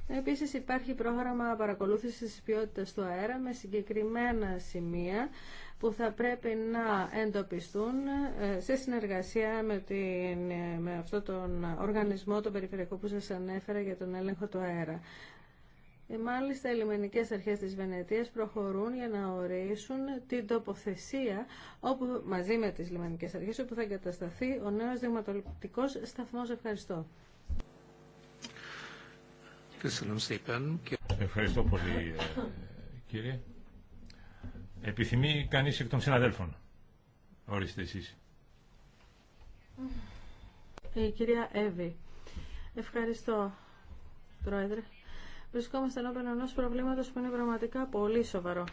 Επίσης υπάρχει πρόγραμμα παρακολούθησης της ποιότητας του αέρα με συγκεκριμένα σημεία που θα πρέπει να εντοπιστούν ε, σε συνεργασία με, την, ε, αυτό τον οργανισμό, τον περιφερειακό που σας ανέφερα για τον έλεγχο του αέρα. Ε, μάλιστα, οι λιμενικές αρχές της Βενετίας προχωρούν για να ορίσουν την τοποθεσία όπου, μαζί με τις λιμενικές αρχές όπου θα εγκατασταθεί ο νέος δειγματοληπτικός σταθμός. Ευχαριστώ. Ευχαριστώ πολύ, ε, κύριε. Επιθυμεί κανείς εκ των συναδέλφων. Ορίστε εσείς. Η ε, κυρία Εύη. Ευχαριστώ, Πρόεδρε βρισκόμαστε ενώπιον ενό προβλήματο που είναι πραγματικά πολύ σοβαρό.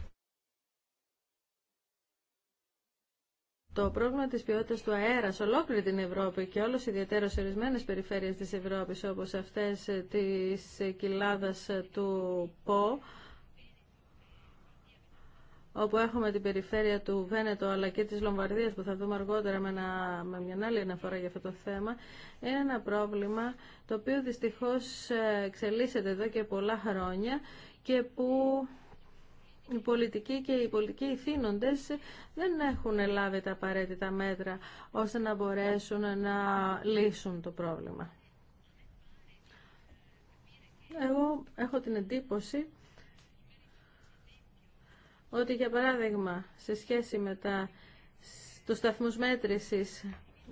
Το πρόβλημα τη ποιότητα του αέρα σε ολόκληρη την Ευρώπη και όλο ιδιαίτερα σε ορισμένε περιφέρειε της Ευρώπης όπως αυτές της κοιλάδα του ΠΟ όπου έχουμε την περιφέρεια του Βένετο αλλά και της Λομβαρδίας που θα δούμε αργότερα με, ένα, με μια άλλη αναφορά για αυτό το θέμα είναι ένα πρόβλημα το οποίο δυστυχώς ε, εξελίσσεται εδώ και πολλά χρόνια και που οι πολιτικοί και οι πολιτικοί ηθήνοντες δεν έχουν λάβει τα απαραίτητα μέτρα ώστε να μπορέσουν να λύσουν το πρόβλημα. Εγώ έχω την εντύπωση ότι για παράδειγμα σε σχέση με τα, τους σταθμούς μέτρησης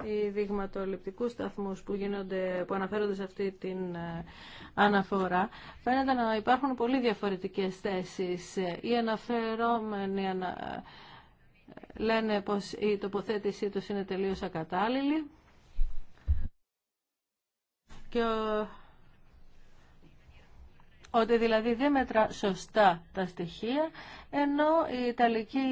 ή δειγματοληπτικούς σταθμούς που, γίνονται, που αναφέρονται σε αυτή την ε, αναφορά φαίνεται να υπάρχουν πολύ διαφορετικές θέσεις. Οι αναφερόμενοι ανα... Ε, λένε πως η τοποθέτησή τους είναι τελείως ακατάλληλη και ότι δηλαδή δεν μετρά σωστά τα στοιχεία, ενώ η Ιταλική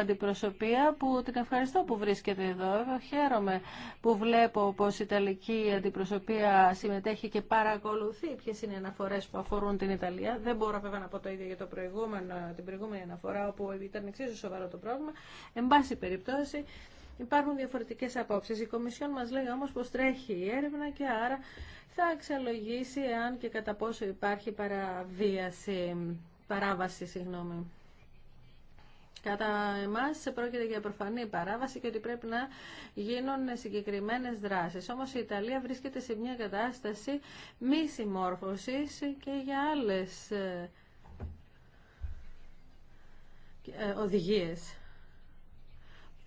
αντιπροσωπεία που την ευχαριστώ που βρίσκεται εδώ, χαίρομαι που βλέπω πως η Ιταλική αντιπροσωπεία συμμετέχει και παρακολουθεί ποιες είναι οι αναφορές που αφορούν την Ιταλία. Δεν μπορώ βέβαια να πω το ίδιο για το προηγούμενο, την προηγούμενη αναφορά όπου ήταν εξίσου σοβαρό το πρόβλημα. Εν πάση περιπτώσει, Υπάρχουν διαφορετικέ απόψει. Η Κομισιόν μα λέει όμω πω τρέχει η έρευνα και άρα θα αξιολογήσει αν και κατά πόσο υπάρχει παραβίαση, παράβαση. Συγγνώμη. Κατά εμά πρόκειται για προφανή παράβαση και ότι πρέπει να γίνουν συγκεκριμένε δράσει. Όμω η Ιταλία βρίσκεται σε μια κατάσταση μη συμμόρφωση και για άλλε ε, ε, οδηγίες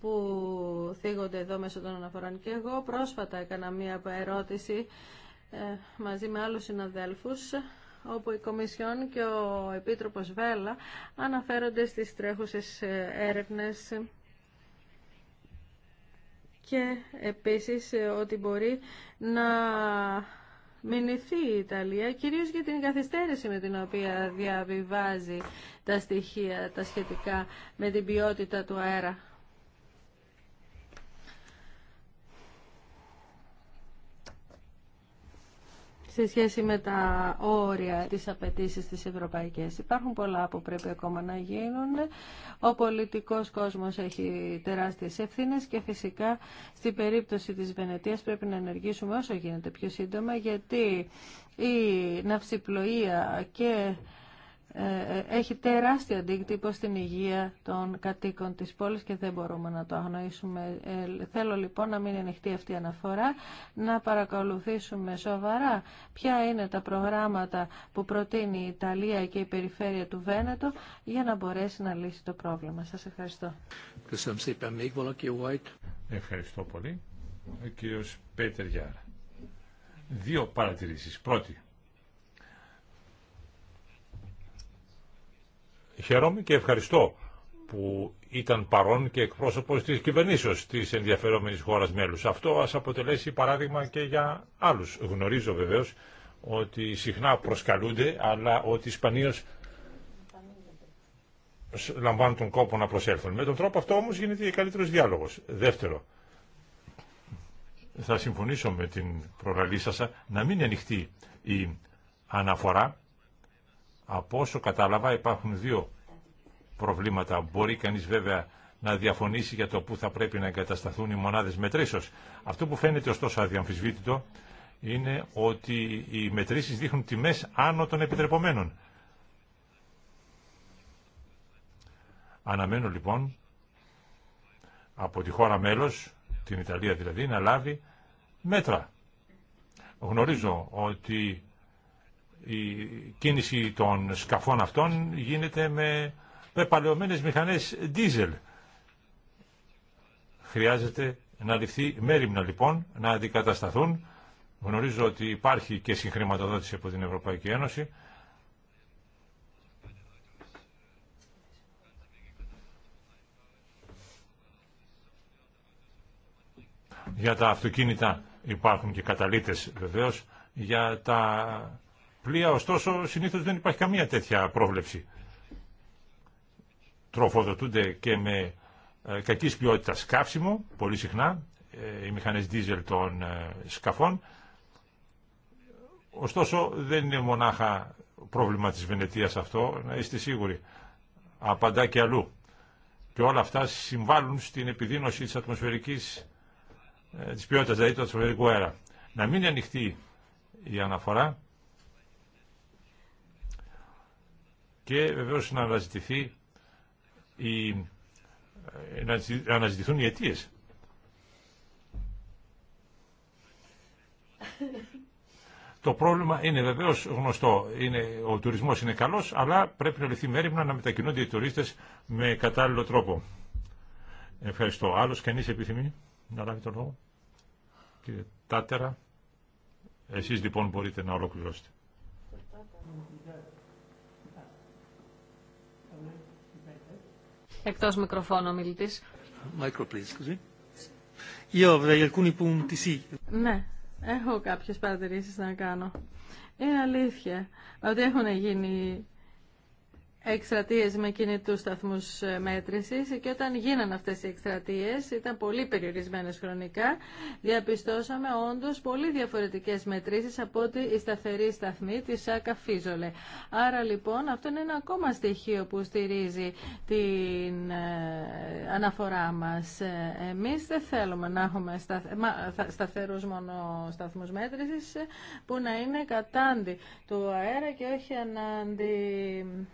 που θίγονται εδώ μέσω των αναφορών. Και εγώ πρόσφατα έκανα μία ερώτηση ε, μαζί με άλλους συναδέλφους όπου η Κομισιόν και ο Επίτροπος Βέλα αναφέρονται στις τρέχουσες ε, έρευνες και επίσης ε, ότι μπορεί να μηνυθεί η Ιταλία, κυρίως για την καθυστέρηση με την οποία διαβιβάζει τα στοιχεία, τα σχετικά με την ποιότητα του αέρα σε σχέση με τα όρια της απαιτήσει της ευρωπαϊκής. Υπάρχουν πολλά που πρέπει ακόμα να γίνουν. Ο πολιτικός κόσμος έχει τεράστιες ευθύνε και φυσικά στην περίπτωση της Βενετίας πρέπει να ενεργήσουμε όσο γίνεται πιο σύντομα γιατί η ναυσιπλοεία και έχει τεράστιο αντίκτυπο στην υγεία των κατοίκων της πόλης και δεν μπορούμε να το αγνοήσουμε. Ε, θέλω λοιπόν να μην ανοιχτεί αυτή η αναφορά, να παρακολουθήσουμε σοβαρά ποια είναι τα προγράμματα που προτείνει η Ιταλία και η περιφέρεια του Βένετο για να μπορέσει να λύσει το πρόβλημα. Σας ευχαριστώ. Ευχαριστώ πολύ. Ο κύριος Πέτερ Γιάρα. Δύο παρατηρήσεις. Πρώτη, Χαίρομαι και ευχαριστώ που ήταν παρόν και εκπρόσωπος της κυβερνήσεως της ενδιαφερόμενης χώρας μέλους. Αυτό ας αποτελέσει παράδειγμα και για άλλους. Γνωρίζω βεβαίως ότι συχνά προσκαλούνται, αλλά ότι σπανίως λαμβάνουν τον κόπο να προσέλθουν. Με τον τρόπο αυτό όμως γίνεται και καλύτερος διάλογος. Δεύτερο, θα συμφωνήσω με την προγραλή σας να μην ανοιχτεί η αναφορά από όσο κατάλαβα υπάρχουν δύο προβλήματα. Μπορεί κανείς βέβαια να διαφωνήσει για το πού θα πρέπει να εγκατασταθούν οι μονάδες μετρήσεως. Αυτό που φαίνεται ωστόσο αδιαμφισβήτητο είναι ότι οι μετρήσεις δείχνουν τιμές άνω των επιτρεπομένων. Αναμένω λοιπόν από τη χώρα μέλος, την Ιταλία δηλαδή, να λάβει μέτρα. Γνωρίζω ότι η κίνηση των σκαφών αυτών γίνεται με πεπαλαιωμένες μηχανές δίζελ. Χρειάζεται να ληφθεί μέρημνα λοιπόν, να αντικατασταθούν. Γνωρίζω ότι υπάρχει και συγχρηματοδότηση από την Ευρωπαϊκή Ένωση. Για τα αυτοκίνητα υπάρχουν και καταλήτες βεβαίως. Για τα πλοία, ωστόσο συνήθως δεν υπάρχει καμία τέτοια πρόβλεψη. Τροφοδοτούνται και με ε, κακής ποιότητα καύσιμο, πολύ συχνά, ε, οι μηχανές δίζελ των ε, σκαφών. Ωστόσο δεν είναι μονάχα πρόβλημα της Βενετίας αυτό, να είστε σίγουροι. Απαντά και αλλού. Και όλα αυτά συμβάλλουν στην επιδείνωση της ατμοσφαιρικής της ποιότητας, δηλαδή του ατμοσφαιρικού αέρα. Να μην ανοιχτεί η αναφορά και βεβαίω ε, να αναζητηθούν οι αιτίε. Το πρόβλημα είναι βεβαίω γνωστό. Είναι, ο τουρισμός είναι καλός, αλλά πρέπει να λυθεί μέρημνα να μετακινούνται οι τουρίστες με κατάλληλο τρόπο. Ευχαριστώ. άλλο κανεί επιθυμεί να λάβει τον λόγο. Κύριε Τάτερα, εσείς λοιπόν μπορείτε να ολοκληρώσετε. Εκτός μικροφώνου μιλητής. Ναι, έχω κάποιες παρατηρήσεις να κάνω. Είναι αλήθεια ότι έχουν γίνει εκστρατείε με κινητούς σταθμούς ε, μέτρησης και όταν γίνανε αυτές οι εκστρατείε, ήταν πολύ περιορισμένες χρονικά, διαπιστώσαμε όντως πολύ διαφορετικές μετρήσεις από ότι η σταθερή σταθμή της ΣΑΚΑ Φίζολε. Άρα λοιπόν αυτό είναι ένα ακόμα στοιχείο που στηρίζει την ε, αναφορά μας. Ε, εμείς δεν θέλουμε να έχουμε σταθερούς μόνο σταθμούς μέτρησης που να είναι κατάντι του αέρα και όχι ανάντι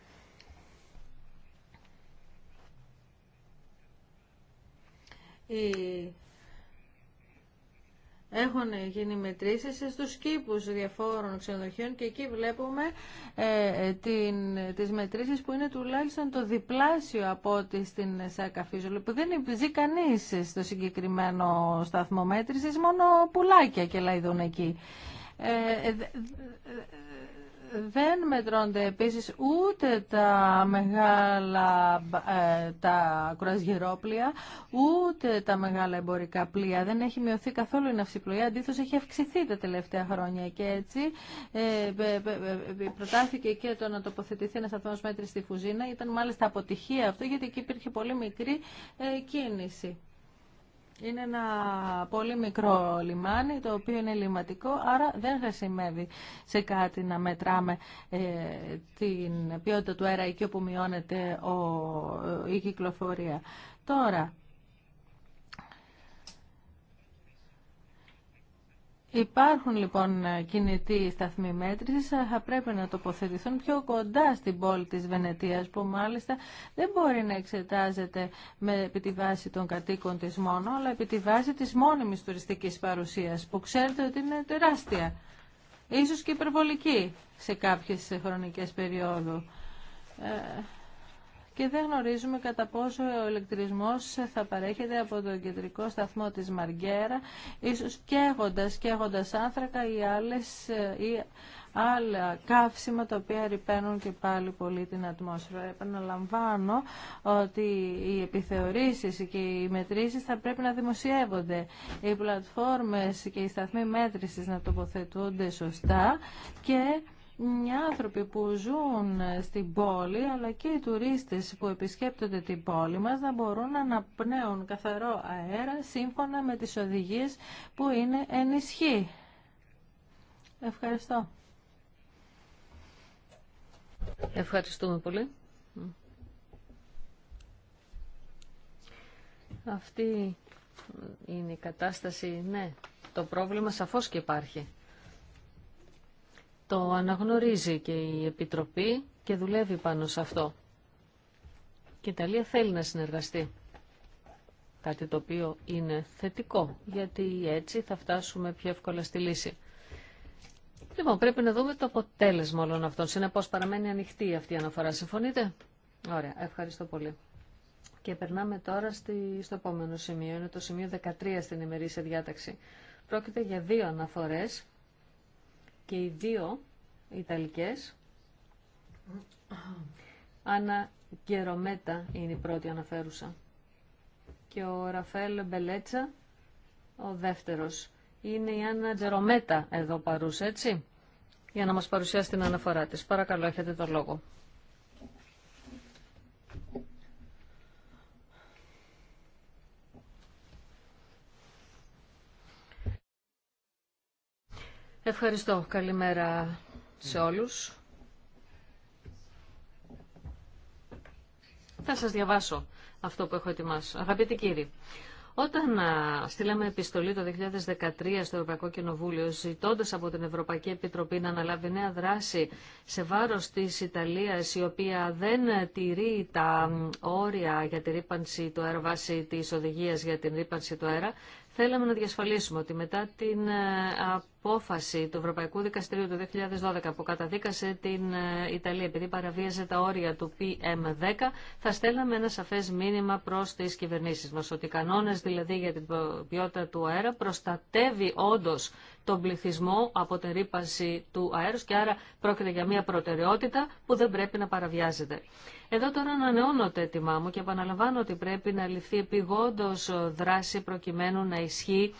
Έχουν γίνει μετρήσεις στους κήπους διαφόρων ξενοδοχείων και εκεί βλέπουμε ε, ε, την, τις μετρήσεις που είναι τουλάχιστον το διπλάσιο από ό,τι στην Σάκα Φίζολη, που δεν ζει κανείς στο συγκεκριμένο σταθμό μέτρησης, μόνο πουλάκια και εκεί. Ε, ε, δεν μετρώνται επίσης ούτε τα μεγάλα ε, τα ούτε τα μεγάλα εμπορικά πλοία. Δεν έχει μειωθεί καθόλου η ναυσιπλοεία, αντίθως έχει αυξηθεί τα τελευταία χρόνια και έτσι ε, ε, προτάθηκε και το να τοποθετηθεί ένα σταθμό μέτρη στη Φουζίνα. Ήταν μάλιστα αποτυχία αυτό γιατί εκεί υπήρχε πολύ μικρή κίνηση. Είναι ένα πολύ μικρό λιμάνι, το οποίο είναι λιματικό, άρα δεν χρησιμεύει σε κάτι να μετράμε ε, την ποιότητα του αέρα εκεί όπου μειώνεται η κυκλοφορία. Τώρα, Υπάρχουν λοιπόν κινητοί σταθμοί μέτρηση θα πρέπει να τοποθετηθούν πιο κοντά στην πόλη της Βενετίας που μάλιστα δεν μπορεί να εξετάζεται με, επί τη βάση των κατοίκων της μόνο, αλλά επί τη βάση τη μόνιμη τουριστική παρουσία, που ξέρετε ότι είναι τεράστια, ίσως και υπερβολική σε κάποιες χρονικές περιόδου. Ε, και δεν γνωρίζουμε κατά πόσο ο ηλεκτρισμός θα παρέχεται από το κεντρικό σταθμό της Μαργκέρα, ίσως καίγοντας, καίγοντας άνθρακα ή άλλες ή άλλα καύσιμα τα οποία ρηπαίνουν και πάλι πολύ την ατμόσφαιρα. Επαναλαμβάνω ότι οι επιθεωρήσεις και οι μετρήσεις θα πρέπει να δημοσιεύονται. Οι πλατφόρμες και οι σταθμοί μέτρησης να τοποθετούνται σωστά και οι άνθρωποι που ζουν στην πόλη αλλά και οι τουρίστες που επισκέπτονται την πόλη μας να μπορούν να αναπνέουν καθαρό αέρα σύμφωνα με τις οδηγίες που είναι ενισχύ. Ευχαριστώ. Ευχαριστούμε πολύ. Αυτή είναι η κατάσταση, ναι, το πρόβλημα σαφώς και υπάρχει. Το αναγνωρίζει και η Επιτροπή και δουλεύει πάνω σε αυτό. Και η Ιταλία θέλει να συνεργαστεί. Κάτι το οποίο είναι θετικό, γιατί έτσι θα φτάσουμε πιο εύκολα στη λύση. Λοιπόν, πρέπει να δούμε το αποτέλεσμα όλων αυτών. Συνεπώς παραμένει ανοιχτή αυτή η αναφορά. Συμφωνείτε? Ωραία, ευχαριστώ πολύ. Και περνάμε τώρα στη, στο επόμενο σημείο. Είναι το σημείο 13 στην σε διάταξη. Πρόκειται για δύο αναφορές και οι δύο Ιταλικές. Άννα Γκερομέτα είναι η πρώτη αναφέρουσα. Και ο Ραφέλ Μπελέτσα, ο δεύτερος. Είναι η Άννα Γκερομέτα εδώ παρούσα, έτσι, για να μας παρουσιάσει την αναφορά της. Παρακαλώ, έχετε το λόγο. Ευχαριστώ. Καλημέρα σε όλους. Θα σας διαβάσω αυτό που έχω ετοιμάσει. Αγαπητοί κύριοι, όταν στείλαμε επιστολή το 2013 στο Ευρωπαϊκό Κοινοβούλιο ζητώντα από την Ευρωπαϊκή Επιτροπή να αναλάβει νέα δράση σε βάρος της Ιταλίας η οποία δεν τηρεί τα όρια για τη ρήπανση του αέρα βάσει της οδηγίας για την ρήπανση του αέρα θέλαμε να διασφαλίσουμε ότι μετά την ε, απόφαση του Ευρωπαϊκού Δικαστηρίου του 2012 που καταδίκασε την ε, Ιταλία επειδή παραβίαζε τα όρια του PM10, θα στέλναμε ένα σαφές μήνυμα προς τις κυβερνήσεις μας, ότι οι κανόνες δηλαδή για την ποιότητα του αέρα προστατεύει όντως τον πληθυσμό από την ρήπαση του αέρος και άρα πρόκειται για μια προτεραιότητα που δεν πρέπει να παραβιάζεται. Εδώ τώρα ανανεώνω το έτοιμά μου και επαναλαμβάνω ότι πρέπει να ληφθεί επιγόντως δράση προκειμένου να ισχύει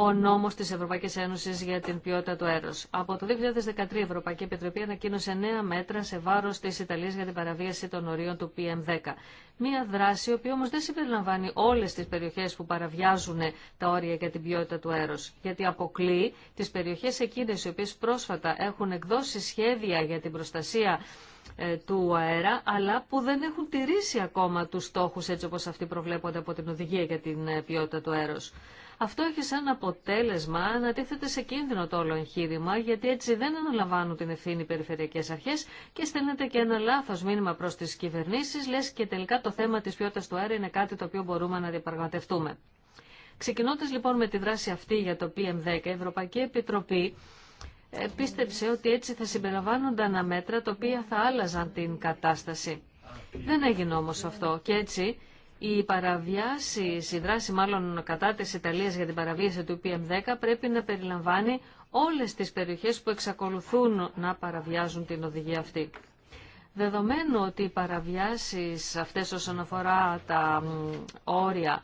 ο νόμος της Ευρωπαϊκής Ένωσης για την ποιότητα του αέρος. Από το 2013 η Ευρωπαϊκή Επιτροπή ανακοίνωσε νέα μέτρα σε βάρος της Ιταλίας για την παραβίαση των ορίων του PM10. Μία δράση η οποία όμως δεν συμπεριλαμβάνει όλες τις περιοχές που παραβιάζουν τα όρια για την ποιότητα του αέρος. Γιατί αποκλεί τις περιοχές εκείνες οι οποίες πρόσφατα έχουν εκδώσει σχέδια για την προστασία ε, του αέρα, αλλά που δεν έχουν τηρήσει ακόμα τους στόχους έτσι όπως αυτοί προβλέπονται από την οδηγία για την ε, ποιότητα του αέρος. Αυτό έχει σαν αποτέλεσμα να τίθεται σε κίνδυνο το όλο εγχείρημα, γιατί έτσι δεν αναλαμβάνουν την ευθύνη οι περιφερειακέ αρχέ και στέλνεται και ένα λάθο μήνυμα προ τι κυβερνήσει, λε και τελικά το θέμα τη ποιότητα του αέρα είναι κάτι το οποίο μπορούμε να διαπραγματευτούμε. Ξεκινώντα λοιπόν με τη δράση αυτή για το PM10, η Ευρωπαϊκή Επιτροπή ε, πίστεψε ότι έτσι θα συμπεριλαμβάνονταν μέτρα τα οποία θα άλλαζαν την κατάσταση. Δεν έγινε όμως αυτό και έτσι η παραβιάση, η δράση μάλλον κατά της Ιταλίας για την παραβίαση του PM10 πρέπει να περιλαμβάνει όλες τις περιοχές που εξακολουθούν να παραβιάζουν την οδηγία αυτή. Δεδομένου ότι οι παραβιάσεις αυτές όσον αφορά τα όρια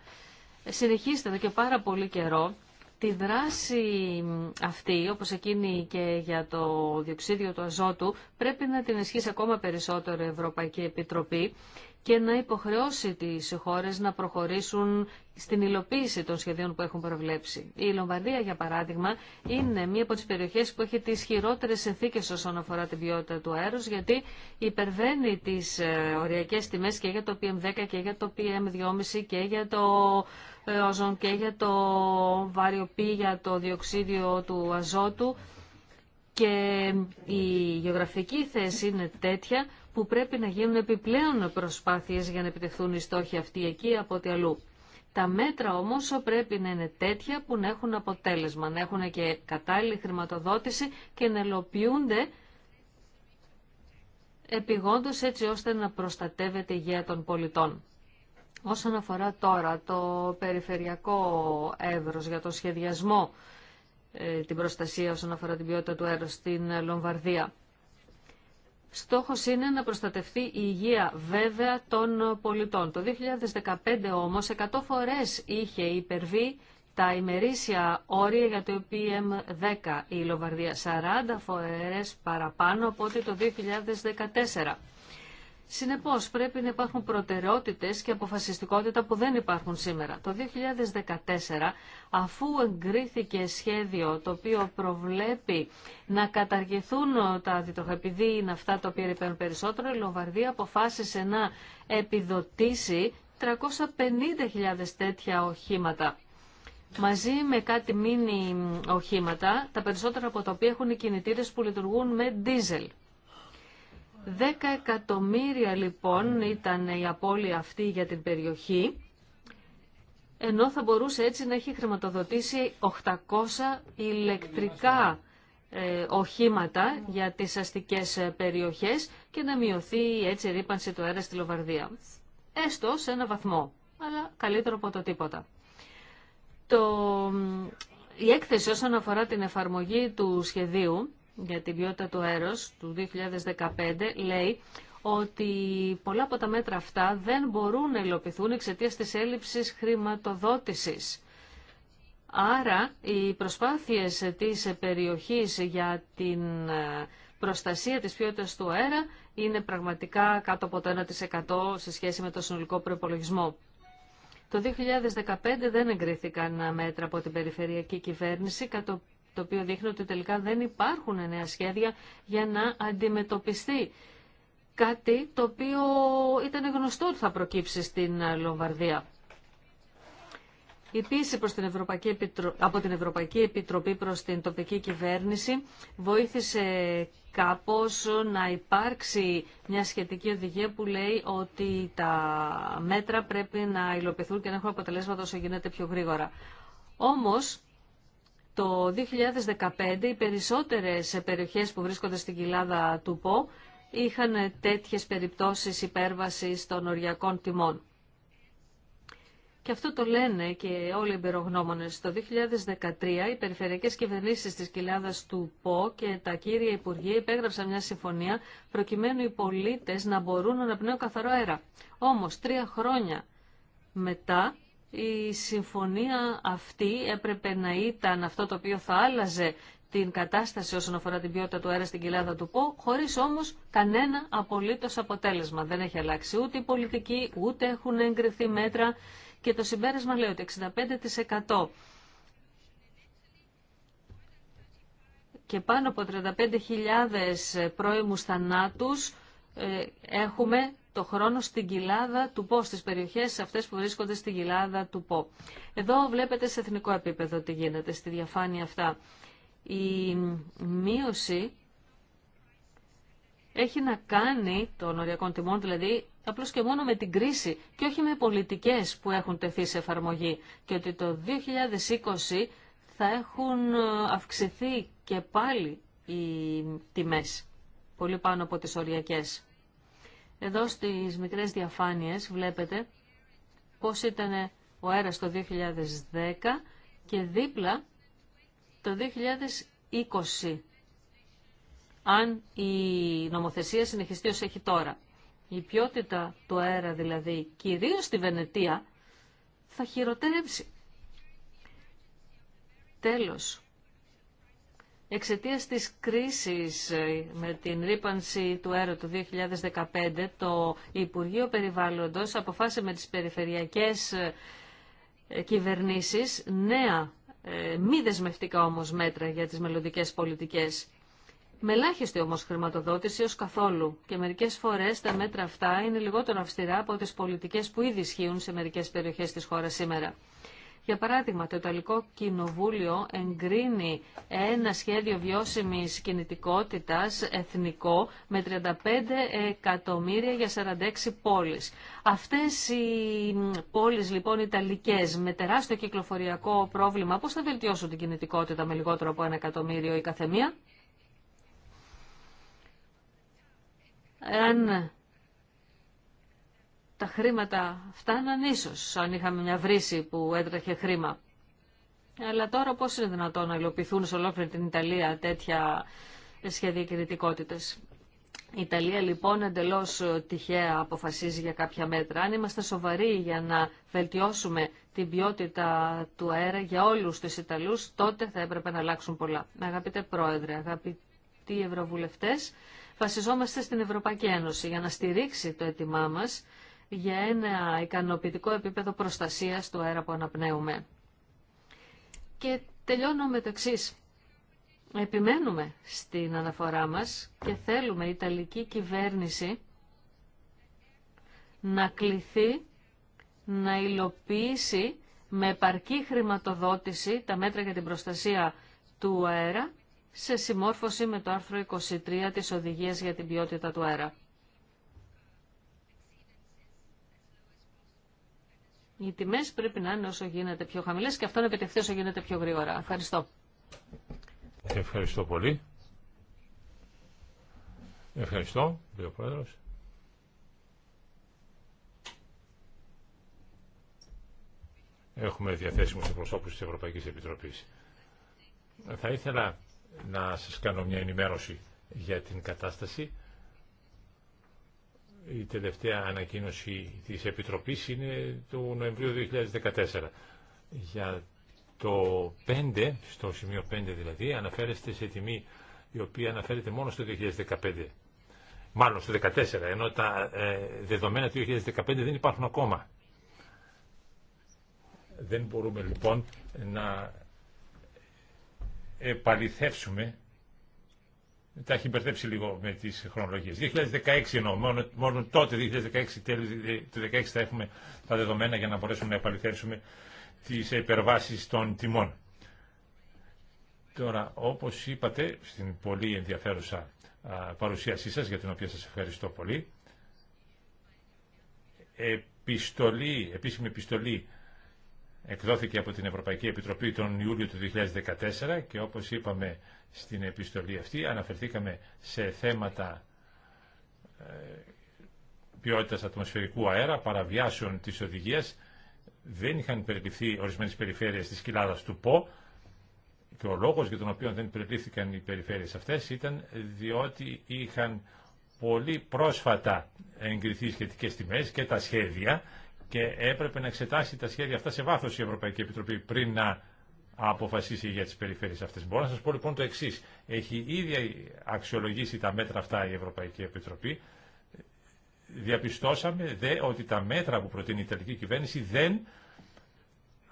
συνεχίζεται και πάρα πολύ καιρό, τη δράση αυτή, όπως εκείνη και για το διοξίδιο του αζότου, πρέπει να την ισχύσει ακόμα περισσότερο η Ευρωπαϊκή Επιτροπή και να υποχρεώσει τις χώρες να προχωρήσουν στην υλοποίηση των σχεδίων που έχουν προβλέψει. Η Λομβαρδία, για παράδειγμα, είναι μία από τις περιοχές που έχει τις χειρότερες συνθήκες όσον αφορά την ποιότητα του αέρου, γιατί υπερβαίνει τις ε, οριακές τιμές και για το PM10 και για το PM2,5 και για το όζον ε, και για το βάριο πι, για το διοξίδιο του αζότου. Και η γεωγραφική θέση είναι τέτοια που πρέπει να γίνουν επιπλέον προσπάθειες για να επιτευχθούν οι στόχοι αυτοί εκεί από ό,τι αλλού. Τα μέτρα όμως πρέπει να είναι τέτοια που να έχουν αποτέλεσμα, να έχουν και κατάλληλη χρηματοδότηση και να ελοποιούνται επιγόντως έτσι ώστε να προστατεύεται η υγεία των πολιτών. Όσον αφορά τώρα το περιφερειακό έδρος για το σχεδιασμό, ε, την προστασία όσον αφορά την ποιότητα του αέρου στην Λομβαρδία. Στόχος είναι να προστατευτεί η υγεία βέβαια των πολιτών. Το 2015 όμως 100 φορές είχε υπερβεί τα ημερήσια όρια για το PM10 η Λοβαρδία. 40 φορές παραπάνω από ότι το 2014. Συνεπώς πρέπει να υπάρχουν προτεραιότητες και αποφασιστικότητα που δεν υπάρχουν σήμερα. Το 2014 αφού εγκρίθηκε σχέδιο το οποίο προβλέπει να καταργηθούν τα διτροχαπηδή είναι αυτά τα οποία ρηπαίνουν περισσότερο, η Λοβαρδία αποφάσισε να επιδοτήσει 350.000 τέτοια οχήματα. Μαζί με κάτι μίνι οχήματα, τα περισσότερα από τα οποία έχουν οι κινητήρες που λειτουργούν με δίζελ. 10 εκατομμύρια λοιπόν ήταν η απώλεια αυτή για την περιοχή, ενώ θα μπορούσε έτσι να έχει χρηματοδοτήσει 800 ηλεκτρικά ε, οχήματα για τις αστικές ε, περιοχές και να μειωθεί έτσι η ρήπανση του αέρα στη Λοβαρδία. Έστω σε ένα βαθμό, αλλά καλύτερο από το τίποτα. Το... Η έκθεση όσον αφορά την εφαρμογή του σχεδίου για την ποιότητα του αέρος του 2015 λέει ότι πολλά από τα μέτρα αυτά δεν μπορούν να υλοποιηθούν εξαιτία της έλλειψης χρηματοδότησης. Άρα οι προσπάθειες της περιοχής για την ε, προστασία της ποιότητας του αέρα είναι πραγματικά κάτω από το 1% σε σχέση με το συνολικό προπολογισμό. Το 2015 δεν εγκρίθηκαν μέτρα από την περιφερειακή κυβέρνηση, το οποίο δείχνει ότι τελικά δεν υπάρχουν νέα σχέδια για να αντιμετωπιστεί κάτι το οποίο ήταν γνωστό ότι θα προκύψει στην Λομβαρδία. Η πίεση προς την Ευρωπαϊκή από την Ευρωπαϊκή Επιτροπή προς την τοπική κυβέρνηση βοήθησε κάπως να υπάρξει μια σχετική οδηγία που λέει ότι τα μέτρα πρέπει να υλοποιηθούν και να έχουν αποτελέσματα όσο γίνεται πιο γρήγορα. Όμως το 2015 οι περισσότερες περιοχές που βρίσκονται στην κοιλάδα του ΠΟ είχαν τέτοιες περιπτώσεις υπέρβασης των οριακών τιμών. Και αυτό το λένε και όλοι οι εμπειρογνώμονες. Το 2013 οι περιφερειακές κυβερνήσεις της κοιλάδας του ΠΟ και τα κύρια Υπουργεία υπέγραψαν μια συμφωνία προκειμένου οι πολίτες να μπορούν να πνέουν καθαρό αέρα. Όμως τρία χρόνια μετά η συμφωνία αυτή έπρεπε να ήταν αυτό το οποίο θα άλλαζε την κατάσταση όσον αφορά την ποιότητα του αέρα στην κοιλάδα του ΠΟ, χωρίς όμως κανένα απολύτω αποτέλεσμα. Δεν έχει αλλάξει ούτε η πολιτική, ούτε έχουν εγκριθεί μέτρα και το συμπέρασμα λέει ότι 65% και πάνω από 35.000 πρώιμους θανάτους ε, έχουμε το χρόνο στην κοιλάδα του ΠΟ, στις περιοχές αυτές που βρίσκονται στην κοιλάδα του ΠΟ. Εδώ βλέπετε σε εθνικό επίπεδο τι γίνεται στη διαφάνεια αυτά. Η μείωση έχει να κάνει των οριακών τιμών, δηλαδή απλώς και μόνο με την κρίση και όχι με πολιτικές που έχουν τεθεί σε εφαρμογή και ότι το 2020 θα έχουν ε, αυξηθεί και πάλι οι τιμές, πολύ πάνω από τις οριακές. Εδώ στις μικρές διαφάνειες βλέπετε πώς ήταν ο αέρας το 2010 και δίπλα το 2020 αν η νομοθεσία συνεχιστεί ως έχει τώρα. Η ποιότητα του αέρα δηλαδή, κυρίως στη Βενετία, θα χειροτερέψει. Τέλος, Εξαιτία τη κρίση ε, με την ρήπανση του έρωτου του 2015, το Υπουργείο Περιβάλλοντος αποφάσισε με τις περιφερειακές ε, κυβερνήσεις νέα, ε, μη δεσμευτικά όμω μέτρα για τις μελλοντικέ πολιτικές. Με ελάχιστη όμως χρηματοδότηση ω καθόλου και μερικές φορέ τα μέτρα αυτά είναι λιγότερο αυστηρά από τι πολιτικέ που ήδη ισχύουν σε μερικέ περιοχέ τη χώρα σήμερα. Για παράδειγμα, το Ιταλικό Κοινοβούλιο εγκρίνει ένα σχέδιο βιώσιμης κινητικότητας εθνικό με 35 εκατομμύρια για 46 πόλεις. Αυτές οι πόλεις λοιπόν Ιταλικές με τεράστιο κυκλοφοριακό πρόβλημα πώς θα βελτιώσουν την κινητικότητα με λιγότερο από ένα εκατομμύριο η καθεμία. Αν τα χρήματα φτάναν ίσως αν είχαμε μια βρύση που έτρεχε χρήμα. Αλλά τώρα πώς είναι δυνατόν να υλοποιηθούν σε ολόκληρη την Ιταλία τέτοια σχέδια κινητικότητες. Η Ιταλία λοιπόν εντελώ τυχαία αποφασίζει για κάποια μέτρα. Αν είμαστε σοβαροί για να βελτιώσουμε την ποιότητα του αέρα για όλους τους Ιταλούς, τότε θα έπρεπε να αλλάξουν πολλά. Αγαπητέ Πρόεδρε, αγαπητοί Ευρωβουλευτές, βασιζόμαστε στην Ευρωπαϊκή Ένωση για να στηρίξει το έτοιμά μας για ένα ικανοποιητικό επίπεδο προστασίας του αέρα που αναπνέουμε. Και τελειώνω με το εξή. Επιμένουμε στην αναφορά μας και θέλουμε η Ιταλική κυβέρνηση να κληθεί να υλοποιήσει με επαρκή χρηματοδότηση τα μέτρα για την προστασία του αέρα σε συμμόρφωση με το άρθρο 23 της Οδηγίας για την Ποιότητα του Αέρα. Οι τιμέ πρέπει να είναι όσο γίνεται πιο χαμηλές και αυτό να επιτευχθεί όσο γίνεται πιο γρήγορα. Ευχαριστώ. Ευχαριστώ πολύ. Ευχαριστώ, κύριε Πρόεδρος. Έχουμε διαθέσιμους εκπροσώπους της Ευρωπαϊκής Επιτροπής. Θα ήθελα να σας κάνω μια ενημέρωση για την κατάσταση η τελευταία ανακοίνωση της Επιτροπής είναι το Νοεμβρίου 2014. Για το 5, στο σημείο 5 δηλαδή, αναφέρεστε σε τιμή η οποία αναφέρεται μόνο στο 2015. Μάλλον στο 2014, ενώ τα ε, δεδομένα του 2015 δεν υπάρχουν ακόμα. Δεν μπορούμε λοιπόν να επαληθεύσουμε τα έχει μπερδέψει λίγο με τις χρονολογίες. 2016 εννοώ, μόνο, μόνο τότε, 2016, τέλος το 2016 θα έχουμε τα δεδομένα για να μπορέσουμε να επαληθεύσουμε τις υπερβάσεις των τιμών. Τώρα, όπως είπατε στην πολύ ενδιαφέρουσα παρουσίασή σας, για την οποία σα ευχαριστώ πολύ, επιστολή, επίσημη επιστολή εκδόθηκε από την Ευρωπαϊκή Επιτροπή τον Ιούλιο του 2014 και όπως είπαμε στην επιστολή αυτή αναφερθήκαμε σε θέματα ε, ποιότητας ατμοσφαιρικού αέρα, παραβιάσεων της οδηγίας. Δεν είχαν περιληφθεί ορισμένες περιφέρειες της κοιλάδας του ΠΟ και ο λόγος για τον οποίο δεν περιλήφθηκαν οι περιφέρειες αυτές ήταν διότι είχαν πολύ πρόσφατα εγκριθεί σχετικές τιμές και τα σχέδια και έπρεπε να εξετάσει τα σχέδια αυτά σε βάθο η Ευρωπαϊκή Επιτροπή πριν να αποφασίσει για τι περιφέρειες αυτέ. Μπορώ να σα πω λοιπόν το εξή. Έχει ήδη αξιολογήσει τα μέτρα αυτά η Ευρωπαϊκή Επιτροπή. Διαπιστώσαμε δε ότι τα μέτρα που προτείνει η Ιταλική κυβέρνηση δεν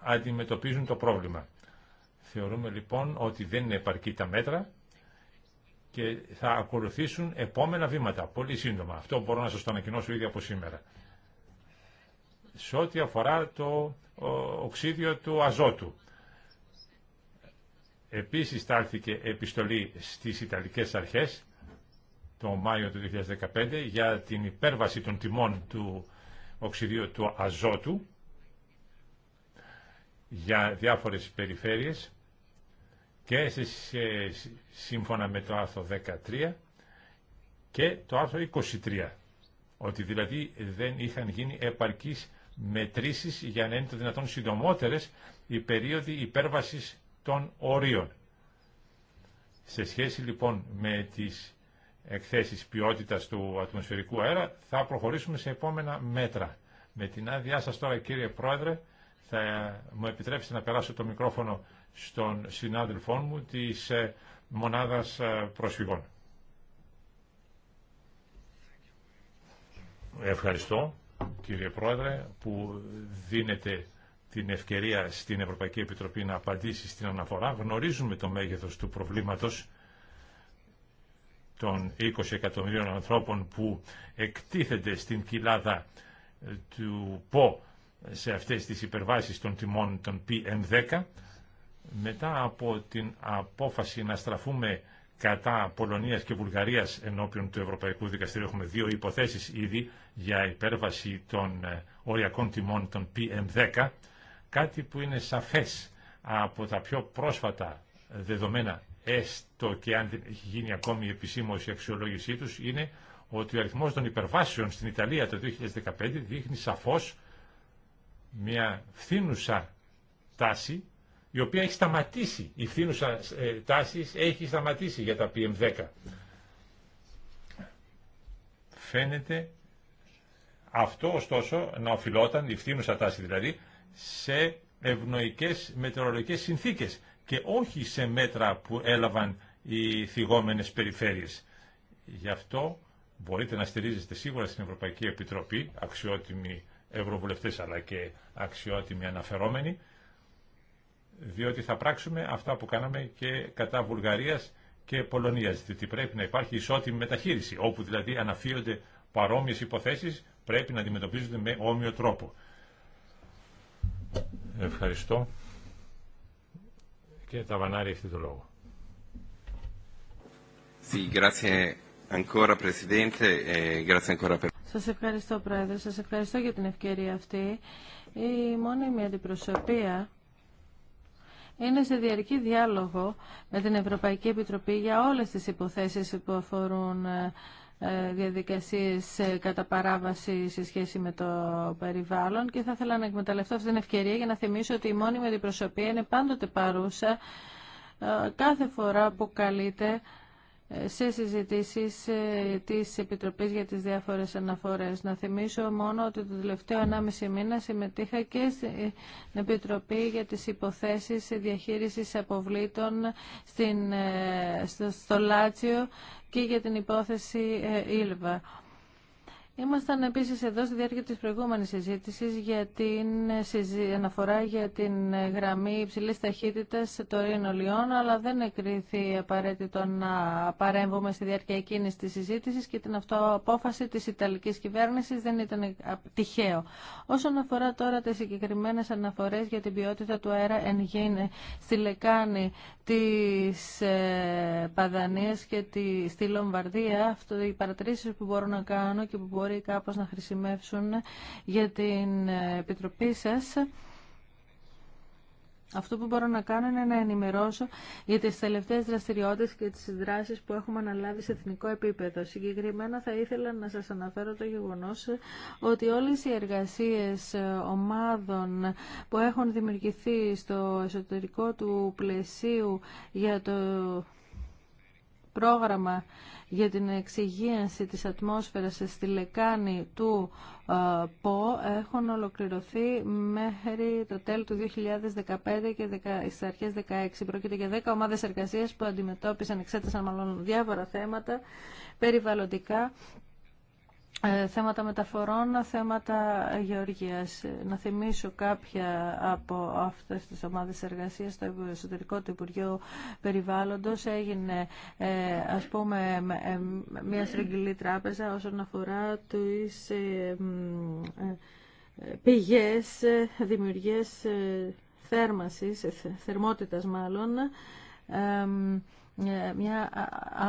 αντιμετωπίζουν το πρόβλημα. Θεωρούμε λοιπόν ότι δεν είναι επαρκή τα μέτρα και θα ακολουθήσουν επόμενα βήματα. Πολύ σύντομα. Αυτό μπορώ να σας το ανακοινώσω ήδη από σήμερα σε ό,τι αφορά το οξύδιο του αζότου. Επίσης στάλθηκε επιστολή στις Ιταλικές Αρχές το Μάιο του 2015 για την υπέρβαση των τιμών του οξυδίου του αζότου για διάφορες περιφέρειες και σε, σύμφωνα με το άρθρο 13 και το άρθρο 23 ότι δηλαδή δεν είχαν γίνει επαρκείς μετρήσεις για να είναι το δυνατόν συντομότερες οι περίοδοι υπέρβασης των ορίων. Σε σχέση λοιπόν με τις εκθέσεις ποιότητας του ατμοσφαιρικού αέρα θα προχωρήσουμε σε επόμενα μέτρα. Με την άδειά σας τώρα κύριε Πρόεδρε θα μου επιτρέψετε να περάσω το μικρόφωνο στον συνάδελφό μου της ε, μονάδας ε, προσφυγών. Ευχαριστώ κύριε Πρόεδρε, που δίνετε την ευκαιρία στην Ευρωπαϊκή Επιτροπή να απαντήσει στην αναφορά. Γνωρίζουμε το μέγεθος του προβλήματος των 20 εκατομμυρίων ανθρώπων που εκτίθενται στην κοιλάδα του ΠΟ σε αυτές τις υπερβάσεις των τιμών των PM10. Μετά από την απόφαση να στραφούμε κατά Πολωνίας και Βουλγαρίας ενώπιον του Ευρωπαϊκού Δικαστηρίου έχουμε δύο υποθέσεις ήδη για υπέρβαση των ε, οριακών τιμών των PM10, κάτι που είναι σαφές από τα πιο πρόσφατα δεδομένα, έστω και αν δεν έχει γίνει ακόμη η επισήμωση αξιολόγησή τους, είναι ότι ο αριθμός των υπερβάσεων στην Ιταλία το 2015 δείχνει σαφώς μια φθήνουσα τάση, η οποία έχει σταματήσει. Η φθήνουσα ε, τάση έχει σταματήσει για τα PM10. Φαίνεται αυτό ωστόσο να οφειλόταν, η φθήνουσα τάση δηλαδή, σε ευνοϊκές μετεωρολογικές συνθήκες και όχι σε μέτρα που έλαβαν οι θυγόμενες περιφέρειες. Γι' αυτό μπορείτε να στηρίζεστε σίγουρα στην Ευρωπαϊκή Επιτροπή, αξιότιμοι ευρωβουλευτές αλλά και αξιότιμοι αναφερόμενοι, διότι θα πράξουμε αυτά που κάναμε και κατά Βουλγαρίας και Πολωνίας, διότι πρέπει να υπάρχει ισότιμη μεταχείριση, όπου δηλαδή αναφύονται παρόμοιε υποθέσεις πρέπει να αντιμετωπίζονται με όμοιο τρόπο. Ευχαριστώ. τα Ταβανάρη, έχετε το λόγο. E Σας ευχαριστώ, Πρόεδρε. Σας ευχαριστώ για την ευκαιρία αυτή. Η μόνιμη αντιπροσωπεία είναι σε διαρκή διάλογο με την Ευρωπαϊκή Επιτροπή για όλες τις υποθέσεις που αφορούν ε, ε, διαδικασίες ε, κατά παράβαση σε σχέση με το περιβάλλον και θα ήθελα να εκμεταλλευτώ αυτή την ευκαιρία για να θυμίσω ότι η μόνιμη αντιπροσωπεία είναι πάντοτε παρούσα ε, κάθε φορά που καλείται σε συζητήσεις ε, της Επιτροπής για τις διάφορες αναφορές. Να θυμίσω μόνο ότι το τελευταίο 1,5 μήνα συμμετείχα και στην Επιτροπή για τις υποθέσεις διαχείρισης αποβλήτων ε, στο, στο Λάτσιο και για την υπόθεση ε, Ήλβα. Ήμασταν επίσης εδώ στη διάρκεια της προηγούμενης συζήτηση για την αναφορά για την γραμμή υψηλής ταχύτητας το Ρήνο Λιών, αλλά δεν εκρήθη απαραίτητο να παρέμβουμε στη διάρκεια εκείνης της συζήτησης και την αυτοαπόφαση της Ιταλικής κυβέρνησης δεν ήταν τυχαίο. Όσον αφορά τώρα τις συγκεκριμένες αναφορές για την ποιότητα του αέρα εν γίνε στη λεκάνη της ε, Παδανίας και στη Λομβαρδία, αυτό, οι παρατηρήσεις που μπορώ να κάνω και που μπορώ μπορεί κάπως να χρησιμεύσουν για την Επιτροπή σας. Αυτό που μπορώ να κάνω είναι να ενημερώσω για τις τελευταίες δραστηριότητες και τις δράσεις που έχουμε αναλάβει σε εθνικό επίπεδο. Συγκεκριμένα θα ήθελα να σας αναφέρω το γεγονός ότι όλες οι εργασίες ομάδων που έχουν δημιουργηθεί στο εσωτερικό του πλαισίου για το πρόγραμμα για την εξυγίανση της ατμόσφαιρας στη λεκάνη του ε, ΠΟ έχουν ολοκληρωθεί μέχρι το τέλος του 2015 και στις αρχές 2016. Πρόκειται για 10 ομάδες εργασίας που αντιμετώπισαν, εξέτασαν μάλλον διάφορα θέματα περιβαλλοντικά ε, θέματα μεταφορών, θέματα γεωργίας. Να θυμίσω κάποια από αυτές τις ομάδες εργασίας στο εσωτερικό του Υπουργείου Περιβάλλοντος. Έγινε, ε, ας πούμε, ε, μια στρογγυλή τράπεζα όσον αφορά τις πηγές δημιουργίας θέρμασης, θερμότητας μάλλον, μια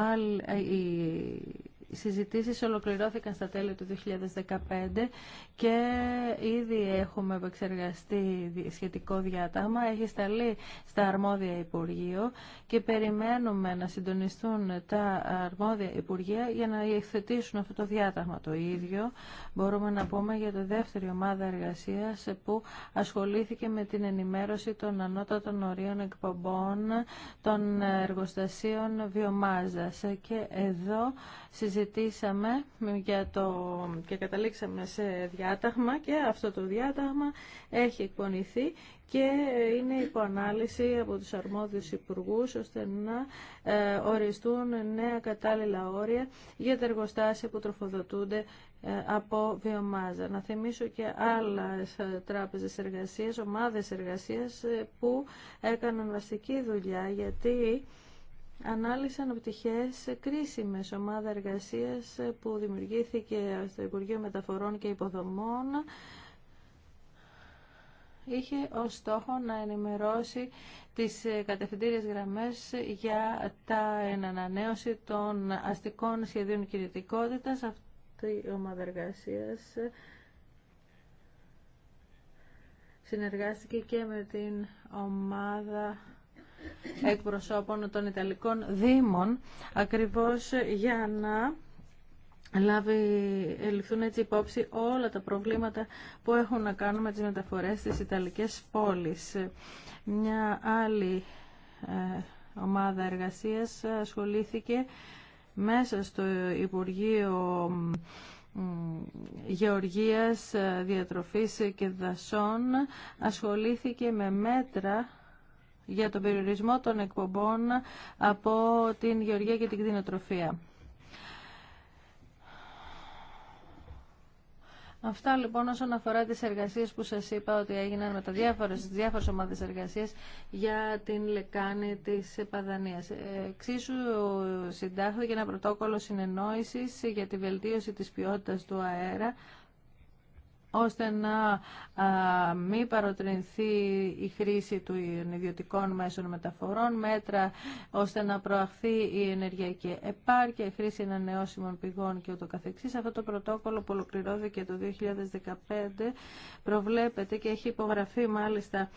άλλη, οι συζητήσεις ολοκληρώθηκαν στα τέλη του 2015 και ήδη έχουμε επεξεργαστεί σχετικό διάταγμα. Έχει σταλεί στα αρμόδια Υπουργείο και περιμένουμε να συντονιστούν τα αρμόδια Υπουργεία για να υιοθετήσουν αυτό το διάταγμα. Το ίδιο μπορούμε να πούμε για τη δεύτερη ομάδα εργασίας που ασχολήθηκε με την ενημέρωση των ανώτατων ορίων εκπομπών των εργοστασίων βιομάζας. Και εδώ συζητήσαμε συζητήσαμε για το... και καταλήξαμε σε διάταγμα και αυτό το διάταγμα έχει εκπονηθεί και είναι υποανάλυση από τους αρμόδιους υπουργούς ώστε να ε, οριστούν νέα κατάλληλα όρια για τα εργοστάσια που τροφοδοτούνται ε, από βιομάζα. Να θυμίσω και άλλες ε, τράπεζες εργασίας, ομάδες εργασίας που έκαναν βασική δουλειά γιατί ανάλυσαν πτυχές κρίσιμες ομάδα εργασίας που δημιουργήθηκε στο Υπουργείο Μεταφορών και Υποδομών είχε ως στόχο να ενημερώσει τις κατευθυντήριες γραμμές για τα ανανέωση των αστικών σχεδίων κινητικότητας. Αυτή η ομάδα εργασίας συνεργάστηκε και με την ομάδα εκπροσώπων των Ιταλικών Δήμων ακριβώς για να λάβει, ληφθούν έτσι υπόψη όλα τα προβλήματα που έχουν να κάνουν με τις μεταφορές στις Ιταλικές πόλεις. Μια άλλη ε, ομάδα εργασίας ασχολήθηκε μέσα στο Υπουργείο Γεωργίας, Διατροφής και Δασών ασχολήθηκε με μέτρα για τον περιορισμό των εκπομπών από την γεωργία και την κτηνοτροφία. Αυτά λοιπόν όσον αφορά τις εργασίες που σας είπα ότι έγιναν με τα διάφορες, τις διάφορες ομάδες εργασίες για την λεκάνη της Παδανίας. Εξίσου συντάχθηκε ένα πρωτόκολλο συνεννόησης για τη βελτίωση της ποιότητας του αέρα ώστε να μην παροτρινθεί η χρήση των ιδιωτικών μέσων μεταφορών, μέτρα ώστε να προαχθεί η ενεργειακή επάρκεια, η χρήση ανανεώσιμων πηγών και ούτω καθεξής. Αυτό το πρωτόκολλο που ολοκληρώθηκε το 2015 προβλέπεται και έχει υπογραφεί μάλιστα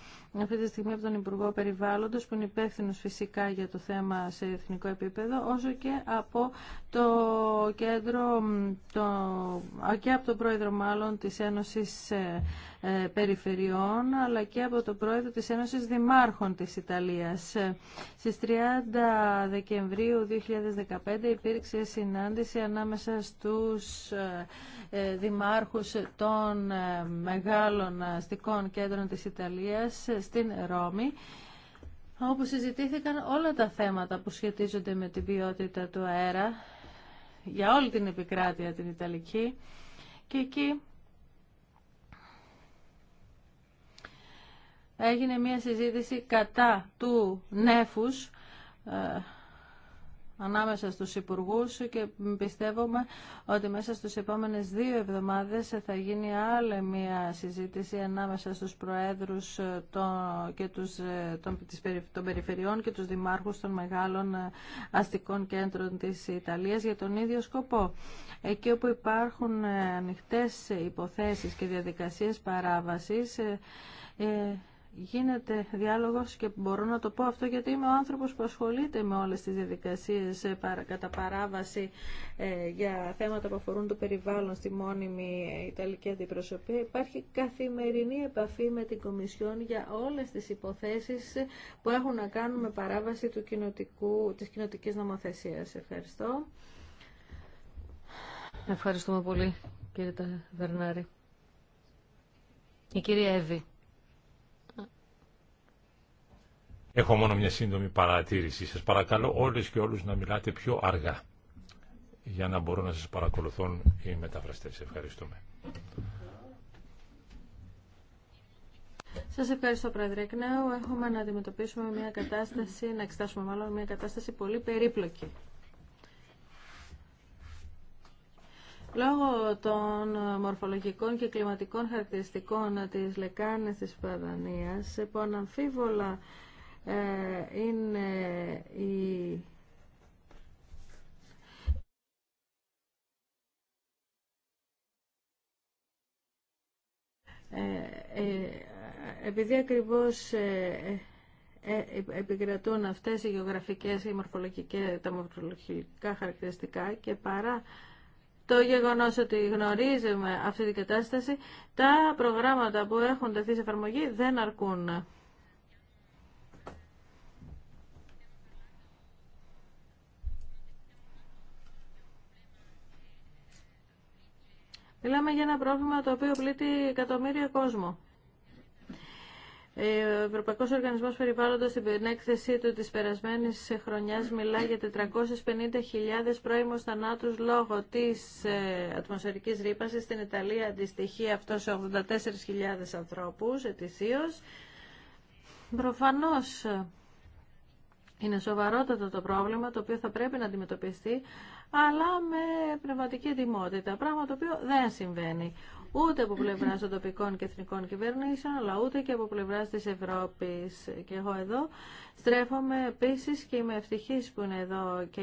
αυτή τη στιγμή από τον Υπουργό Περιβάλλοντος που είναι υπεύθυνο φυσικά για το θέμα σε εθνικό επίπεδο, όσο και από το κέντρο, το, και από τον πρόεδρο μάλλον της Ένωσης Ένωσης ε, ε, Περιφερειών αλλά και από το πρόεδρο της Ένωσης Δημάρχων της Ιταλίας. Ε, στις 30 Δεκεμβρίου 2015 υπήρξε συνάντηση ανάμεσα στους δημάρχους των μεγάλων αστικών κέντρων της Ιταλίας στην Ρώμη όπου συζητήθηκαν όλα τα θέματα που σχετίζονται με την ποιότητα του αέρα για όλη την επικράτεια την Ιταλική και εκεί έγινε μια συζήτηση κατά του νέφους ε, ανάμεσα στους υπουργούς και πιστεύουμε ότι μέσα στους επόμενες δύο εβδομάδες θα γίνει άλλη μια συζήτηση ανάμεσα στους προέδρους ε, των, και τους, ε, των, των περιφερειών και τους δημάρχους των μεγάλων αστικών κέντρων της Ιταλίας για τον ίδιο σκοπό. Εκεί όπου υπάρχουν ανοιχτές υποθέσεις και διαδικασίες παράβασης, γίνεται διάλογος και μπορώ να το πω αυτό γιατί είμαι ο άνθρωπος που ασχολείται με όλες τις διαδικασίες ε, κατά παράβαση ε, για θέματα που αφορούν το περιβάλλον στη μόνιμη ε, Ιταλική Αντιπροσωπεία. Υπάρχει καθημερινή επαφή με την Κομισιόν για όλες τις υποθέσεις που έχουν να κάνουν με παράβαση του κοινοτικού, της κοινοτικής νομοθεσίας. Ευχαριστώ. Ευχαριστούμε πολύ κύριε Ταβερνάρη. Η κυρία Εύη. Έχω μόνο μια σύντομη παρατήρηση. Σας παρακαλώ όλες και όλους να μιλάτε πιο αργά για να μπορούν να σας παρακολουθούν οι μεταφραστές. Ευχαριστούμε. Σας ευχαριστώ Πρόεδρε. Κνέου. έχουμε να αντιμετωπίσουμε μια κατάσταση, να εξετάσουμε μάλλον μια κατάσταση πολύ περίπλοκη. Λόγω των μορφολογικών και κλιματικών χαρακτηριστικών της λεκάνης της Παδανίας, ε, είναι η ε, ε, επειδή ακριβώς επικρατούν αυτές οι γεωγραφικές και μορφολογικές, τα μορφολογικά χαρακτηριστικά και παρά το γεγονός ότι γνωρίζουμε αυτή την κατάσταση, τα προγράμματα που έχουν τεθεί σε εφαρμογή δεν αρκούν. Μιλάμε για ένα πρόβλημα το οποίο πλήττει εκατομμύρια κόσμο. Ο Ευρωπαϊκό Οργανισμό Περιβάλλοντο στην έκθεσή του τη περασμένη χρονιά μιλά για 450.000 πρώιμου θανάτου λόγω τη ε, ατμοσφαιρική ρήπανση. Στην Ιταλία αντιστοιχεί αυτό σε 84.000 ανθρώπου ετησίω. Προφανώ ε, είναι σοβαρότατο το πρόβλημα το οποίο θα πρέπει να αντιμετωπιστεί, αλλά με πνευματική ετοιμότητα. Πράγμα το οποίο δεν συμβαίνει ούτε από πλευρά των τοπικών και εθνικών κυβερνήσεων, αλλά ούτε και από πλευρά τη Ευρώπη. Και εγώ εδώ στρέφομαι επίση και είμαι ευτυχή που είναι εδώ και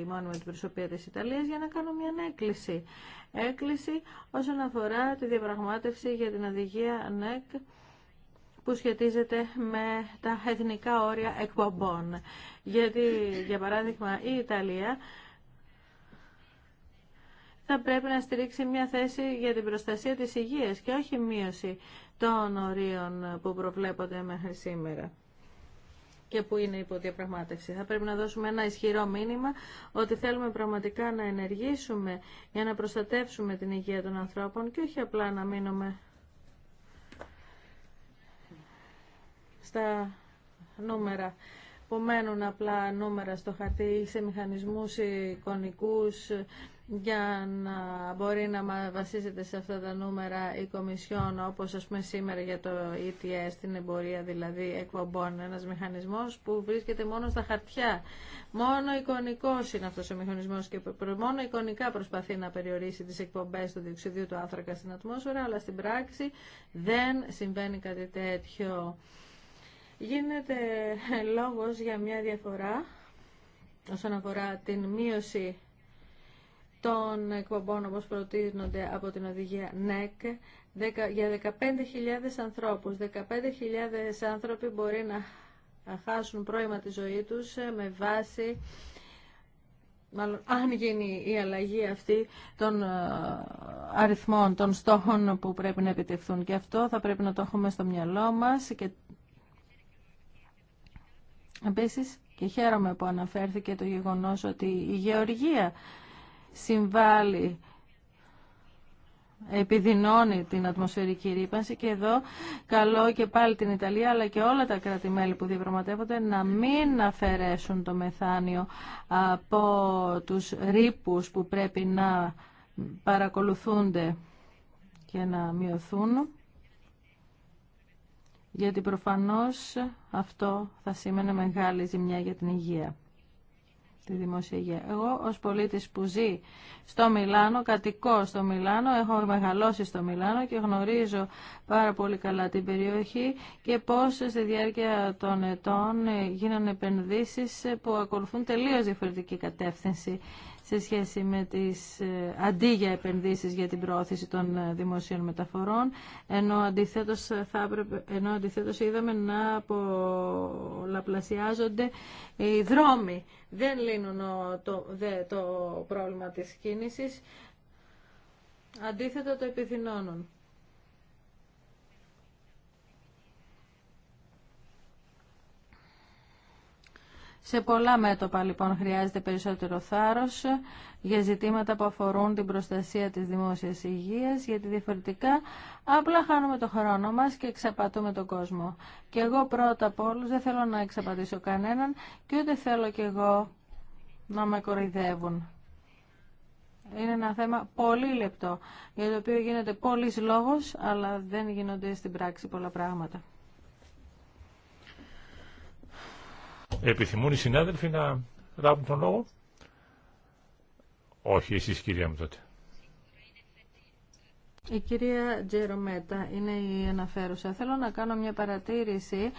η μόνιμη αντιπροσωπεία τη Ιταλία για να κάνω μια έκκληση. Έκκληση όσον αφορά τη διαπραγμάτευση για την οδηγία ΝΕΚ που σχετίζεται με τα εθνικά όρια εκπομπών. Γιατί, για παράδειγμα, η Ιταλία θα πρέπει να στηρίξει μια θέση για την προστασία της υγείας και όχι μείωση των ορίων που προβλέπονται μέχρι σήμερα και που είναι υπό διαπραγμάτευση. Θα πρέπει να δώσουμε ένα ισχυρό μήνυμα ότι θέλουμε πραγματικά να ενεργήσουμε για να προστατεύσουμε την υγεία των ανθρώπων και όχι απλά να μείνουμε στα νούμερα που μένουν απλά νούμερα στο χαρτί ή σε μηχανισμούς εικονικούς για να μπορεί να βασίζεται σε αυτά τα νούμερα η Κομισιόν όπως ας πούμε σήμερα για το ETS την εμπορία δηλαδή εκπομπών ένας μηχανισμός που βρίσκεται μόνο στα χαρτιά μόνο εικονικός είναι αυτός ο μηχανισμός και μόνο εικονικά προσπαθεί να περιορίσει τις εκπομπές του διοξιδίου του άνθρακα στην ατμόσφαιρα αλλά στην πράξη δεν συμβαίνει κάτι τέτοιο γίνεται λόγος για μια διαφορά όσον αφορά την μείωση των εκπομπών όπως προτείνονται από την οδηγία ΝΕΚ για 15.000 ανθρώπους. 15.000 άνθρωποι μπορεί να χάσουν πρώιμα τη ζωή τους με βάση μάλλον αν γίνει η αλλαγή αυτή των ε, αριθμών, των στόχων που πρέπει να επιτευχθούν. Και αυτό θα πρέπει να το έχουμε στο μυαλό μας και Επίσης και χαίρομαι που αναφέρθηκε το γεγονός ότι η γεωργία συμβάλλει επιδεινώνει την ατμοσφαιρική ρήπανση και εδώ καλό και πάλι την Ιταλία αλλά και όλα τα κράτη-μέλη που διαπραγματεύονται να μην αφαιρέσουν το μεθάνιο από τους ρήπους που πρέπει να παρακολουθούνται και να μειωθούν γιατί προφανώς αυτό θα σήμαινε μεγάλη ζημιά για την υγεία, τη δημόσια υγεία. Εγώ ως πολίτης που ζει στο Μιλάνο, κατοικώ στο Μιλάνο, έχω μεγαλώσει στο Μιλάνο και γνωρίζω πάρα πολύ καλά την περιοχή και πώς στη διάρκεια των ετών γίνανε επενδύσεις που ακολουθούν τελείως διαφορετική κατεύθυνση σε σχέση με τις ε, αντί για επενδύσεις για την προώθηση των ε, δημοσίων μεταφορών ενώ αντιθέτως, θα έπρεπε, ενώ αντιθέτως είδαμε να πολλαπλασιάζονται οι δρόμοι. Δεν λύνουν το, δε, το πρόβλημα της κίνησης, αντίθετα το επιθυνώνουν. Σε πολλά μέτωπα λοιπόν χρειάζεται περισσότερο θάρρος για ζητήματα που αφορούν την προστασία της δημόσιας υγείας, γιατί διαφορετικά απλά χάνουμε το χρόνο μας και εξαπατούμε τον κόσμο. Και εγώ πρώτα απ' όλους δεν θέλω να εξαπατήσω κανέναν και ούτε θέλω κι εγώ να με κοροϊδεύουν. Είναι ένα θέμα πολύ λεπτό, για το οποίο γίνεται πολλής λόγος, αλλά δεν γίνονται στην πράξη πολλά πράγματα. Επιθυμούν οι συνάδελφοι να λάβουν τον λόγο. Όχι, εσείς κυρία μου τότε. Η κυρία Τζερομέτα είναι η αναφέρουσα. Θέλω να κάνω μια παρατήρηση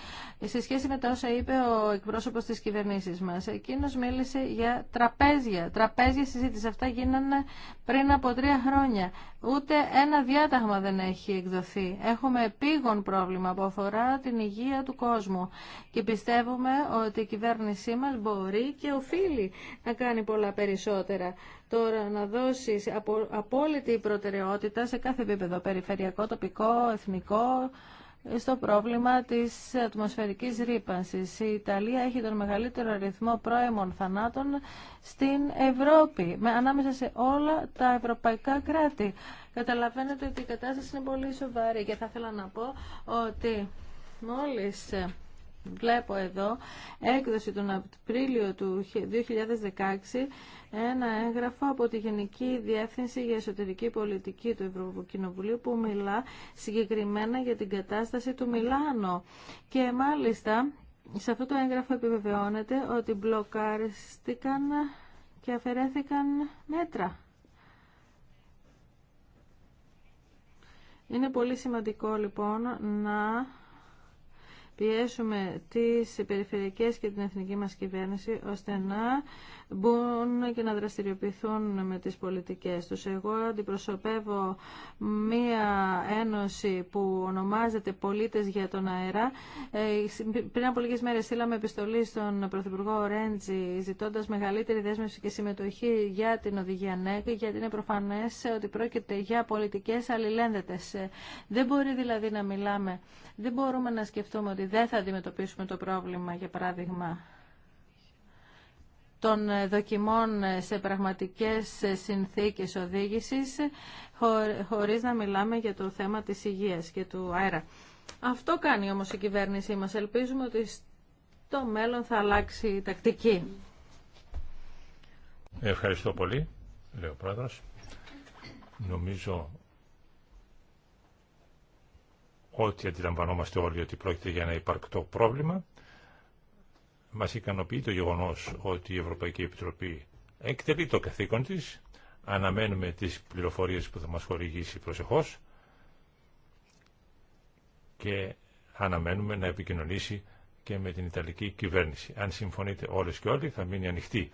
σε σχέση με τα όσα είπε ο εκπρόσωπος της κυβερνήσης μας. Εκείνος μίλησε για τραπέζια. Τραπέζια συζήτηση. Αυτά γίνανε πριν από τρία χρόνια. Ούτε ένα διάταγμα δεν έχει εκδοθεί. Έχουμε επίγον πρόβλημα που αφορά την υγεία του κόσμου. Και πιστεύουμε ότι η κυβέρνησή μας μπορεί και οφείλει να κάνει πολλά περισσότερα τώρα να δώσει απόλυτη προτεραιότητα σε κάθε επίπεδο, περιφερειακό, τοπικό, εθνικό, στο πρόβλημα της ατμοσφαιρικής ρήπανσης. Η Ιταλία έχει τον μεγαλύτερο αριθμό πρώιμων θανάτων στην Ευρώπη, με, ανάμεσα σε όλα τα ευρωπαϊκά κράτη. Καταλαβαίνετε ότι η κατάσταση είναι πολύ σοβαρή και θα ήθελα να πω ότι μόλις βλέπω εδώ έκδοση τον Απρίλιο του 2016 ένα έγγραφο από τη Γενική Διεύθυνση για Εσωτερική Πολιτική του Ευρωκοινοβουλίου που μιλά συγκεκριμένα για την κατάσταση του Μιλάνο και μάλιστα σε αυτό το έγγραφο επιβεβαιώνεται ότι μπλοκάριστηκαν και αφαιρέθηκαν μέτρα. Είναι πολύ σημαντικό λοιπόν να πιέσουμε τις περιφερειακές και την εθνική μας κυβέρνηση ώστε να μπορούν και να δραστηριοποιηθούν με τις πολιτικές τους. Εγώ αντιπροσωπεύω μία ένωση που ονομάζεται Πολίτες για τον Αέρα. Ε, πριν από λίγες μέρες στείλαμε επιστολή στον Πρωθυπουργό Ρέντζη ζητώντας μεγαλύτερη δέσμευση και συμμετοχή για την οδηγία ΝΕΚ γιατί είναι προφανές ότι πρόκειται για πολιτικές αλληλένδετες. Ε, δεν μπορεί δηλαδή να μιλάμε, δεν μπορούμε να σκεφτούμε ότι δεν θα αντιμετωπίσουμε το πρόβλημα για παράδειγμα των ε, δοκιμών ε, σε πραγματικές ε, συνθήκες οδήγησης χωρίς να μιλάμε για το θέμα της υγείας και του αέρα. Αυτό κάνει όμως η κυβέρνησή μας. Ελπίζουμε ότι στο μέλλον θα αλλάξει η τακτική. Ευχαριστώ πολύ, λέει ο Πρόεδρος. Νομίζω ότι αντιλαμβανόμαστε όλοι ότι πρόκειται για ένα υπαρκτό πρόβλημα. Μα ικανοποιεί το γεγονό ότι η Ευρωπαϊκή Επιτροπή εκτελεί το καθήκον της, αναμένουμε τις πληροφορίες που θα μα χορηγήσει προσεχώς και αναμένουμε να επικοινωνήσει και με την Ιταλική κυβέρνηση. Αν συμφωνείτε όλε και όλοι θα μείνει ανοιχτή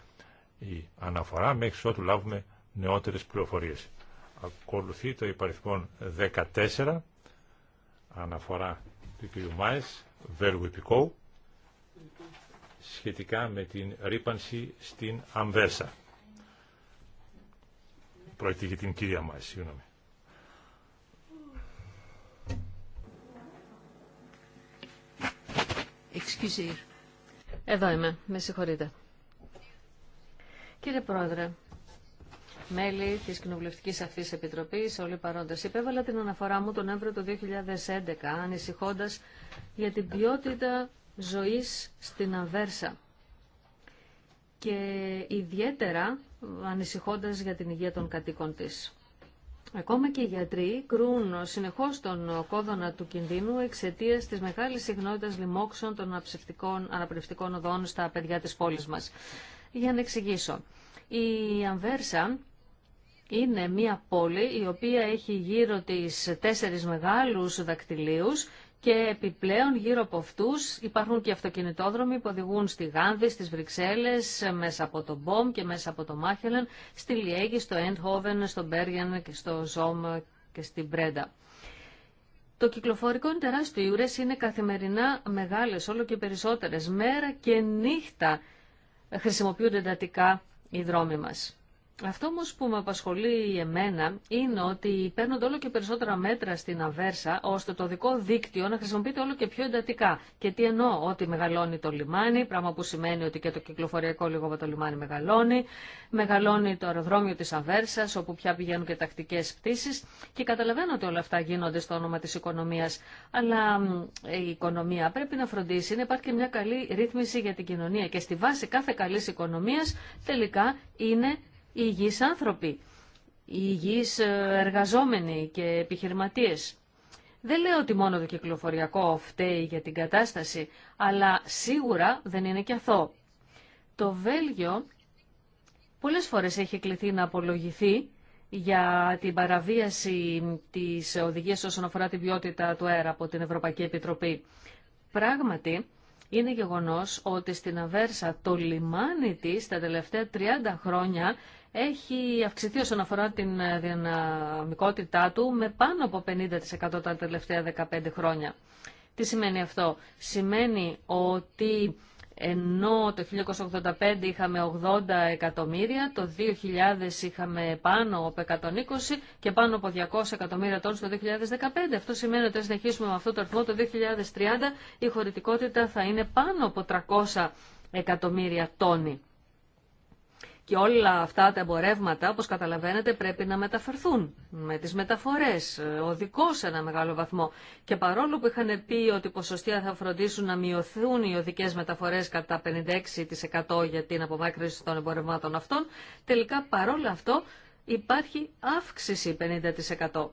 η αναφορά μέχρι ότου λάβουμε νεότερες πληροφορίες. Ακολουθεί το υπαριθμόν 14 αναφορά του κ. Μάης, Βέργου σχετικά με την ρήπανση στην Αμβέρσα. Πρόκειται για την κυρία μας, συγγνώμη. Εδώ είμαι, με συγχωρείτε. Κύριε Πρόεδρε, μέλη της Κοινοβουλευτικής Αυτής Επιτροπής, όλοι παρόντες, υπέβαλα την αναφορά μου τον Νοέμβριο του 2011, ανησυχώντας για την ποιότητα ζωής στην Αβέρσα. και ιδιαίτερα ανησυχώντας για την υγεία των κατοίκων της. Ακόμα και οι γιατροί κρούν συνεχώς τον κόδωνα του κινδύνου εξαιτία της μεγάλης συχνότητας λοιμόξεων των αναπνευστικών οδών στα παιδιά της πόλης μας. Για να εξηγήσω. Η Αμβέρσα είναι μια πόλη η οποία έχει γύρω της τέσσερις μεγάλους δακτυλίους και επιπλέον γύρω από αυτού υπάρχουν και αυτοκινητόδρομοι που οδηγούν στη Γάνδη, στις Βρυξέλλες, μέσα από το Μπομ και μέσα από το Μάχελεν, στη Λιέγη, στο Εντχόβεν, στο Μπέργεν και στο Ζόμ και στην Πρέντα. Το κυκλοφορικό είναι τεράστιο. Οι είναι καθημερινά μεγάλες, όλο και περισσότερες. Μέρα και νύχτα χρησιμοποιούνται εντατικά οι δρόμοι μας. Αυτό όμως που με απασχολεί εμένα είναι ότι παίρνονται όλο και περισσότερα μέτρα στην Αβέρσα ώστε το δικό δίκτυο να χρησιμοποιείται όλο και πιο εντατικά. Και τι εννοώ, ότι μεγαλώνει το λιμάνι, πράγμα που σημαίνει ότι και το κυκλοφοριακό λίγο από το λιμάνι μεγαλώνει, μεγαλώνει το αεροδρόμιο τη Αβέρσα, όπου πια πηγαίνουν και τακτικέ πτήσει και καταλαβαίνω ότι όλα αυτά γίνονται στο όνομα τη οικονομία. Αλλά η οικονομία πρέπει να φροντίσει να υπάρχει και μια καλή ρύθμιση για την κοινωνία και στη βάση κάθε καλή οικονομία τελικά είναι οι υγιείς άνθρωποι, υγιείς ε, εργαζόμενοι και επιχειρηματίες. Δεν λέω ότι μόνο το κυκλοφοριακό φταίει για την κατάσταση, αλλά σίγουρα δεν είναι και αθώο. Το Βέλγιο πολλές φορές έχει κληθεί να απολογηθεί για την παραβίαση της οδηγίας όσον αφορά την ποιότητα του αέρα από την Ευρωπαϊκή Επιτροπή. Πράγματι, είναι γεγονός ότι στην Αβέρσα το λιμάνι της τα τελευταία 30 χρόνια έχει αυξηθεί όσον αφορά την δυναμικότητά του με πάνω από 50% τα τελευταία 15 χρόνια. Τι σημαίνει αυτό. Σημαίνει ότι ενώ το 1985 είχαμε 80 εκατομμύρια, το 2000 είχαμε πάνω από 120 και πάνω από 200 εκατομμύρια τόνους το 2015. Αυτό σημαίνει ότι αν συνεχίσουμε με αυτό το αριθμό το 2030 η χωρητικότητα θα είναι πάνω από 300 εκατομμύρια τόνοι. Και όλα αυτά τα εμπορεύματα, όπως καταλαβαίνετε, πρέπει να μεταφερθούν με τις μεταφορές, ε, οδικό σε ένα μεγάλο βαθμό. Και παρόλο που είχαν πει ότι ποσοστία θα φροντίσουν να μειωθούν οι οδικές μεταφορές κατά 56% για την απομάκρυνση των εμπορευμάτων αυτών, τελικά παρόλα αυτό υπάρχει αύξηση 50%.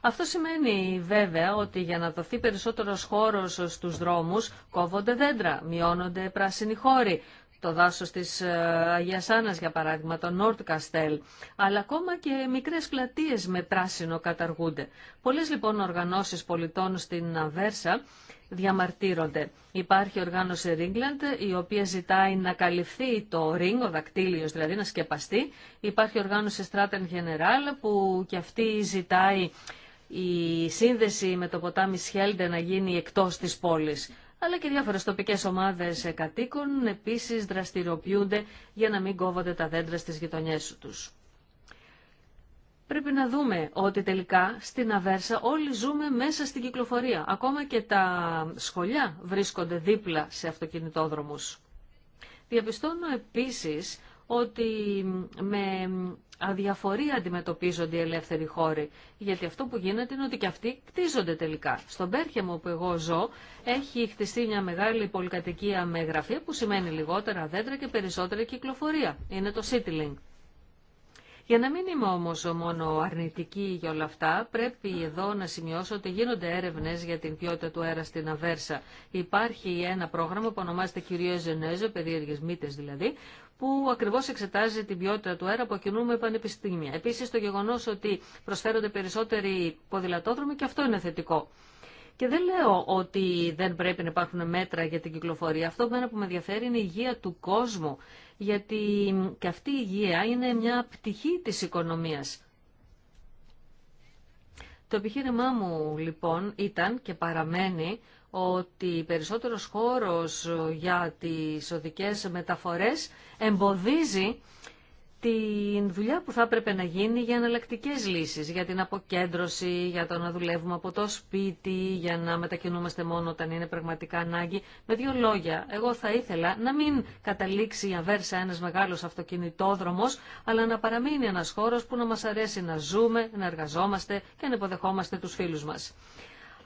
Αυτό σημαίνει βέβαια ότι για να δοθεί περισσότερος χώρος στους δρόμους κόβονται δέντρα, μειώνονται πράσινοι χώροι, το δάσος της ε, Αγίας Άννας, για παράδειγμα, το Νόρτ Καστέλ, αλλά ακόμα και μικρές πλατείες με πράσινο καταργούνται. Πολλές λοιπόν οργανώσεις πολιτών στην Αβέρσα διαμαρτύρονται. Υπάρχει οργάνωση Ρίγκλαντ, η οποία ζητάει να καλυφθεί το ring, ο δακτύλιος δηλαδή, να σκεπαστεί. Υπάρχει οργάνωση Straten General, που και αυτή ζητάει η σύνδεση με το ποτάμι Σχέλντε να γίνει εκτός της πόλης αλλά και διάφορε τοπικέ ομάδες κατοίκων επίσης δραστηριοποιούνται για να μην κόβονται τα δέντρα στι γειτονιές τους. Πρέπει να δούμε ότι τελικά στην Αβέρσα όλοι ζούμε μέσα στην κυκλοφορία. Ακόμα και τα σχολιά βρίσκονται δίπλα σε αυτοκινητόδρομους. Διαπιστώνω επίσης ότι με αδιαφορία αντιμετωπίζονται οι ελεύθεροι χώροι. Γιατί αυτό που γίνεται είναι ότι και αυτοί κτίζονται τελικά. Στον Πέρχεμο που εγώ ζω έχει χτιστεί μια μεγάλη πολυκατοικία με γραφεία που σημαίνει λιγότερα δέντρα και περισσότερη κυκλοφορία. Είναι το CityLink. Για να μην είμαι όμως μόνο αρνητική για όλα αυτά, πρέπει εδώ να σημειώσω ότι γίνονται έρευνες για την ποιότητα του αέρα στην Αβέρσα. Υπάρχει ένα πρόγραμμα που ονομάζεται κυρίως Ζενέζο, περίεργες μύτες δηλαδή, που ακριβώ εξετάζει την ποιότητα του αέρα που κοινού με πανεπιστήμια. Επίση, το γεγονό ότι προσφέρονται περισσότεροι ποδηλατόδρομοι και αυτό είναι θετικό. Και δεν λέω ότι δεν πρέπει να υπάρχουν μέτρα για την κυκλοφορία. Αυτό που, που με ενδιαφέρει είναι η υγεία του κόσμου. Γιατί και αυτή η υγεία είναι μια πτυχή της οικονομίας. Το επιχείρημά μου λοιπόν ήταν και παραμένει ότι περισσότερος χώρος για τις οδικές μεταφορές εμποδίζει την δουλειά που θα έπρεπε να γίνει για εναλλακτικέ λύσεις, για την αποκέντρωση, για το να δουλεύουμε από το σπίτι, για να μετακινούμαστε μόνο όταν είναι πραγματικά ανάγκη. Με δύο λόγια, εγώ θα ήθελα να μην καταλήξει η Αβέρσα ένας μεγάλος αυτοκινητόδρομος, αλλά να παραμείνει ένας χώρος που να μας αρέσει να ζούμε, να εργαζόμαστε και να υποδεχόμαστε τους φίλους μας.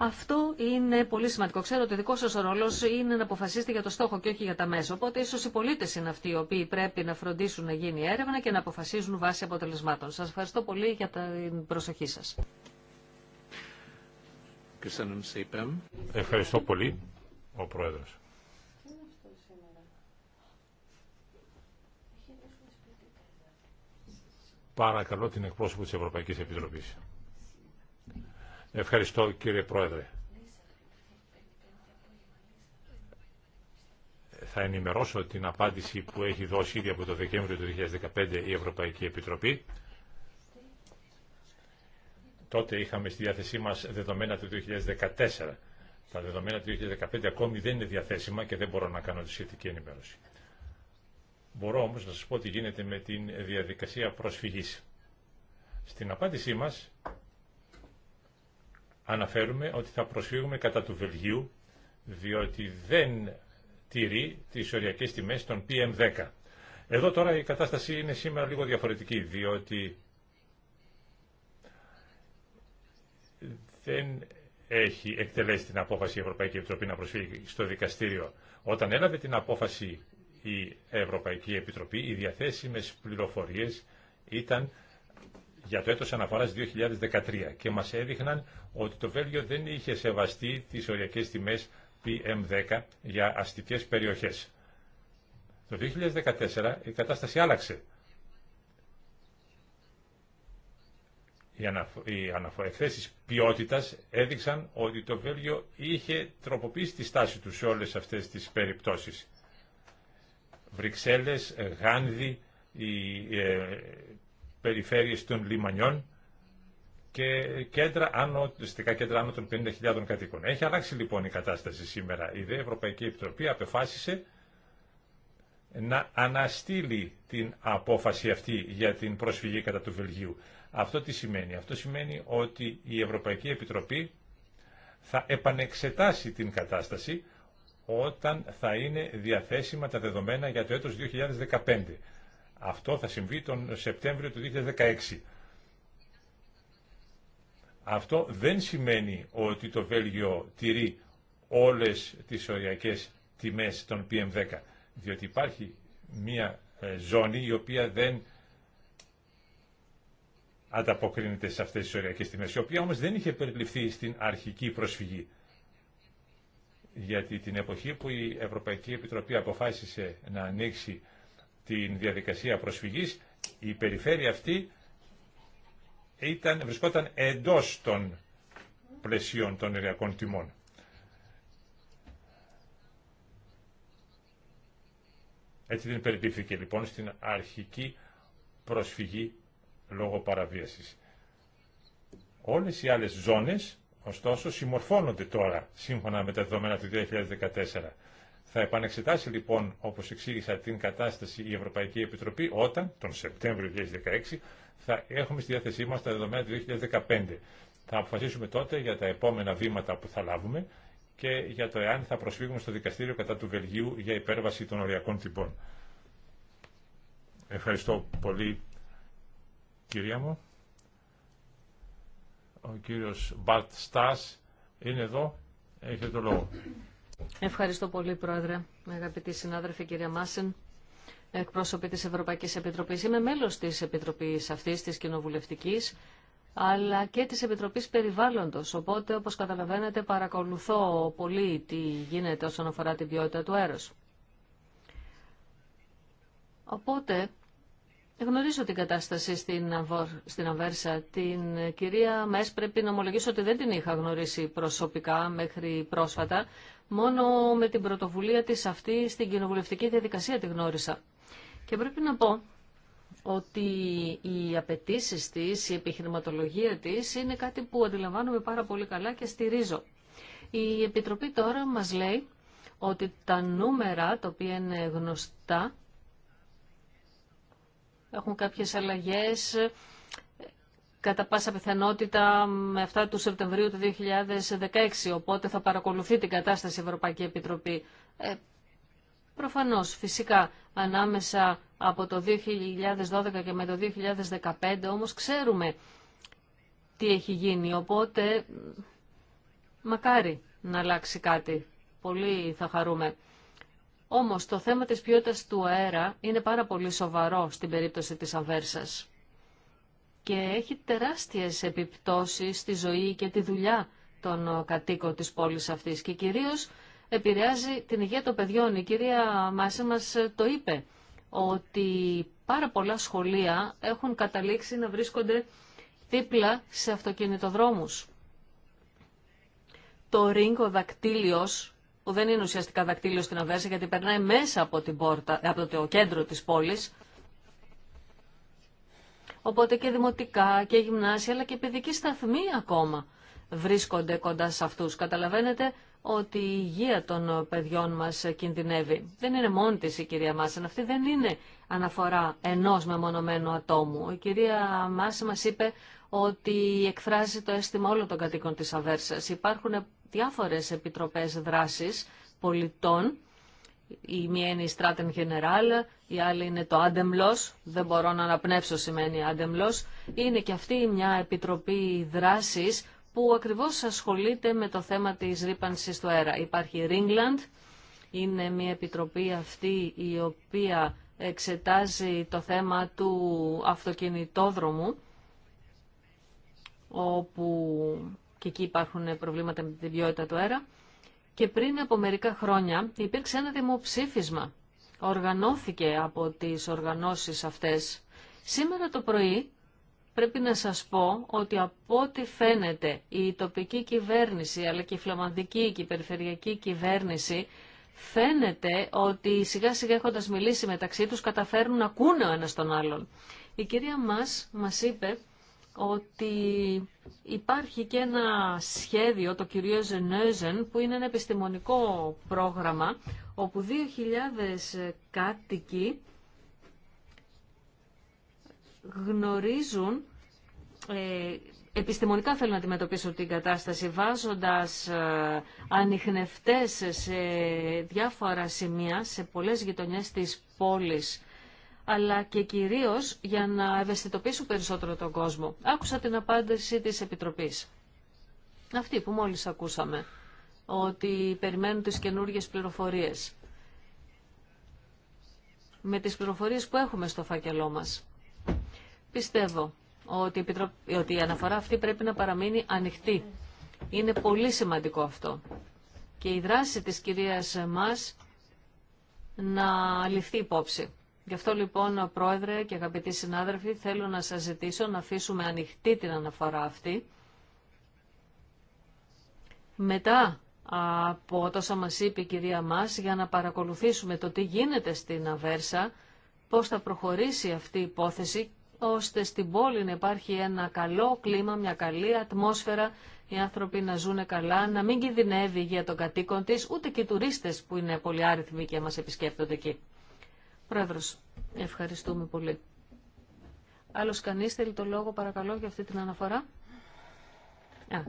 Αυτό είναι πολύ σημαντικό. Ξέρω ότι ο δικό σα ρόλο είναι να αποφασίσετε για το στόχο και όχι για τα μέσα. Οπότε ίσω οι πολίτε είναι αυτοί οι οποίοι πρέπει να φροντίσουν να γίνει έρευνα και να αποφασίζουν βάσει αποτελεσμάτων. Σα ευχαριστώ πολύ για την προσοχή σα. Ευχαριστώ πολύ, ο Πρόεδρος. Παρακαλώ την εκπρόσωπο της Ευρωπαϊκής Επιτροπής. Ευχαριστώ κύριε Πρόεδρε. Θα ενημερώσω την απάντηση που έχει δώσει ήδη από το Δεκέμβριο του 2015 η Ευρωπαϊκή Επιτροπή. Τότε είχαμε στη διάθεσή μας δεδομένα του 2014. Τα δεδομένα του 2015 ακόμη δεν είναι διαθέσιμα και δεν μπορώ να κάνω τη σχετική ενημέρωση. Μπορώ όμως να σας πω τι γίνεται με την διαδικασία προσφυγής. Στην απάντησή μας αναφέρουμε ότι θα προσφύγουμε κατά του Βελγίου διότι δεν τηρεί τις οριακές τιμές των PM10. Εδώ τώρα η κατάσταση είναι σήμερα λίγο διαφορετική διότι δεν έχει εκτελέσει την απόφαση η Ευρωπαϊκή Επιτροπή να προσφύγει στο δικαστήριο. Όταν έλαβε την απόφαση η Ευρωπαϊκή Επιτροπή, οι διαθέσιμες πληροφορίες ήταν για το έτος αναφοράς 2013 και μας έδειχναν ότι το Βέλγιο δεν είχε σεβαστεί τις οριακές τιμές PM10 για αστικές περιοχές. Το 2014 η κατάσταση άλλαξε. Οι, αναφο οι ποιότητας έδειξαν ότι το Βέλγιο είχε τροποποιήσει τη στάση του σε όλες αυτές τις περιπτώσεις. Βρυξέλλες, Γάνδη, η ε, περιφέρειες των λιμανιών και κέντρα άνω, κέντρα άνω των 50.000 κατοίκων. Έχει αλλάξει λοιπόν η κατάσταση σήμερα. Η ΔΕ Ευρωπαϊκή Επιτροπή απεφάσισε να αναστείλει την απόφαση αυτή για την προσφυγή κατά του Βελγίου. Αυτό τι σημαίνει. Αυτό σημαίνει ότι η Ευρωπαϊκή Επιτροπή θα επανεξετάσει την κατάσταση όταν θα είναι διαθέσιμα τα δεδομένα για το έτος 2015. Αυτό θα συμβεί τον Σεπτέμβριο του 2016. Αυτό δεν σημαίνει ότι το Βέλγιο τηρεί όλες τις οριακές τιμές των PM10, διότι υπάρχει μία ε, ζώνη η οποία δεν ανταποκρίνεται σε αυτές τις οριακές τιμές, η οποία όμως δεν είχε περιληφθεί στην αρχική προσφυγή. Γιατί την εποχή που η Ευρωπαϊκή Επιτροπή αποφάσισε να ανοίξει την διαδικασία προσφυγής, η περιφέρεια αυτή ήταν, βρισκόταν εντός των πλαισίων των ενεργειακών τιμών. Έτσι δεν περιλήφθηκε λοιπόν στην αρχική προσφυγή λόγω παραβίασης. Όλες οι άλλες ζώνες, ωστόσο, συμμορφώνονται τώρα, σύμφωνα με τα δεδομένα του 2014. Θα επανεξετάσει λοιπόν, όπως εξήγησα, την κατάσταση η Ευρωπαϊκή Επιτροπή όταν, τον Σεπτέμβριο 2016, θα έχουμε στη διάθεσή μα τα δεδομένα του 2015. Θα αποφασίσουμε τότε για τα επόμενα βήματα που θα λάβουμε και για το εάν θα προσφύγουμε στο δικαστήριο κατά του Βελγίου για υπέρβαση των οριακών τυπών. Ευχαριστώ πολύ, κυρία μου. Ο κύριος Μπαρτ Στάς είναι εδώ. Έχετε το λόγο. Ευχαριστώ πολύ, Πρόεδρε. Αγαπητοί συνάδελφοι, κυρία Μάσεν, εκπρόσωποι της Ευρωπαϊκής Επιτροπής. Είμαι μέλος της Επιτροπής αυτής, της Κοινοβουλευτικής, αλλά και της Επιτροπής Περιβάλλοντος. Οπότε, όπως καταλαβαίνετε, παρακολουθώ πολύ τι γίνεται όσον αφορά την ποιότητα του αέρος. Οπότε, Γνωρίζω την κατάσταση στην, Αβόρ, στην Αβέρσα. Την κυρία Μες πρέπει να ομολογήσω ότι δεν την είχα γνωρίσει προσωπικά μέχρι πρόσφατα. Μόνο με την πρωτοβουλία της αυτή στην κοινοβουλευτική διαδικασία τη γνώρισα. Και πρέπει να πω ότι οι απαιτήσει της, η επιχειρηματολογία της είναι κάτι που αντιλαμβάνομαι πάρα πολύ καλά και στηρίζω. Η Επιτροπή τώρα μας λέει ότι τα νούμερα, τα οποία είναι γνωστά, έχουν κάποιες αλλαγές κατά πάσα πιθανότητα με αυτά του Σεπτεμβρίου του 2016, οπότε θα παρακολουθεί την κατάσταση η Ευρωπαϊκή Επιτροπή. Ε, προφανώς, φυσικά, ανάμεσα από το 2012 και με το 2015, όμως ξέρουμε τι έχει γίνει, οπότε μακάρι να αλλάξει κάτι. Πολύ θα χαρούμε. Όμως το θέμα της ποιότητας του αέρα είναι πάρα πολύ σοβαρό στην περίπτωση της Αβέρσας και έχει τεράστιες επιπτώσεις στη ζωή και τη δουλειά των ε, κατοίκων της πόλης αυτής και κυρίως επηρεάζει την υγεία των παιδιών. Η κυρία Μάση μας ε, το είπε ότι πάρα πολλά σχολεία έχουν καταλήξει να βρίσκονται δίπλα σε αυτοκινητοδρόμους. Το ρίγκο δακτήλιος που δεν είναι ουσιαστικά δακτύλιο στην αβέρσα γιατί περνάει μέσα από, την πόρτα, από το κέντρο της πόλης. Οπότε και δημοτικά και γυμνάσια αλλά και παιδικοί σταθμοί ακόμα βρίσκονται κοντά σε αυτούς. Καταλαβαίνετε ότι η υγεία των παιδιών μας κινδυνεύει. Δεν είναι μόνη της η κυρία Μάσεν. Αυτή δεν είναι αναφορά ενός μεμονωμένου ατόμου. Η κυρία Μάσεν μας είπε ότι εκφράζει το αίσθημα όλων των κατοίκων της Αβέρσας. Υπάρχουν διάφορες επιτροπές δράσης πολιτών. Η μία είναι η Straten General, η άλλη είναι το Αντεμλός, δεν μπορώ να αναπνεύσω σημαίνει Αντεμλός. Είναι και αυτή μια επιτροπή δράσης που ακριβώς ασχολείται με το θέμα της ρήπανσης του αέρα. Υπάρχει Ringland, είναι μια επιτροπή αυτή η οποία εξετάζει το θέμα του αυτοκινητόδρομου, όπου και εκεί υπάρχουν προβλήματα με την ποιότητα του αέρα. Και πριν από μερικά χρόνια υπήρξε ένα δημοψήφισμα. Οργανώθηκε από τις οργανώσεις αυτές. Σήμερα το πρωί πρέπει να σας πω ότι από ό,τι φαίνεται η τοπική κυβέρνηση αλλά και η φλαμανδική και η περιφερειακή κυβέρνηση φαίνεται ότι σιγά σιγά έχοντας μιλήσει μεταξύ τους καταφέρνουν να ακούνε ο ένας τον άλλον. Η κυρία μας μας είπε ότι υπάρχει και ένα σχέδιο, το κυρίως Ζενέζεν, που είναι ένα επιστημονικό πρόγραμμα, όπου 2.000 κάτοικοι γνωρίζουν, ε, επιστημονικά θέλουν να αντιμετωπίσουν την κατάσταση, βάζοντας ε, σε διάφορα σημεία, σε πολλές γειτονιές της πόλης, αλλά και κυρίως για να ευαισθητοποιήσουν περισσότερο τον κόσμο. Άκουσα την απάντηση της Επιτροπής. Αυτή που μόλις ακούσαμε, ότι περιμένουν τις καινούργιες πληροφορίες. Με τις πληροφορίες που έχουμε στο φάκελό μας. Πιστεύω ότι, η αναφορά αυτή πρέπει να παραμείνει ανοιχτή. Είναι πολύ σημαντικό αυτό. Και η δράση της κυρίας μας να ληφθεί υπόψη. Γι' αυτό λοιπόν, Πρόεδρε και αγαπητοί συνάδελφοι, θέλω να σας ζητήσω να αφήσουμε ανοιχτή την αναφορά αυτή. Μετά από τόσα μας είπε η κυρία μας, για να παρακολουθήσουμε το τι γίνεται στην Αβέρσα, πώς θα προχωρήσει αυτή η υπόθεση, ώστε στην πόλη να υπάρχει ένα καλό κλίμα, μια καλή ατμόσφαιρα, οι άνθρωποι να ζουν καλά, να μην κινδυνεύει για τον κατοίκον της, ούτε και οι τουρίστες που είναι πολύ άριθμοι και μας επισκέπτονται εκεί. Πρόεδρος, ευχαριστούμε πολύ. Άλλος κανείς θέλει το λόγο παρακαλώ για αυτή την αναφορά. Α,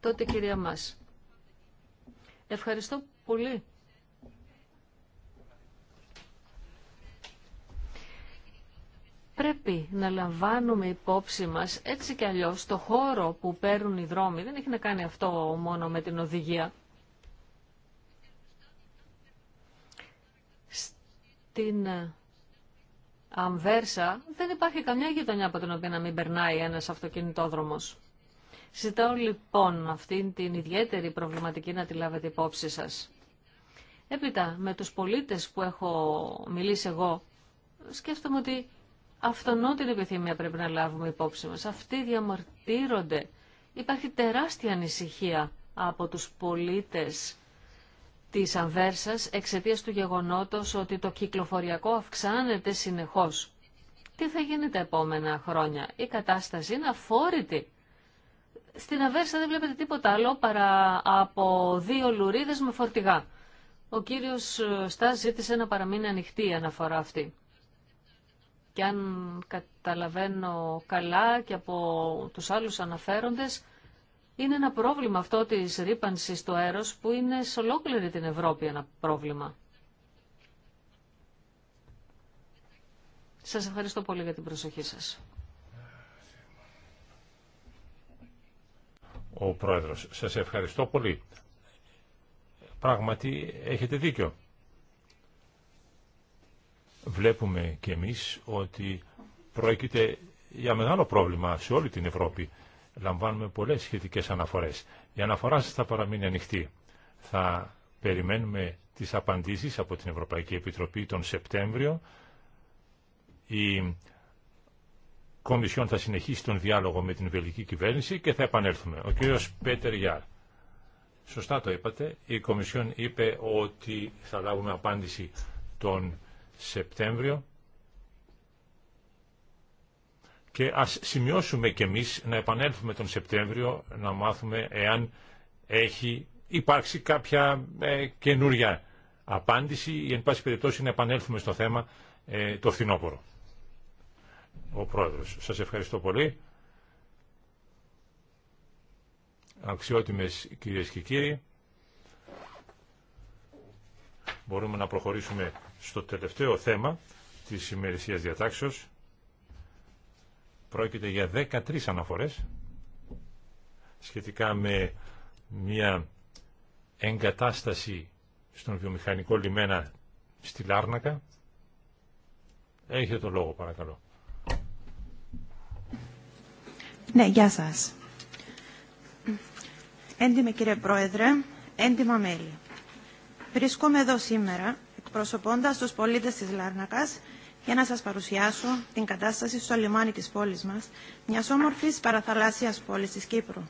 τότε κυρία μας. Ευχαριστώ πολύ. Πρέπει να λαμβάνουμε υπόψη μας έτσι κι αλλιώς το χώρο που παίρνουν οι δρόμοι. Δεν έχει να κάνει αυτό μόνο με την οδηγία. την ε, Αμβέρσα δεν υπάρχει καμιά γειτονιά από την οποία να μην περνάει ένας αυτοκινητόδρομος. Ζητάω λοιπόν αυτήν την ιδιαίτερη προβληματική να τη λάβετε υπόψη σας. Έπειτα, με τους πολίτες που έχω μιλήσει εγώ, σκέφτομαι ότι αυτονό την επιθυμία πρέπει να λάβουμε υπόψη μας. Αυτοί διαμαρτύρονται. Υπάρχει τεράστια ανησυχία από τους πολίτες της Ανβέρσας εξαιτίας του γεγονότος ότι το κυκλοφοριακό αυξάνεται συνεχώς. Τι θα γίνει τα επόμενα χρόνια. Η κατάσταση είναι αφόρητη. Στην Αβέρσα δεν βλέπετε τίποτα άλλο παρά από δύο λουρίδες με φορτηγά. Ο κύριος Στάς ζήτησε να παραμείνει ανοιχτή η αναφορά αυτή. Και αν καταλαβαίνω καλά και από τους άλλους αναφέροντες, είναι ένα πρόβλημα αυτό της ρήπανση στο αέρος που είναι σε ολόκληρη την Ευρώπη ένα πρόβλημα. Σας ευχαριστώ πολύ για την προσοχή σας. Ο Πρόεδρος, σας ευχαριστώ πολύ. Πράγματι έχετε δίκιο. Βλέπουμε και εμείς ότι πρόκειται για μεγάλο πρόβλημα σε όλη την Ευρώπη λαμβάνουμε πολλές σχετικές αναφορές. Η αναφορά σας θα παραμείνει ανοιχτή. Θα περιμένουμε τις απαντήσεις από την Ευρωπαϊκή Επιτροπή τον Σεπτέμβριο. Η Κομισιόν θα συνεχίσει τον διάλογο με την βελγική κυβέρνηση και θα επανέλθουμε. Ο κύριος Πέτερ Γιάρ. Σωστά το είπατε. Η Κομισιόν είπε ότι θα λάβουμε απάντηση τον Σεπτέμβριο και ας σημειώσουμε κι εμείς να επανέλθουμε τον Σεπτέμβριο να μάθουμε εάν έχει υπάρξει κάποια ε, καινούρια απάντηση ή εν πάση περιπτώσει να επανέλθουμε στο θέμα ε, το φθινόπωρο. Ο Πρόεδρος. Σας ευχαριστώ πολύ. Αξιότιμες κυρίες και κύριοι, μπορούμε να προχωρήσουμε στο τελευταίο θέμα της ημερησίας διατάξεως. Πρόκειται για 13 αναφορές σχετικά με μια εγκατάσταση στον βιομηχανικό λιμένα στη Λάρνακα. Έχετε το λόγο παρακαλώ. Ναι, γεια σας. Έντιμε κύριε Πρόεδρε, έντιμα μέλη. Βρίσκομαι εδώ σήμερα εκπροσωπώντας τους πολίτες της Λάρνακας για να σας παρουσιάσω την κατάσταση στο λιμάνι της πόλης μας, μιας όμορφης παραθαλάσσιας πόλης της Κύπρου.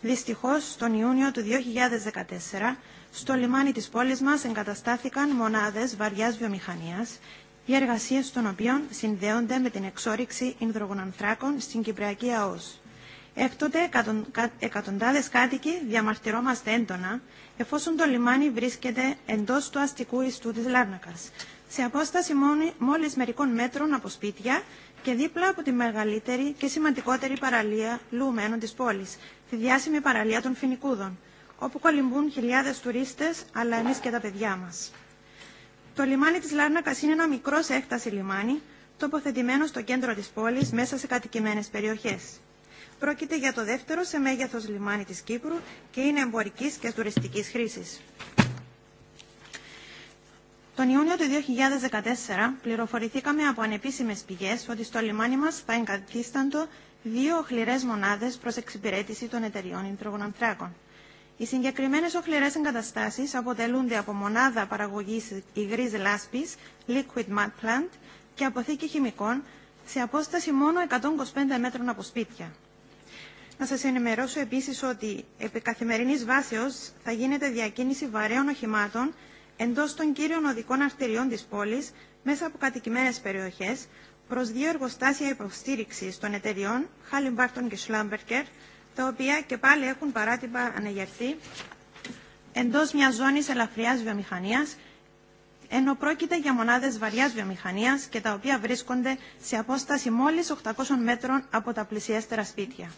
Δυστυχώς, τον Ιούνιο του 2014, στο λιμάνι της πόλης μας εγκαταστάθηκαν μονάδες βαριάς βιομηχανίας, οι εργασίες των οποίων συνδέονται με την εξόριξη ανθράκων στην Κυπριακή ΑΟΣ. Έκτοτε, εκατοντάδες κάτοικοι διαμαρτυρόμαστε έντονα, εφόσον το λιμάνι βρίσκεται εντός του αστικού ιστού της Λάρνακας, σε απόσταση μόλις μερικών μέτρων από σπίτια και δίπλα από τη μεγαλύτερη και σημαντικότερη παραλία λουμένων της πόλης, τη διάσημη παραλία των Φινικούδων, όπου κολυμπούν χιλιάδες τουρίστες, αλλά εμείς και τα παιδιά μας. Το λιμάνι της Λάρνακας είναι ένα μικρό σε έκταση λιμάνι, τοποθετημένο στο κέντρο της πόλης, μέσα σε κατοικημένες περιοχές. Πρόκειται για το δεύτερο σε μέγεθος λιμάνι της Κύπρου και είναι εμπορικής και τουριστικής χρήσης. Τον Ιούνιο του 2014 πληροφορηθήκαμε από ανεπίσημες πηγές ότι στο λιμάνι μας θα εγκαθίσταντο δύο οχληρές μονάδες προς εξυπηρέτηση των εταιριών υδρογονανθράκων. Οι συγκεκριμένες οχληρές εγκαταστάσεις αποτελούνται από μονάδα παραγωγής υγρής λάσπης, liquid mud plant, και αποθήκη χημικών σε απόσταση μόνο 125 μέτρων από σπίτια. Να σας ενημερώσω επίσης ότι επί καθημερινής βάσεως θα γίνεται διακίνηση βαρέων οχημάτων εντό των κύριων οδικών αρτηριών τη πόλη, μέσα από κατοικημένε περιοχέ προ δύο εργοστάσια υποστηρίξη των εταιριών Χάλιμπαρτον και Σλάμπερκερ, τα οποία και πάλι έχουν παράτυπα ανεγερθεί εντό μια ζώνη ελαφριά βιομηχανία, ενώ πρόκειται για μονάδε βαριά βιομηχανία και τα οποία βρίσκονται σε απόσταση μόλι 800 μέτρων από τα πλησιέστερα σπίτια.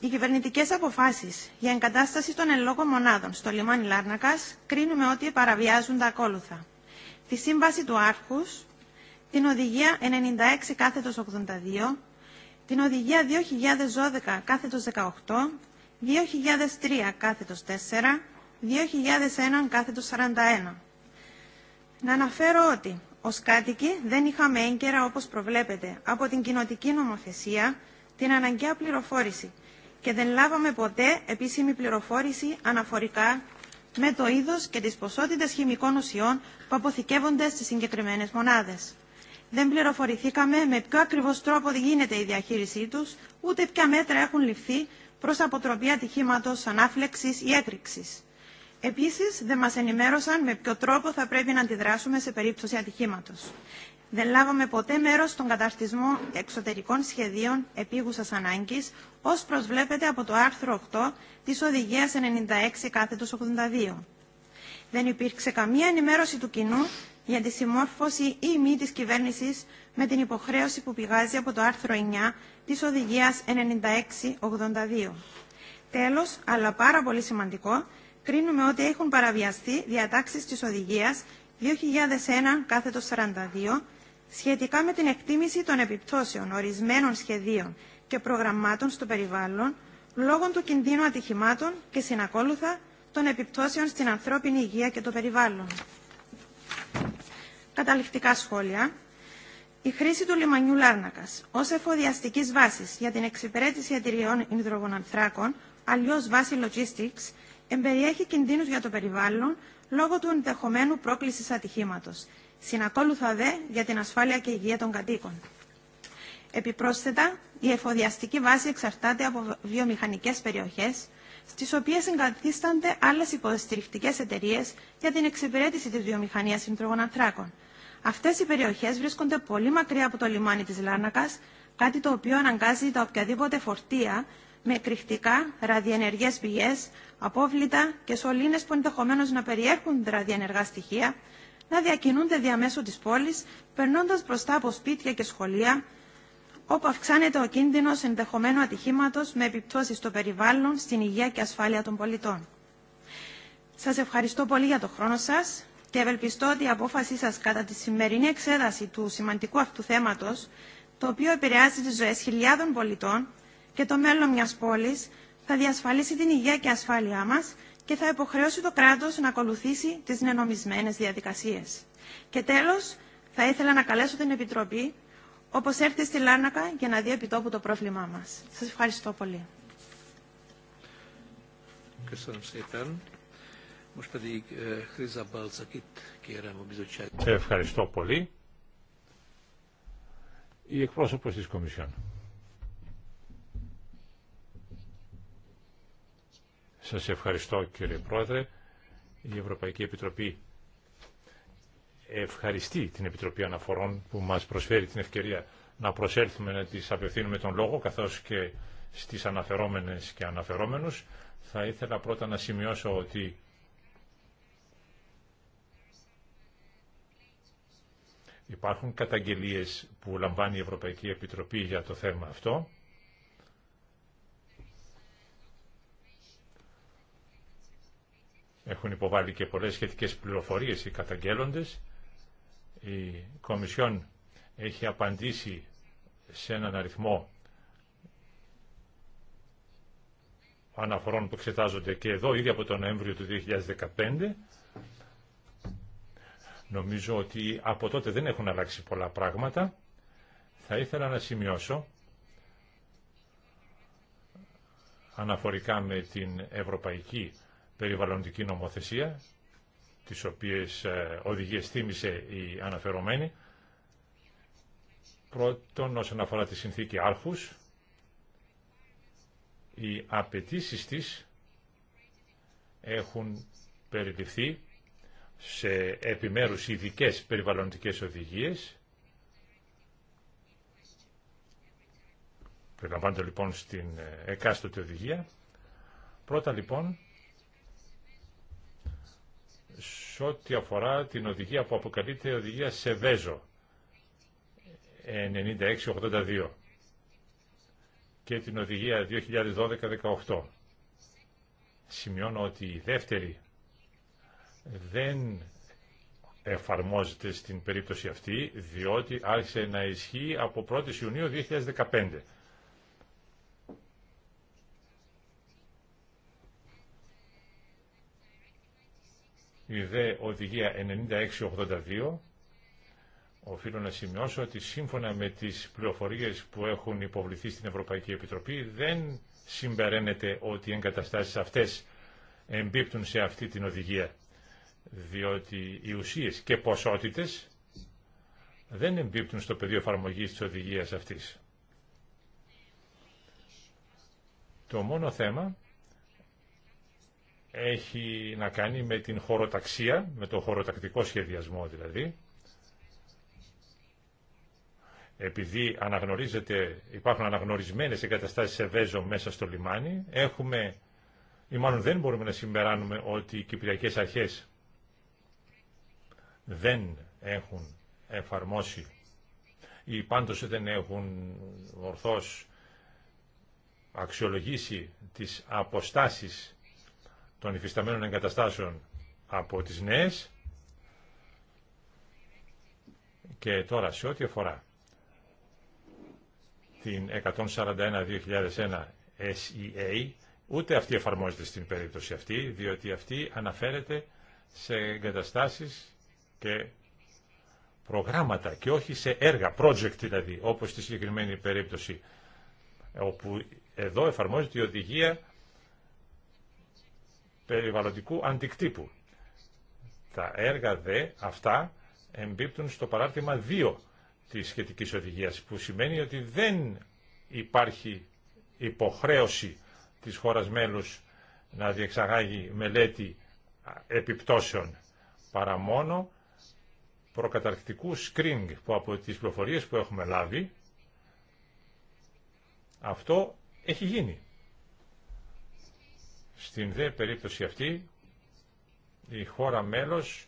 Οι κυβερνητικέ αποφάσει για εγκατάσταση των εν μονάδων στο λιμάνι Λάρνακα κρίνουμε ότι παραβιάζουν τα ακόλουθα. Τη σύμβαση του Άρχου, την οδηγία 96 κάθετο 82, την οδηγία 2012 κάθετο 18, 2003 κάθετο 4, 2001 κάθετο 41. Να αναφέρω ότι ω κάτοικοι δεν είχαμε έγκαιρα όπως προβλέπεται από την κοινοτική νομοθεσία την αναγκαία πληροφόρηση και δεν λάβαμε ποτέ επίσημη πληροφόρηση αναφορικά με το είδος και τις ποσότητες χημικών ουσιών που αποθηκεύονται στις συγκεκριμένες μονάδες. Δεν πληροφορηθήκαμε με ποιο ακριβώς τρόπο γίνεται η διαχείρισή τους, ούτε ποια μέτρα έχουν ληφθεί προς αποτροπή ατυχήματος, ανάφλεξης ή έκρηξης. Επίση δεν μας ενημέρωσαν με ποιο τρόπο θα πρέπει να αντιδράσουμε σε περίπτωση ατυχήματος δεν λάβαμε ποτέ μέρος στον καταρτισμό εξωτερικών σχεδίων επίγουσας ανάγκης, ως προσβλέπεται από το άρθρο 8 της Οδηγίας 96 82. Δεν υπήρξε καμία ενημέρωση του κοινού για τη συμμόρφωση ή μη της κυβέρνησης με την υποχρέωση που πηγάζει από το άρθρο 9 της Οδηγίας 96-82. Τέλος, αλλά πάρα πολύ σημαντικό, κρίνουμε ότι έχουν παραβιαστεί διατάξεις της Οδηγίας 2001 42 σχετικά με την εκτίμηση των επιπτώσεων ορισμένων σχεδίων και προγραμμάτων στο περιβάλλον λόγω του κινδύνου ατυχημάτων και συνακόλουθα των επιπτώσεων στην ανθρώπινη υγεία και το περιβάλλον. Καταληκτικά σχόλια. Η χρήση του λιμανιού Λάρνακα ω εφοδιαστική βάση για την εξυπηρέτηση εταιριών υδρογονανθράκων, αλλιώ βάση logistics, εμπεριέχει κινδύνου για το περιβάλλον λόγω του ενδεχομένου πρόκληση ατυχήματο συνακόλουθα δε για την ασφάλεια και υγεία των κατοίκων. Επιπρόσθετα, η εφοδιαστική βάση εξαρτάται από βιομηχανικές περιοχές, στις οποίες εγκαθίστανται άλλες υποστηρικτικές εταιρείε για την εξυπηρέτηση της βιομηχανίας συντρογών ανθράκων. Αυτές οι περιοχές βρίσκονται πολύ μακριά από το λιμάνι της Λάρνακας, κάτι το οποίο αναγκάζει τα οποιαδήποτε φορτία με κρυκτικά, ραδιενεργές πηγές, απόβλητα και σωλήνες που ενδεχομένω να περιέχουν ραδιενεργά στοιχεία, να διακινούνται διαμέσου της πόλης, περνώντας μπροστά από σπίτια και σχολεία, όπου αυξάνεται ο κίνδυνος ενδεχομένου ατυχήματος με επιπτώσεις στο περιβάλλον, στην υγεία και ασφάλεια των πολιτών. Σας ευχαριστώ πολύ για τον χρόνο σας και ευελπιστώ ότι η απόφασή σας κατά τη σημερινή εξέδαση του σημαντικού αυτού θέματος, το οποίο επηρεάζει τις ζωές χιλιάδων πολιτών και το μέλλον μιας πόλης, θα διασφαλίσει την υγεία και ασφάλειά μας και θα υποχρεώσει το κράτος να ακολουθήσει τις νενομισμένες διαδικασίες. Και τέλος, θα ήθελα να καλέσω την Επιτροπή, όπως έρθει στη Λάνακα, για να δει επιτόπου το πρόβλημά μας. Σας ευχαριστώ πολύ. Eh, ευχαριστώ πολύ. Η εκπρόσωπος της Κομισιόν. Σας ευχαριστώ κύριε Πρόεδρε. Η Ευρωπαϊκή Επιτροπή ευχαριστεί την Επιτροπή Αναφορών που μας προσφέρει την ευκαιρία να προσέλθουμε να της απευθύνουμε τον λόγο καθώς και στις αναφερόμενες και αναφερόμενους. Θα ήθελα πρώτα να σημειώσω ότι υπάρχουν καταγγελίες που λαμβάνει η Ευρωπαϊκή Επιτροπή για το θέμα αυτό Έχουν υποβάλει και πολλές σχετικές πληροφορίες οι καταγγέλλοντες. Η Κομισιόν έχει απαντήσει σε έναν αριθμό αναφορών που εξετάζονται και εδώ ήδη από τον Νοέμβριο του 2015. Νομίζω ότι από τότε δεν έχουν αλλάξει πολλά πράγματα. Θα ήθελα να σημειώσω αναφορικά με την Ευρωπαϊκή περιβαλλοντική νομοθεσία, τις οποίες ε, οδηγίες θύμισε η αναφερομένη. Πρώτον, όσον αφορά τη συνθήκη άρχους, οι απαιτήσει της έχουν περιληφθεί σε επιμέρους ειδικέ περιβαλλοντικές οδηγίες. Περιλαμβάνονται λοιπόν στην ε, εκάστοτε οδηγία. Πρώτα λοιπόν σε ό,τι αφορά την οδηγία που αποκαλείται οδηγία Σεβέζο 9682 και την οδηγία 2012-18. Σημειώνω ότι η δεύτερη δεν εφαρμόζεται στην περίπτωση αυτή, διότι άρχισε να ισχύει από 1η Ιουνίου 2015. η ΔΕ Οδηγία 9682, οφείλω να σημειώσω ότι σύμφωνα με τις πληροφορίες που έχουν υποβληθεί στην Ευρωπαϊκή Επιτροπή δεν συμπεραίνεται ότι οι εγκαταστάσεις αυτές εμπίπτουν σε αυτή την οδηγία, διότι οι ουσίες και ποσότητες δεν εμπίπτουν στο πεδίο εφαρμογής της οδηγίας αυτής. Το μόνο θέμα έχει να κάνει με την χωροταξία, με το χωροτακτικό σχεδιασμό δηλαδή. Επειδή αναγνωρίζεται, υπάρχουν αναγνωρισμένες εγκαταστάσεις σε βέζο μέσα στο λιμάνι, έχουμε, ή μάλλον δεν μπορούμε να συμπεράνουμε ότι οι κυπριακές αρχές δεν έχουν εφαρμόσει ή πάντως δεν έχουν ορθώς αξιολογήσει τις αποστάσεις των υφισταμένων εγκαταστάσεων από τις νέες και τώρα σε ό,τι αφορά την 141-2001 SEA ούτε αυτή εφαρμόζεται στην περίπτωση αυτή διότι αυτή αναφέρεται σε εγκαταστάσεις και προγράμματα και όχι σε έργα, project δηλαδή όπως στη συγκεκριμένη περίπτωση όπου εδώ εφαρμόζεται η οδηγία περιβαλλοντικού αντικτύπου. Τα έργα δε αυτά εμπίπτουν στο παράρτημα 2 της σχετικής οδηγίας, που σημαίνει ότι δεν υπάρχει υποχρέωση της χώρας μέλους να διεξαγάγει μελέτη επιπτώσεων, παρά μόνο προκαταρκτικού screening που από τις πληροφορίες που έχουμε λάβει αυτό έχει γίνει. Στην δε περίπτωση αυτή, η χώρα μέλος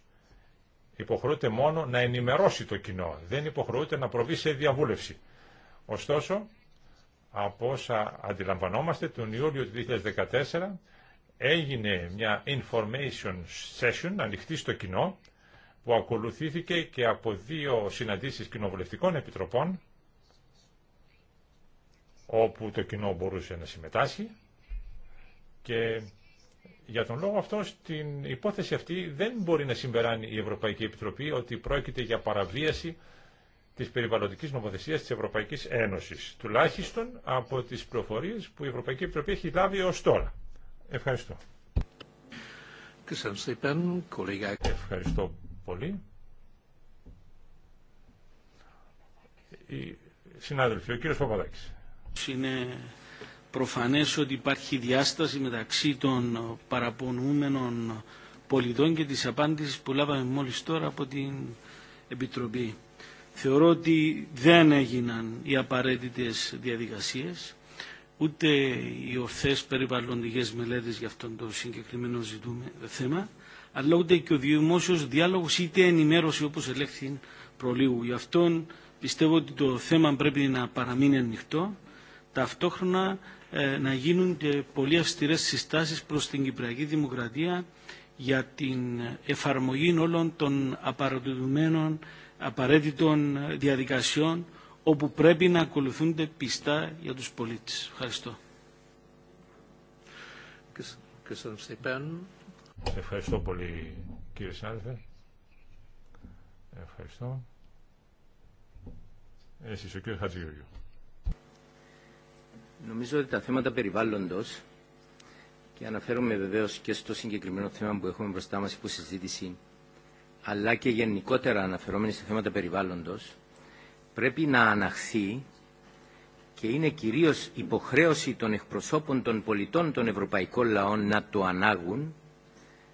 υποχρεούται μόνο να ενημερώσει το κοινό, δεν υποχρεούται να προβεί σε διαβούλευση. Ωστόσο, από όσα αντιλαμβανόμαστε, τον Ιούλιο του 2014 έγινε μια information session ανοιχτή στο κοινό, που ακολουθήθηκε και από δύο συναντήσεις κοινοβουλευτικών επιτροπών, όπου το κοινό μπορούσε να συμμετάσχει και για τον λόγο αυτό, στην υπόθεση αυτή δεν μπορεί να συμπεράνει η Ευρωπαϊκή Επιτροπή ότι πρόκειται για παραβίαση της περιβαλλοντικής νομοθεσίας της Ευρωπαϊκής Ένωσης, τουλάχιστον από τις προφορίες που η Ευρωπαϊκή Επιτροπή έχει λάβει ως τώρα. Ευχαριστώ. Ευχαριστώ πολύ. συνάδελφοι, ο κύριος Παπαδάκης. Είναι προφανές ότι υπάρχει διάσταση μεταξύ των ε, παραπονούμενων πολιτών και της απάντησης που λάβαμε μόλις τώρα από την Επιτροπή. Θεωρώ ότι δεν έγιναν οι απαραίτητες διαδικασίες, ούτε οι ορθές περιβαλλοντικές μελέτες για αυτό το συγκεκριμένο ζητούμε θέμα, αλλά ούτε και ο δημόσιος διάλογος είτε ενημέρωση όπως ελέγχθη προλίγου. Γι' αυτόν πιστεύω ότι το θέμα πρέπει να παραμείνει ανοιχτό. Ταυτόχρονα ε, να και πολύ αυστηρές συστάσεις προς την Κυπριακή Δημοκρατία για την εφαρμογή όλων των απαρατητουμένων απαραίτητων διαδικασιών όπου πρέπει να ακολουθούνται πιστά για τους πολίτες. Ευχαριστώ. Ευχαριστώ πολύ κύριε Σάλφε. Ευχαριστώ. Εσείς ο κύριος Νομίζω ότι τα θέματα περιβάλλοντος και αναφέρομαι βεβαίως και στο συγκεκριμένο θέμα που έχουμε μπροστά μα υπό συζήτηση αλλά και γενικότερα αναφερόμενοι σε θέματα περιβάλλοντος πρέπει να αναχθεί και είναι κυρίως υποχρέωση των εκπροσώπων των πολιτών των ευρωπαϊκών λαών να το ανάγουν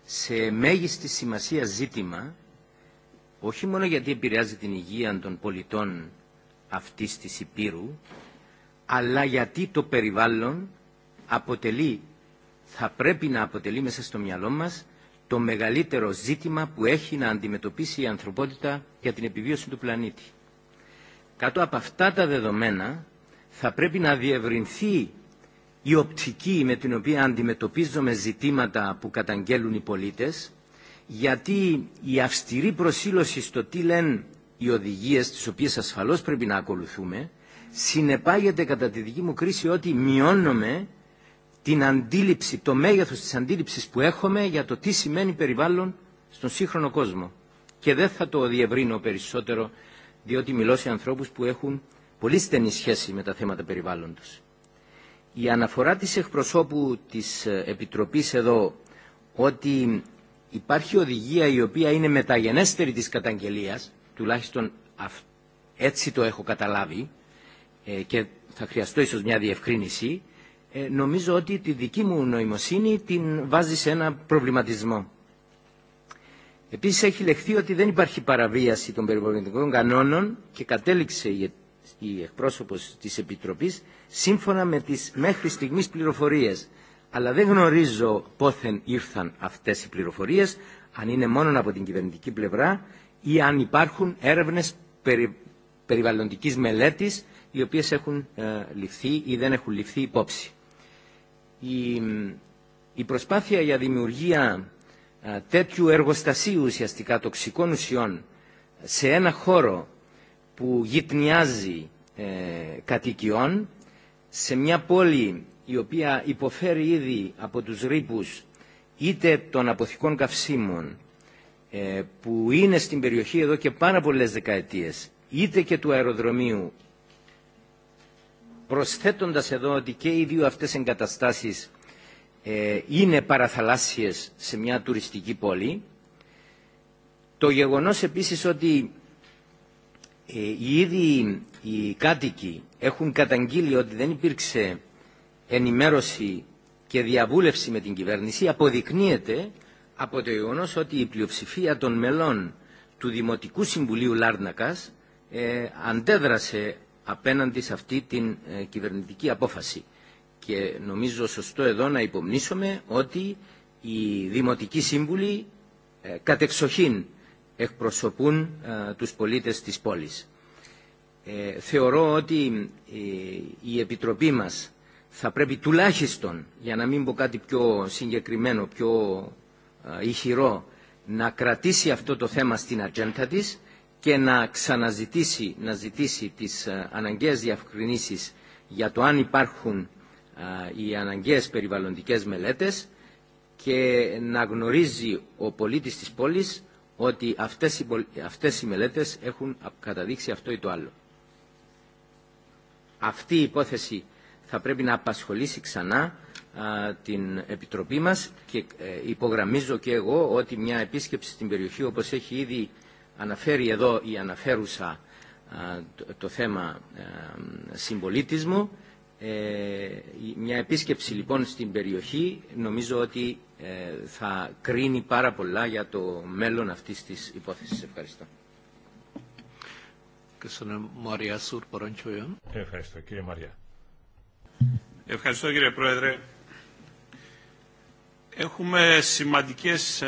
σε μέγιστη σημασία ζήτημα όχι μόνο γιατί επηρεάζει την υγεία των πολιτών αυτής της Υπήρου αλλά γιατί το περιβάλλον αποτελεί, θα πρέπει να αποτελεί μέσα στο μυαλό μας το μεγαλύτερο ζήτημα που έχει να αντιμετωπίσει η ανθρωπότητα για την επιβίωση του πλανήτη. Κάτω από αυτά τα δεδομένα θα πρέπει να διευρυνθεί η οπτική με την οποία αντιμετωπίζουμε ζητήματα που καταγγέλουν οι πολίτες γιατί η αυστηρή προσήλωση στο τι λένε οι οδηγίες τις οποίες ασφαλώς πρέπει να ακολουθούμε συνεπάγεται κατά τη δική μου κρίση ότι μειώνομαι την αντίληψη, το μέγεθος της αντίληψης που έχουμε για το τι σημαίνει περιβάλλον στον σύγχρονο κόσμο. Και δεν θα το διευρύνω περισσότερο, διότι μιλώ σε ανθρώπους που έχουν πολύ στενή σχέση με τα θέματα περιβάλλοντος. Η αναφορά της εκπροσώπου της ε, Επιτροπής εδώ ότι υπάρχει οδηγία η οποία είναι μεταγενέστερη της καταγγελίας, τουλάχιστον έτσι το έχω καταλάβει, ε, και θα χρειαστώ ίσως μια διευκρίνηση, ε, νομίζω ότι τη δική μου νοημοσύνη την βάζει σε ένα προβληματισμό. Επίσης έχει λεχθεί ότι δεν υπάρχει παραβίαση των περιβαλλοντικών κανόνων και κατέληξε η εκπρόσωπος της Επιτροπής σύμφωνα με τις μέχρι στιγμής πληροφορίες. Αλλά δεν γνωρίζω πόθεν ήρθαν αυτές οι πληροφορίες, αν είναι μόνο από την κυβερνητική πλευρά ή αν υπάρχουν έρευνες περι... περιβαλλοντικής μελέτης οι οποίες έχουν ε, ληφθεί ή δεν έχουν ληφθεί υπόψη. Η, προσπάθεια για δημιουργία ε, τέτοιου εργοστασίου ουσιαστικά τοξικών ουσιών σε ένα χώρο που γυπνιάζει ε, κατοικιών, σε μια πόλη η οποία υποφέρει ήδη από τους ρήπους είτε των αποθηκών καυσίμων που είναι στην περιοχή εδώ και πάρα πολλές δεκαετίες, είτε και του αεροδρομίου προσθέτοντας εδώ ότι και οι δύο αυτές εγκαταστάσεις ε, είναι παραθαλάσσιες σε μια τουριστική πόλη. Το γεγονός επίσης ότι ε, οι ήδη οι κάτοικοι έχουν καταγγείλει ότι δεν υπήρξε ενημέρωση και διαβούλευση με την κυβέρνηση αποδεικνύεται από το γεγονός ότι η πλειοψηφία των μελών του Δημοτικού Συμβουλίου Λάρνακας ε, αντέδρασε απέναντι σε αυτή την ε, κυβερνητική απόφαση. Και νομίζω σωστό εδώ να υπομνήσουμε ότι οι Δημοτικοί Σύμβουλοι ε, κατεξοχήν εκπροσωπούν ε, τους πολίτες της πόλης. Θεωρώ ότι η Επιτροπή μας θα πρέπει τουλάχιστον, για να μην πω κάτι πιο συγκεκριμένο, πιο ηχηρό, να κρατήσει αυτό το θέμα στην ατζέντα της και να ξαναζητήσει, να ζητήσει τις ε, αναγκαίες διευκρινήσεις για το αν υπάρχουν ε, οι αναγκαίες περιβαλλοντικές μελέτες και να γνωρίζει ο πολίτης της πόλης ότι αυτές οι, αυτές μελέτες έχουν καταδείξει αυτό ή το άλλο. Αυτή η υπόθεση θα πρέπει να απασχολήσει ξανά την Επιτροπή μας και ε, υπογραμμίζω και εγώ ότι μια επίσκεψη στην περιοχή όπως έχει ήδη αναφέρει εδώ η αναφέρουσα το θέμα ε, συμπολίτισμου. Ε, μια επίσκεψη λοιπόν στην περιοχή νομίζω ότι ε, θα κρίνει πάρα πολλά για το μέλλον αυτής της υπόθεσης. Ευχαριστώ. Ευχαριστώ κύριε Μαριά. Ευχαριστώ κύριε Πρόεδρε. Έχουμε σημαντικές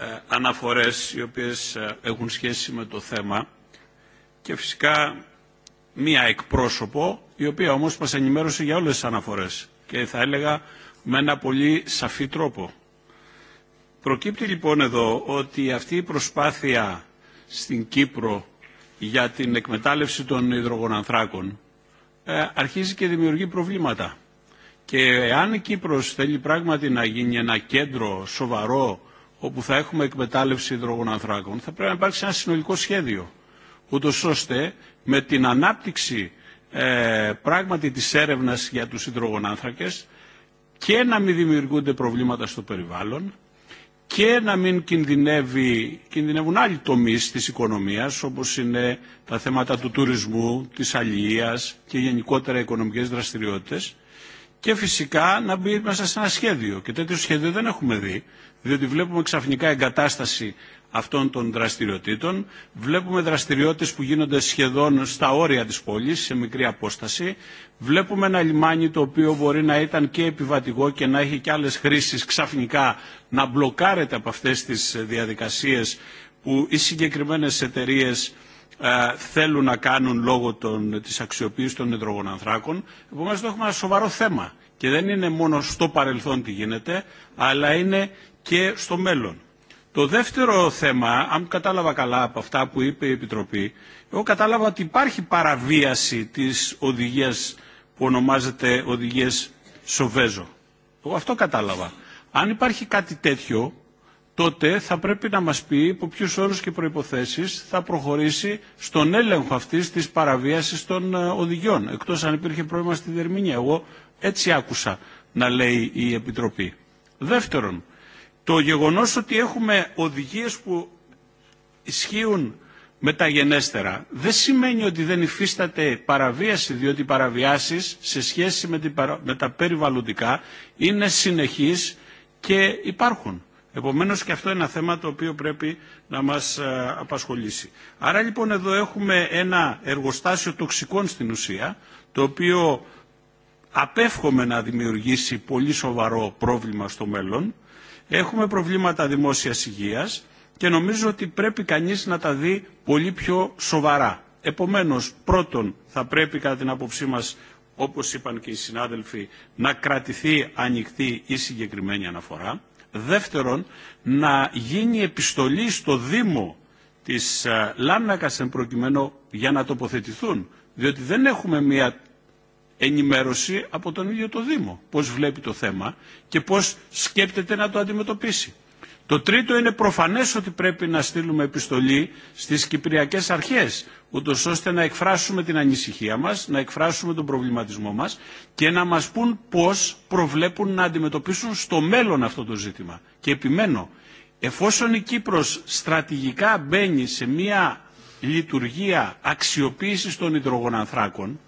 ε, αναφορές οι οποίες ε, έχουν σχέση με το θέμα και φυσικά μία εκπρόσωπο η οποία όμως μας ενημέρωσε για όλες τις αναφορές και θα έλεγα με ένα πολύ σαφή τρόπο. Προκύπτει λοιπόν εδώ ότι αυτή η προσπάθεια στην Κύπρο για την εκμετάλλευση των υδρογονανθράκων ε, αρχίζει και δημιουργεί προβλήματα. Και αν η Κύπρος θέλει πράγματι να γίνει ένα κέντρο σοβαρό όπου θα έχουμε εκμετάλλευση υδρογονανθράκων. Θα πρέπει να υπάρξει ένα συνολικό σχέδιο, ούτως ώστε με την ανάπτυξη ε, πράγματι της έρευνας για τους υδρογονάνθρακες και να μην δημιουργούνται προβλήματα στο περιβάλλον και να μην κινδυνεύει, κινδυνεύουν άλλοι τομείς της οικονομίας όπως είναι τα θέματα του τουρισμού, της αλληλείας και γενικότερα οικονομικές δραστηριότητες και φυσικά να μπει μέσα σε ένα σχέδιο. Και τέτοιο σχέδιο δεν έχουμε δει, διότι βλέπουμε ξαφνικά εγκατάσταση αυτών των δραστηριοτήτων, βλέπουμε δραστηριότητες που γίνονται σχεδόν στα όρια της πόλης, σε μικρή απόσταση, βλέπουμε ένα λιμάνι το οποίο μπορεί να ήταν και επιβατικό και να έχει και άλλες χρήσεις ξαφνικά να μπλοκάρεται από αυτές τις διαδικασίες που οι συγκεκριμένες εταιρείες ε, θέλουν να κάνουν λόγω των, της αξιοποίησης των ανθράκων Επομένως, έχουμε ένα σοβαρό θέμα και δεν είναι μόνο στο παρελθόν τι γίνεται, αλλά είναι και στο μέλλον. Το δεύτερο θέμα, αν κατάλαβα καλά από αυτά που είπε η Επιτροπή, εγώ κατάλαβα ότι υπάρχει παραβίαση της οδηγίας που ονομάζεται οδηγίες Σοβέζο. Εγώ αυτό κατάλαβα. Αν υπάρχει κάτι τέτοιο, τότε θα πρέπει να μας πει υπό ποιους όρους και προϋποθέσεις θα προχωρήσει στον έλεγχο αυτής της παραβίασης των ε, οδηγιών, εκτός αν υπήρχε πρόβλημα στη Δερμηνία. Εγώ έτσι άκουσα να λέει η Επιτροπή. Δεύτερον, το γεγονός ότι έχουμε οδηγίες που ισχύουν μεταγενέστερα δεν σημαίνει ότι δεν υφίσταται παραβίαση, διότι οι παραβιάσεις σε σχέση με τα περιβαλλοντικά είναι συνεχείς και υπάρχουν. Επομένως και αυτό είναι ένα θέμα το οποίο πρέπει να μας ε, απασχολήσει. Άρα λοιπόν εδώ έχουμε ένα εργοστάσιο τοξικών στην ουσία, το οποίο απέφχομαι να δημιουργήσει πολύ σοβαρό πρόβλημα στο μέλλον. Έχουμε προβλήματα δημόσιας υγείας και νομίζω ότι πρέπει κανείς να τα δει πολύ πιο σοβαρά. Επομένως, πρώτον, θα πρέπει κατά την άποψή μας, όπως είπαν και οι συνάδελφοι, να κρατηθεί ανοιχτή η συγκεκριμένη αναφορά. Δεύτερον, να γίνει επιστολή στο Δήμο της ε, Λάνακας εν προκειμένου για να τοποθετηθούν, διότι δεν έχουμε μια ενημέρωση από τον ίδιο το Δήμο πώς βλέπει το θέμα και πώς σκέπτεται να το αντιμετωπίσει. Το τρίτο είναι προφανές ότι πρέπει να στείλουμε επιστολή στις κυπριακές αρχές, ούτω ώστε να εκφράσουμε την ανησυχία μας, να εκφράσουμε τον προβληματισμό μας και να μας πούν πώς προβλέπουν να αντιμετωπίσουν στο μέλλον αυτό το ζήτημα. Και επιμένω, εφόσον η Κύπρος στρατηγικά μπαίνει σε μια λειτουργία αξιοποίησης των υδρογονανθράκων,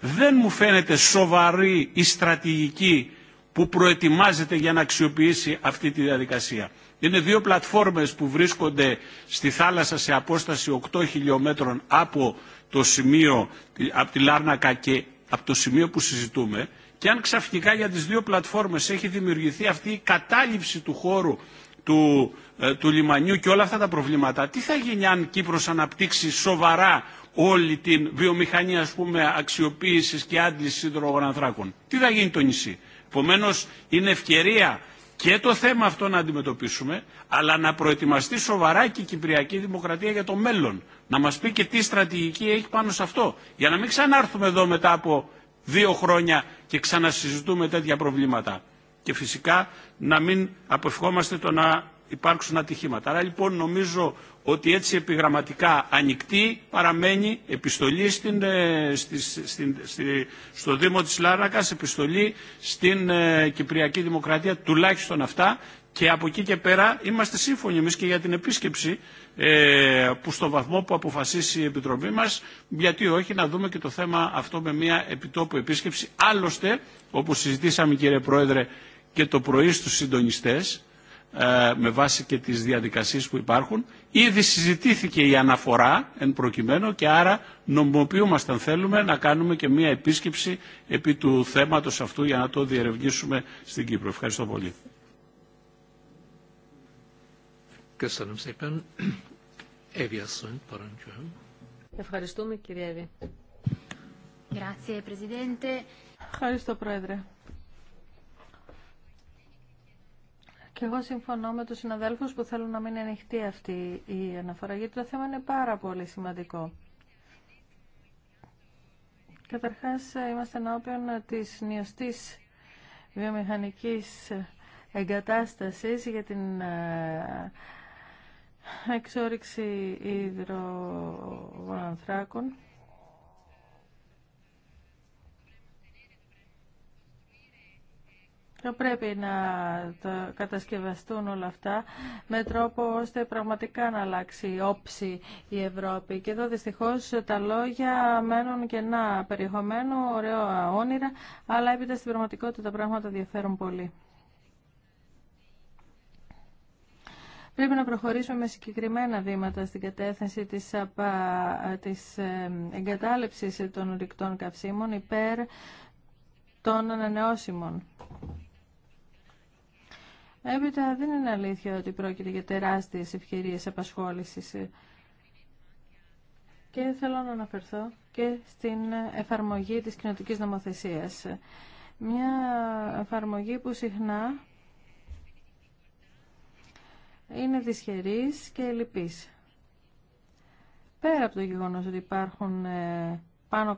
δεν μου φαίνεται σοβαρή η στρατηγική που προετοιμάζεται για να αξιοποιήσει αυτή τη διαδικασία. Είναι δύο πλατφόρμες που βρίσκονται στη θάλασσα σε απόσταση 8 χιλιόμετρων από το σημείο, από τη Λάρνακα και από το σημείο που συζητούμε και αν ξαφνικά για τις δύο πλατφόρμες έχει δημιουργηθεί αυτή η κατάληψη του χώρου του, ε, του λιμανιού και όλα αυτά τα προβλήματα, τι θα γίνει αν Κύπρος αναπτύξει σοβαρά όλη την βιομηχανία ας πούμε αξιοποίησης και άντλησης υδρογονανθράκων. Τι θα γίνει το νησί. Επομένω είναι ευκαιρία και το θέμα αυτό να αντιμετωπίσουμε, αλλά να προετοιμαστεί σοβαρά και η Κυπριακή Δημοκρατία για το μέλλον. Να μας πει και τι στρατηγική έχει πάνω σε αυτό. Για να μην ξανάρθουμε εδώ μετά από δύο χρόνια και ξανασυζητούμε τέτοια προβλήματα. Και φυσικά να μην απευχόμαστε το να υπάρξουν ατυχήματα. Άρα λοιπόν νομίζω ότι έτσι επιγραμματικά ανοιχτή παραμένει επιστολή στην, ε, στο Δήμο της Λάρακας, επιστολή στην ε, Κυπριακή Δημοκρατία, τουλάχιστον αυτά. Και από εκεί και πέρα είμαστε σύμφωνοι εμείς και για την επίσκεψη ε, που στο βαθμό που αποφασίσει η Επιτροπή μας, γιατί όχι να δούμε και το θέμα αυτό με μια επιτόπου επίσκεψη. Άλλωστε, όπως συζητήσαμε κύριε Πρόεδρε και το πρωί στους συντονιστές, με βάση και τις διαδικασίες που υπάρχουν, Ήδη συζητήθηκε η αναφορά εν προκειμένου και άρα νομοποιούμαστε αν θέλουμε να κάνουμε και μία επίσκεψη επί του θέματος αυτού για να το διερευνήσουμε στην Κύπρο. Ευχαριστώ πολύ. Ευχαριστούμε κύριε Εύη. Ευχαριστώ Πρόεδρε. Και εγώ συμφωνώ με τους συναδέλφους που θέλουν να μην ανοιχτεί αυτή η αναφορά, γιατί το θέμα είναι πάρα πολύ σημαντικό. Καταρχάς, είμαστε ενώπιον της νιωστής βιομηχανικής εγκατάστασης για την ε, εξόριξη υδρογονανθράκων Θα πρέπει να κατασκευαστούν όλα αυτά με τρόπο ώστε πραγματικά να αλλάξει όψη η Ευρώπη. Και εδώ δυστυχώς τα λόγια μένουν κενά περιεχομένου, ωραία όνειρα, αλλά έπειτα στην πραγματικότητα τα πράγματα διαφέρουν πολύ. Πρέπει να προχωρήσουμε με συγκεκριμένα βήματα στην κατεύθυνση της, απα... της ε, των ρηκτών καυσίμων υπέρ των ανανεώσιμων. Έπειτα δεν είναι αλήθεια ότι πρόκειται για τεράστιες ευκαιρίες απασχόλησης. Και θέλω να αναφερθώ και στην εφαρμογή της κοινοτικής νομοθεσίας. Μια εφαρμογή που συχνά είναι δυσχερής και ελλειπής. Πέρα από το γεγονός ότι υπάρχουν ε, πάνω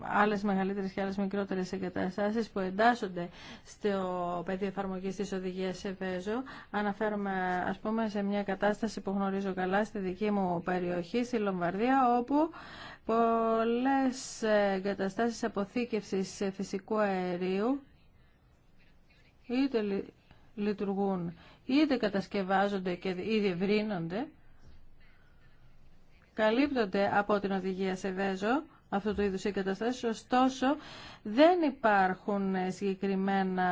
άλλες μεγαλύτερες και άλλες μικρότερες εγκαταστάσεις που εντάσσονται στο πεδίο εφαρμογή της οδηγίας ΒΕΖΟ. Αναφέρομαι ας πούμε σε μια κατάσταση που γνωρίζω καλά στη δική μου περιοχή, στη Λομβαρδία, όπου πολλές εγκαταστάσεις αποθήκευσης φυσικού αερίου είτε λειτουργούν είτε κατασκευάζονται και ήδη ευρύνονται καλύπτονται από την οδηγία σε βέζο αυτού του είδους εγκαταστάσεις, ωστόσο δεν υπάρχουν συγκεκριμένα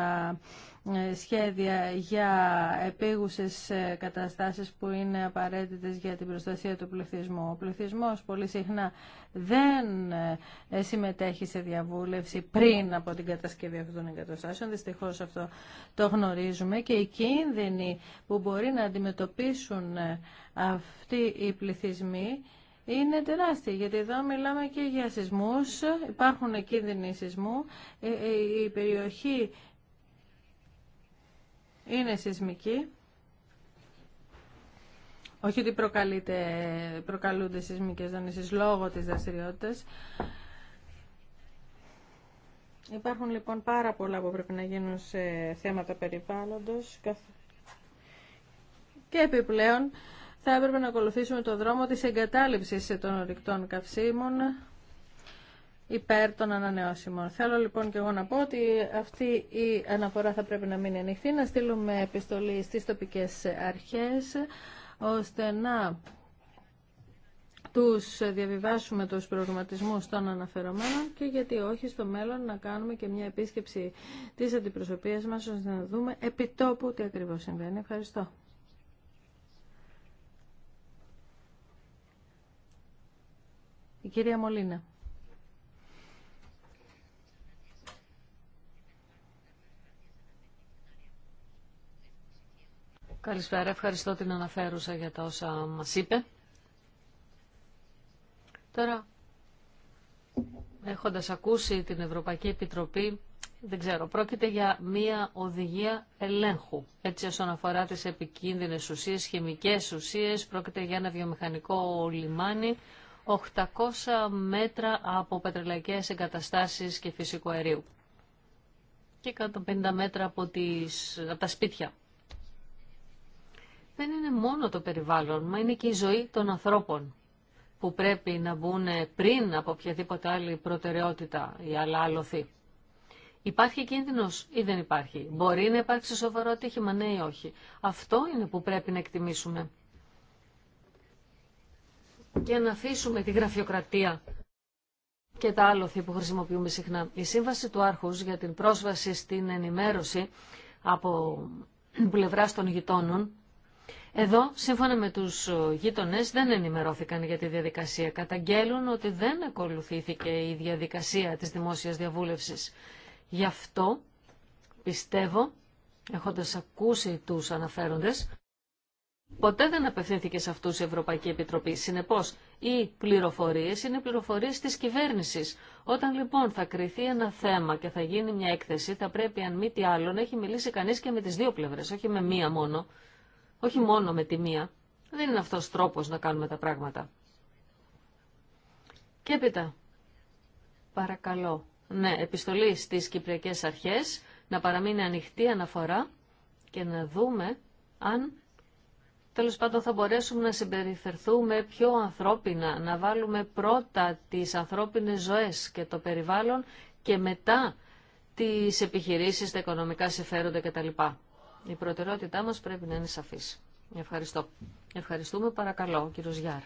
ε, σχέδια για επίγουσες ε, καταστάσεις που είναι απαραίτητες για την προστασία του πληθυσμού. Ο πληθυσμός πολύ συχνά δεν ε, συμμετέχει σε διαβούλευση πριν από την κατασκευή αυτών των εγκαταστάσεων. Δυστυχώς αυτό το γνωρίζουμε και οι κίνδυνοι που μπορεί να αντιμετωπίσουν αυτοί οι πληθυσμοί είναι τεράστια, γιατί εδώ μιλάμε και για σεισμούς, υπάρχουν κίνδυνοι σεισμού, η περιοχή είναι σεισμική. Όχι ότι προκαλούνται σεισμικές δονήσεις λόγω της δραστηριότητας. Υπάρχουν λοιπόν πάρα πολλά που πρέπει να γίνουν σε θέματα περιβάλλοντος και επιπλέον θα έπρεπε να ακολουθήσουμε το δρόμο της εγκατάλειψης των ορυκτών καυσίμων υπέρ των ανανεώσιμων. Θέλω λοιπόν και εγώ να πω ότι αυτή η αναφορά θα πρέπει να μείνει ανοιχτή, να στείλουμε επιστολή στις τοπικές αρχές, ώστε να τους διαβιβάσουμε τους προγραμματισμούς των αναφερομένων και γιατί όχι στο μέλλον να κάνουμε και μια επίσκεψη της αντιπροσωπείας μας ώστε να δούμε επιτόπου τι ακριβώς συμβαίνει. Ευχαριστώ. Η κυρία Μολίνα. Καλησπέρα. Ευχαριστώ την αναφέρουσα για τα όσα μας είπε. Τώρα, έχοντας ακούσει την Ευρωπαϊκή Επιτροπή, δεν ξέρω, πρόκειται για μία οδηγία ελέγχου. Έτσι όσον αφορά τις επικίνδυνες ουσίες, χημικές ουσίες, πρόκειται για ένα βιομηχανικό λιμάνι 800 μέτρα από πετρελαϊκές εγκαταστάσεις και φυσικού αερίου και 150 μέτρα από, τις, από τα σπίτια δεν είναι μόνο το περιβάλλον, μα είναι και η ζωή των ανθρώπων που πρέπει να μπουν πριν από οποιαδήποτε άλλη προτεραιότητα ή άλλα άλοθη. Υπάρχει κίνδυνος ή δεν υπάρχει. Μπορεί να υπάρξει σοβαρό ατύχημα, ναι ή όχι. Αυτό είναι που πρέπει να εκτιμήσουμε. Και να αφήσουμε τη γραφειοκρατία και τα άλοθη που χρησιμοποιούμε συχνά. Η σύμβαση του Άρχους για την πρόσβαση στην ενημέρωση από πλευρά των γειτόνων εδώ, σύμφωνα με του ε, γείτονε, δεν ενημερώθηκαν για τη διαδικασία. Καταγγέλουν ότι δεν ακολουθήθηκε η διαδικασία τη δημόσια διαβούλευση. Γι' αυτό πιστεύω, έχοντα ακούσει του αναφέροντε, ποτέ δεν απευθύνθηκε σε αυτού η Ευρωπαϊκή Επιτροπή. Συνεπώ, οι πληροφορίε είναι πληροφορίε τη κυβέρνηση. Όταν λοιπόν θα κρυθεί ένα θέμα και θα γίνει μια έκθεση, θα πρέπει αν μη τι άλλο να έχει μιλήσει κανεί και με τι δύο πλευρέ, όχι με μία μόνο όχι μόνο με τη μία. Δεν είναι αυτός τρόπος να κάνουμε τα πράγματα. Και έπειτα, παρακαλώ, ναι, επιστολή στις Κυπριακές Αρχές, να παραμείνει ανοιχτή αναφορά και να δούμε αν τέλος πάντων θα μπορέσουμε να συμπεριφερθούμε πιο ανθρώπινα, να βάλουμε πρώτα τις ανθρώπινες ζωές και το περιβάλλον και μετά τις επιχειρήσεις, τα οικονομικά συμφέροντα κτλ. Η προτεραιότητά μας πρέπει να είναι σαφής. Ευχαριστώ. Ευχαριστούμε παρακαλώ, κύριος Γιάρ.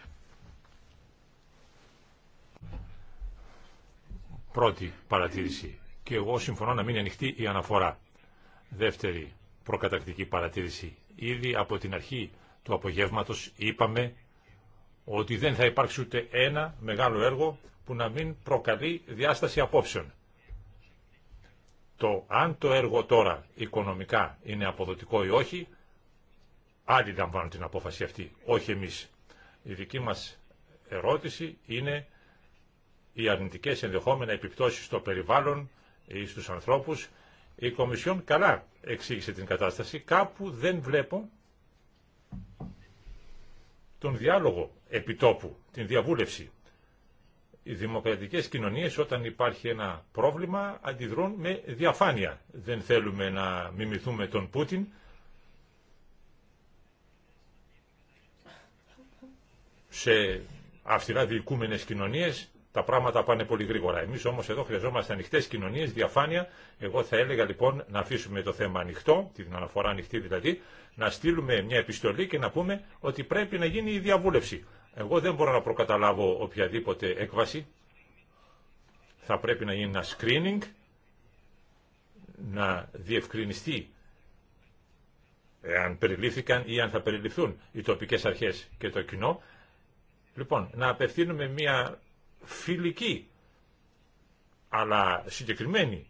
Πρώτη παρατήρηση. Και εγώ συμφωνώ να μην ανοιχτεί η αναφορά. Δεύτερη προκατακτική παρατήρηση. Ήδη από την αρχή του απογεύματος είπαμε ότι δεν θα υπάρξει ούτε ένα μεγάλο έργο που να μην προκαλεί διάσταση απόψεων. Το αν το έργο τώρα οικονομικά είναι αποδοτικό ή όχι, άλλοι λαμβάνουν την απόφαση αυτή, όχι εμείς. Η δική μας ερώτηση είναι οι αρνητικές ενδεχόμενα επιπτώσεις στο περιβάλλον ή στους ανθρώπους. Η Κομισιόν καλά εξήγησε την κατάσταση. Κάπου δεν βλέπω τον διάλογο επιτόπου, την διαβούλευση. Οι δημοκρατικές κοινωνίες όταν υπάρχει ένα πρόβλημα αντιδρούν με διαφάνεια. Δεν θέλουμε να μιμηθούμε τον Πούτιν. Σε αυστηρά διοικούμενες κοινωνίες τα πράγματα πάνε πολύ γρήγορα. Εμείς όμως εδώ χρειαζόμαστε ανοιχτές κοινωνίες, διαφάνεια. Εγώ θα έλεγα λοιπόν να αφήσουμε το θέμα ανοιχτό, την αναφορά ανοιχτή δηλαδή, να στείλουμε μια επιστολή και να πούμε ότι πρέπει να γίνει η διαβούλευση. Εγώ δεν μπορώ να προκαταλάβω οποιαδήποτε έκβαση. Θα πρέπει να γίνει ένα screening, να διευκρινιστεί εάν περιλήφθηκαν ή αν θα περιληφθούν οι τοπικές αρχές και το κοινό. Λοιπόν, να απευθύνουμε μια φιλική αλλά συγκεκριμένη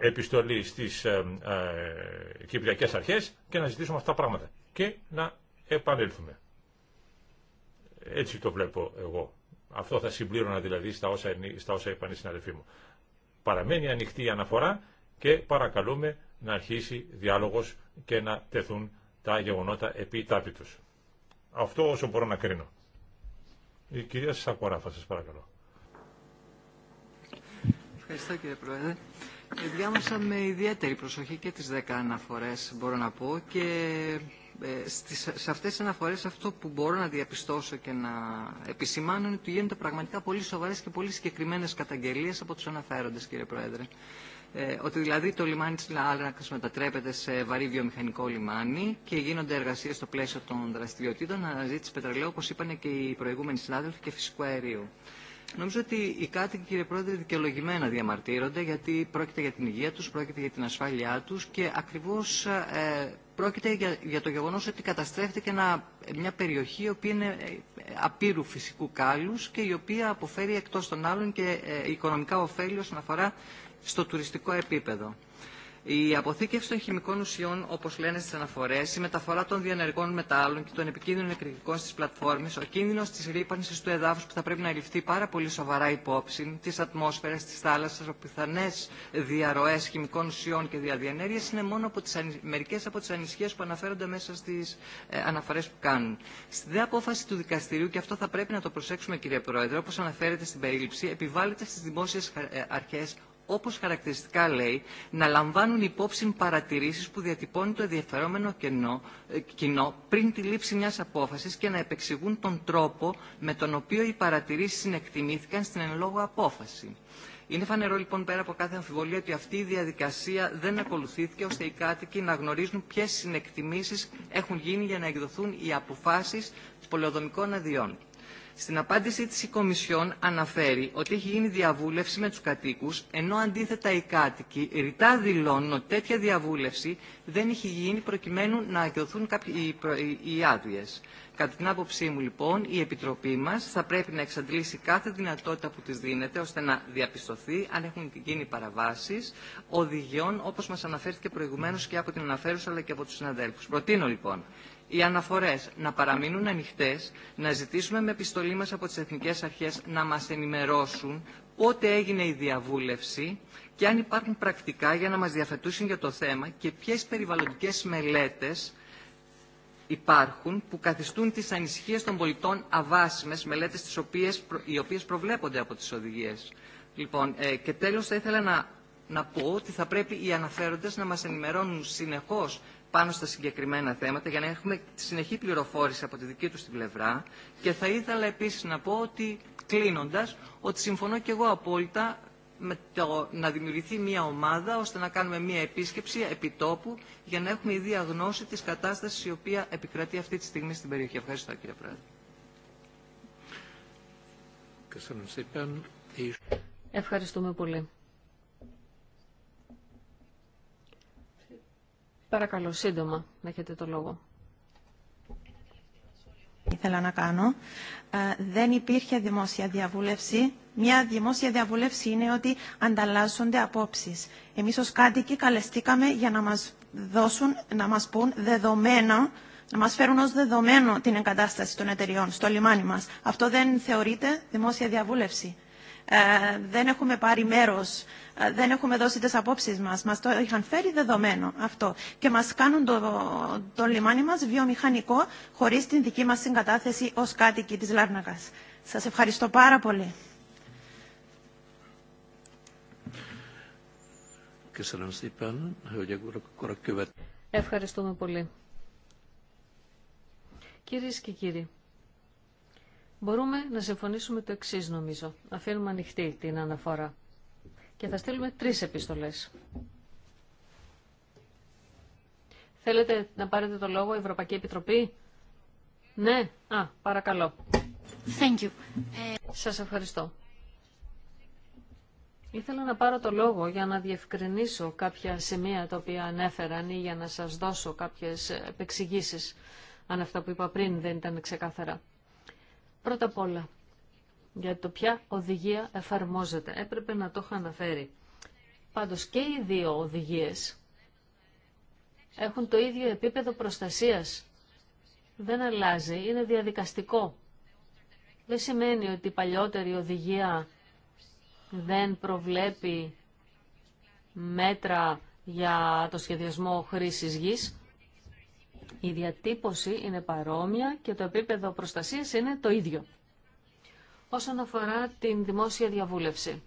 επιστολή στις ε, ε, κυπριακές αρχές και να ζητήσουμε αυτά τα πράγματα και να επανέλθουμε. Έτσι το βλέπω εγώ. Αυτό θα συμπλήρωνα δηλαδή στα όσα, στα όσα είπαν οι συναδελφοί μου. Παραμένει ανοιχτή η αναφορά και παρακαλούμε να αρχίσει διάλογος και να τεθούν τα γεγονότα επί τάπητος. Αυτό όσο μπορώ να κρίνω. Η κυρία Σακοράφα, σας παρακαλώ. Ευχαριστώ κύριε Πρόεδρε. διάβασα με ιδιαίτερη προσοχή και τις 10 αναφορές μπορώ να πω και ε, σε αυτές τις αναφορές αυτό που μπορώ να διαπιστώσω και να επισημάνω είναι ότι γίνονται πραγματικά πολύ σοβαρές και πολύ συγκεκριμένες καταγγελίες από τους αναφέροντες κύριε Πρόεδρε. Ε, ότι δηλαδή το λιμάνι της Λάρνακας μετατρέπεται σε βαρύ βιομηχανικό λιμάνι και γίνονται εργασίες στο πλαίσιο των δραστηριοτήτων αναζήτηση πετρελαίου όπως είπαν και οι προηγούμενοι συνάδελφοι και φυσικού αερίου. Νομίζω ότι οι κάτοικοι, κύριε Πρόεδρε, δικαιολογημένα διαμαρτύρονται γιατί πρόκειται για την υγεία τους, πρόκειται για την ασφάλειά τους και ακριβώς ε, πρόκειται για, το γεγονός ότι καταστρέφεται μια περιοχή η οποία είναι ε, απείρου φυσικού κάλου και η οποία αποφέρει εκτός των άλλων και ε, οικονομικά ωφέλη όσον αφορά στο τουριστικό επίπεδο. Η αποθήκευση των χημικών ουσιών, όπω λένε στι αναφορέ, η μεταφορά των διενεργών μετάλλων και των επικίνδυνων εκρηκτικών στι πλατφόρμε, ο κίνδυνο τη ρήπανση του εδάφου που θα πρέπει να ληφθεί πάρα πολύ σοβαρά υπόψη, τη ατμόσφαιρα, τη θάλασσα, πιθανέ διαρροέ χημικών ουσιών και διαδιενέργεια είναι μόνο μερικέ από τι ανησυχίε που αναφέρονται μέσα στι ε, αναφορέ που κάνουν. Στη δε απόφαση του δικαστηρίου, και αυτό θα πρέπει να το προσέξουμε, κύριε Πρόεδρε, όπω αναφέρεται στην περίληψη, επιβάλλεται στι δημόσιε ε, αρχέ όπως χαρακτηριστικά λέει, να λαμβάνουν υπόψη παρατηρήσεις που διατυπώνει το ενδιαφερόμενο ε, κοινό πριν τη λήψη μιας απόφασης και να επεξηγούν τον τρόπο με τον οποίο οι παρατηρήσεις συνεκτιμήθηκαν στην εν λόγω απόφαση. Είναι φανερό λοιπόν πέρα από κάθε αμφιβολία ότι αυτή η διαδικασία δεν ακολουθήθηκε ώστε οι κάτοικοι να γνωρίζουν ποιε συνεκτιμήσει έχουν γίνει για να εκδοθούν οι αποφάσει πολεοδομικών αδειών. Στην απάντησή της η Κομισιόν αναφέρει ότι έχει γίνει διαβούλευση με τους κατοίκους, ενώ αντίθετα οι κάτοικοι ρητά δηλώνουν ότι τέτοια διαβούλευση δεν έχει γίνει προκειμένου να αγκαιωθούν οι άδειε. Κατά την άποψή μου, λοιπόν, η Επιτροπή μας θα πρέπει να εξαντλήσει κάθε δυνατότητα που της δίνεται, ώστε να διαπιστωθεί αν έχουν γίνει παραβάσεις οδηγιών, όπως μας αναφέρθηκε προηγουμένως και από την αναφέρουσα, αλλά και από τους συναδέλφους. Προτείνω, λοιπόν, οι αναφορές να παραμείνουν ανοιχτές, να ζητήσουμε με επιστολή μα από τις Εθνικές Αρχές να μας ενημερώσουν πότε έγινε η διαβούλευση και αν υπάρχουν πρακτικά για να μας διαφετούσουν για το θέμα και ποιες περιβαλλοντικές μελέτες υπάρχουν που καθιστούν τις ανησυχίες των πολιτών αβάσιμες, μελέτες τις οποίες, οι οποίες προβλέπονται από τις οδηγίες. Λοιπόν, ε, και τέλος θα ήθελα να, να πω ότι θα πρέπει οι αναφέροντες να μας ενημερώνουν συνεχώς πάνω στα συγκεκριμένα θέματα για να έχουμε συνεχή πληροφόρηση από τη δική του την πλευρά και θα ήθελα επίσης να πω ότι κλείνοντας ότι συμφωνώ και εγώ απόλυτα με το να δημιουργηθεί μια ομάδα ώστε να κάνουμε μια επίσκεψη επιτόπου για να έχουμε ιδία γνώση της κατάστασης η οποία επικρατεί αυτή τη στιγμή στην περιοχή. Ευχαριστώ κύριε Πρόεδρε. Ευχαριστούμε πολύ. Παρακαλώ, σύντομα, να έχετε το λόγο. Ήθελα να κάνω. Ε, δεν υπήρχε δημόσια διαβούλευση. Μια δημόσια διαβούλευση είναι ότι ανταλλάσσονται απόψεις. Εμείς ως κάτοικοι καλεστήκαμε για να μας δώσουν, να μας πούν δεδομένα να μας φέρουν ως δεδομένο την εγκατάσταση των εταιριών στο λιμάνι μας. Αυτό δεν θεωρείται δημόσια διαβούλευση. Ε, δεν έχουμε πάρει μέρος, ε, δεν έχουμε δώσει τις απόψεις μας. Μας το είχαν φέρει δεδομένο αυτό και μας κάνουν το, λιμάνι μας βιομηχανικό χωρίς την δική μας συγκατάθεση ως κάτοικοι της Λάρνακας. Σας ευχαριστώ πάρα πολύ. Ευχαριστούμε πολύ. Κυρίες και κύριοι, μπορούμε να συμφωνήσουμε το εξή νομίζω. Αφήνουμε ανοιχτή την αναφορά. Και θα στείλουμε τρεις επιστολές. Θέλετε να πάρετε το λόγο, Ευρωπαϊκή Επιτροπή. Ναι, α, παρακαλώ. Thank you. Σας ευχαριστώ. Ήθελα να πάρω το λόγο για να διευκρινίσω κάποια σημεία τα οποία ανέφεραν ή για να σας δώσω κάποιες επεξηγήσεις αν αυτά που είπα πριν δεν ήταν ξεκάθαρα. Πρώτα απ' όλα, για το ποια οδηγία εφαρμόζεται. Έπρεπε να το είχα αναφέρει. Πάντως και οι δύο οδηγίες έχουν το ίδιο επίπεδο προστασίας. Δεν αλλάζει, είναι διαδικαστικό. Δεν σημαίνει ότι η παλιότερη οδηγία δεν προβλέπει μέτρα για το σχεδιασμό χρήσης γης. Η διατύπωση είναι παρόμοια και το επίπεδο προστασίας είναι το ίδιο. Όσον αφορά την δημόσια διαβούλευση,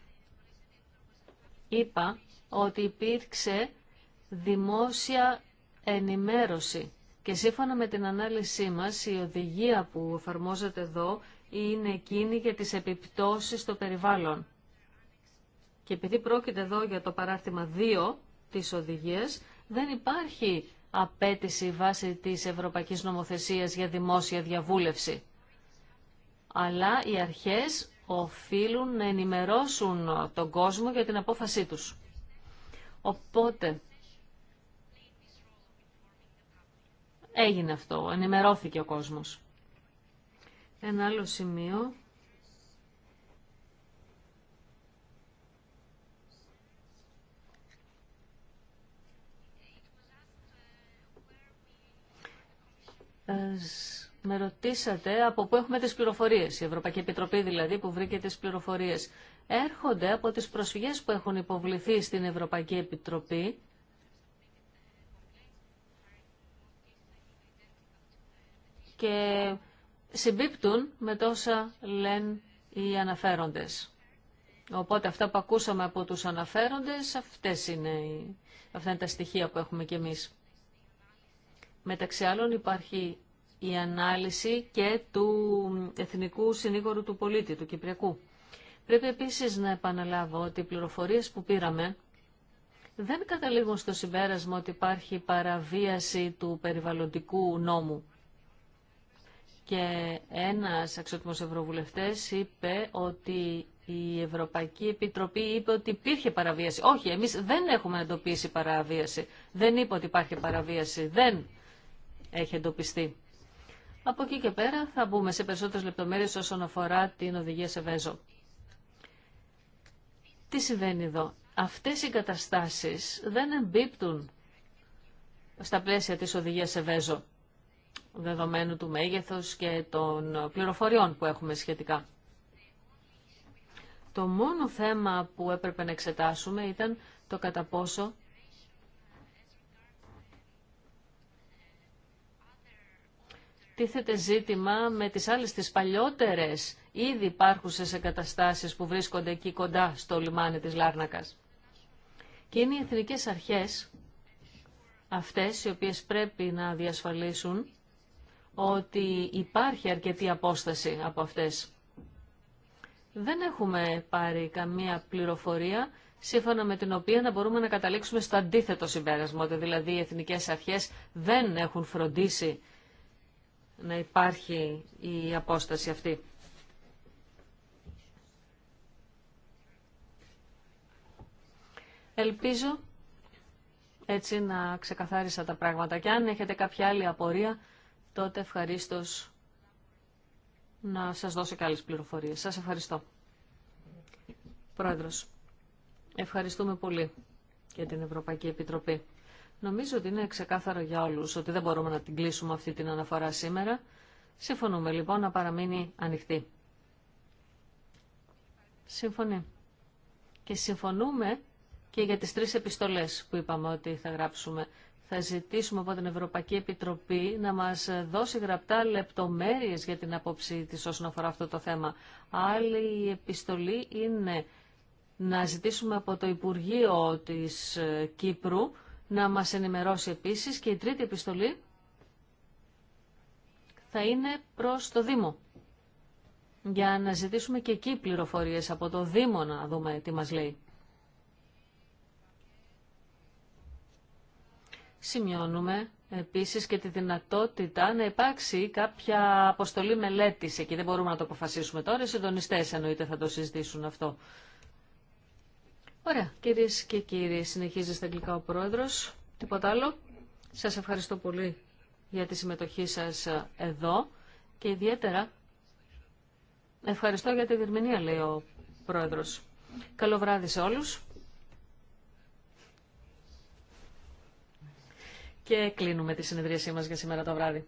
είπα ότι υπήρξε δημόσια ενημέρωση και σύμφωνα με την ανάλυση μας η οδηγία που εφαρμόζεται εδώ είναι εκείνη για τις επιπτώσεις στο περιβάλλον. Και επειδή πρόκειται εδώ για το παράρτημα 2 της οδηγίας, δεν υπάρχει απέτηση βάσει της Ευρωπαϊκής Νομοθεσίας για δημόσια διαβούλευση. Αλλά οι αρχές οφείλουν να ενημερώσουν τον κόσμο για την απόφασή τους. Οπότε, έγινε αυτό, ενημερώθηκε ο κόσμος. Ένα άλλο σημείο με ρωτήσατε από πού έχουμε τις πληροφορίες, η Ευρωπαϊκή Επιτροπή δηλαδή που βρήκε τις πληροφορίες. Έρχονται από τις προσφυγές που έχουν υποβληθεί στην Ευρωπαϊκή Επιτροπή και συμπίπτουν με τόσα λένε οι αναφέροντες. Οπότε αυτά που ακούσαμε από τους αναφέροντες, αυτές είναι, αυτά είναι τα στοιχεία που έχουμε κι εμείς. Μεταξύ άλλων υπάρχει η ανάλυση και του Εθνικού Συνήγορου του Πολίτη, του Κυπριακού. Πρέπει επίσης να επαναλάβω ότι οι πληροφορίες που πήραμε δεν καταλήγουν στο συμπέρασμα ότι υπάρχει παραβίαση του περιβαλλοντικού νόμου. Και ένας αξιότιμος ευρωβουλευτές είπε ότι η Ευρωπαϊκή Επιτροπή είπε ότι υπήρχε παραβίαση. Όχι, εμείς δεν έχουμε εντοπίσει παραβίαση. Δεν είπε ότι υπάρχει παραβίαση. Δεν έχει εντοπιστεί. Από εκεί και πέρα θα μπούμε σε περισσότερες λεπτομέρειες όσον αφορά την οδηγία σε βέζο. Τι συμβαίνει εδώ. Αυτές οι καταστάσεις δεν εμπίπτουν στα πλαίσια της οδηγίας σε βέζο, δεδομένου του μέγεθος και των πληροφοριών που έχουμε σχετικά. Το μόνο θέμα που έπρεπε να εξετάσουμε ήταν το κατά πόσο τίθεται ζήτημα με τις άλλες τις παλιότερες ήδη υπάρχουσες εγκαταστάσεις που βρίσκονται εκεί κοντά στο λιμάνι της Λάρνακας. Και είναι οι εθνικές αρχές αυτές οι οποίες πρέπει να διασφαλίσουν ότι υπάρχει αρκετή απόσταση από αυτές. Δεν έχουμε πάρει καμία πληροφορία σύμφωνα με την οποία να μπορούμε να καταλήξουμε στο αντίθετο συμπέρασμα, ότι δηλαδή οι εθνικές αρχές δεν έχουν φροντίσει να υπάρχει η απόσταση αυτή. Ελπίζω έτσι να ξεκαθάρισα τα πράγματα. Και αν έχετε κάποια άλλη απορία, τότε ευχαρίστω να σας δώσω και άλλες πληροφορίες. Σας ευχαριστώ. Πρόεδρος, ευχαριστούμε πολύ για την Ευρωπαϊκή Επιτροπή. Νομίζω ότι είναι ξεκάθαρο για όλους ότι δεν μπορούμε να την κλείσουμε αυτή την αναφορά σήμερα. Συμφωνούμε λοιπόν να παραμείνει ανοιχτή. Συμφωνεί. Και συμφωνούμε και για τις τρεις επιστολές που είπαμε ότι θα γράψουμε. Θα ζητήσουμε από την Ευρωπαϊκή Επιτροπή να μας δώσει γραπτά λεπτομέρειες για την απόψη της όσον αφορά αυτό το θέμα. Άλλη η επιστολή είναι να ζητήσουμε από το Υπουργείο της Κύπρου να μας ενημερώσει επίσης και η τρίτη επιστολή θα είναι προς το Δήμο για να ζητήσουμε και εκεί πληροφορίες από το Δήμο να δούμε τι μας λέει. Σημειώνουμε επίσης και τη δυνατότητα να υπάρξει κάποια αποστολή μελέτης. Εκεί δεν μπορούμε να το αποφασίσουμε τώρα, οι συντονιστές εννοείται θα το συζητήσουν αυτό. Ωραία. Κυρίε και κύριοι, συνεχίζει στα αγγλικά ο πρόεδρο. Τίποτα άλλο. Σα ευχαριστώ πολύ για τη συμμετοχή σα ε, εδώ και ιδιαίτερα ευχαριστώ για τη διερμηνία, λέει ο Πρόεδρο. Καλό βράδυ σε όλους. Και κλείνουμε τη συνεδρίασή μας για σήμερα το βράδυ.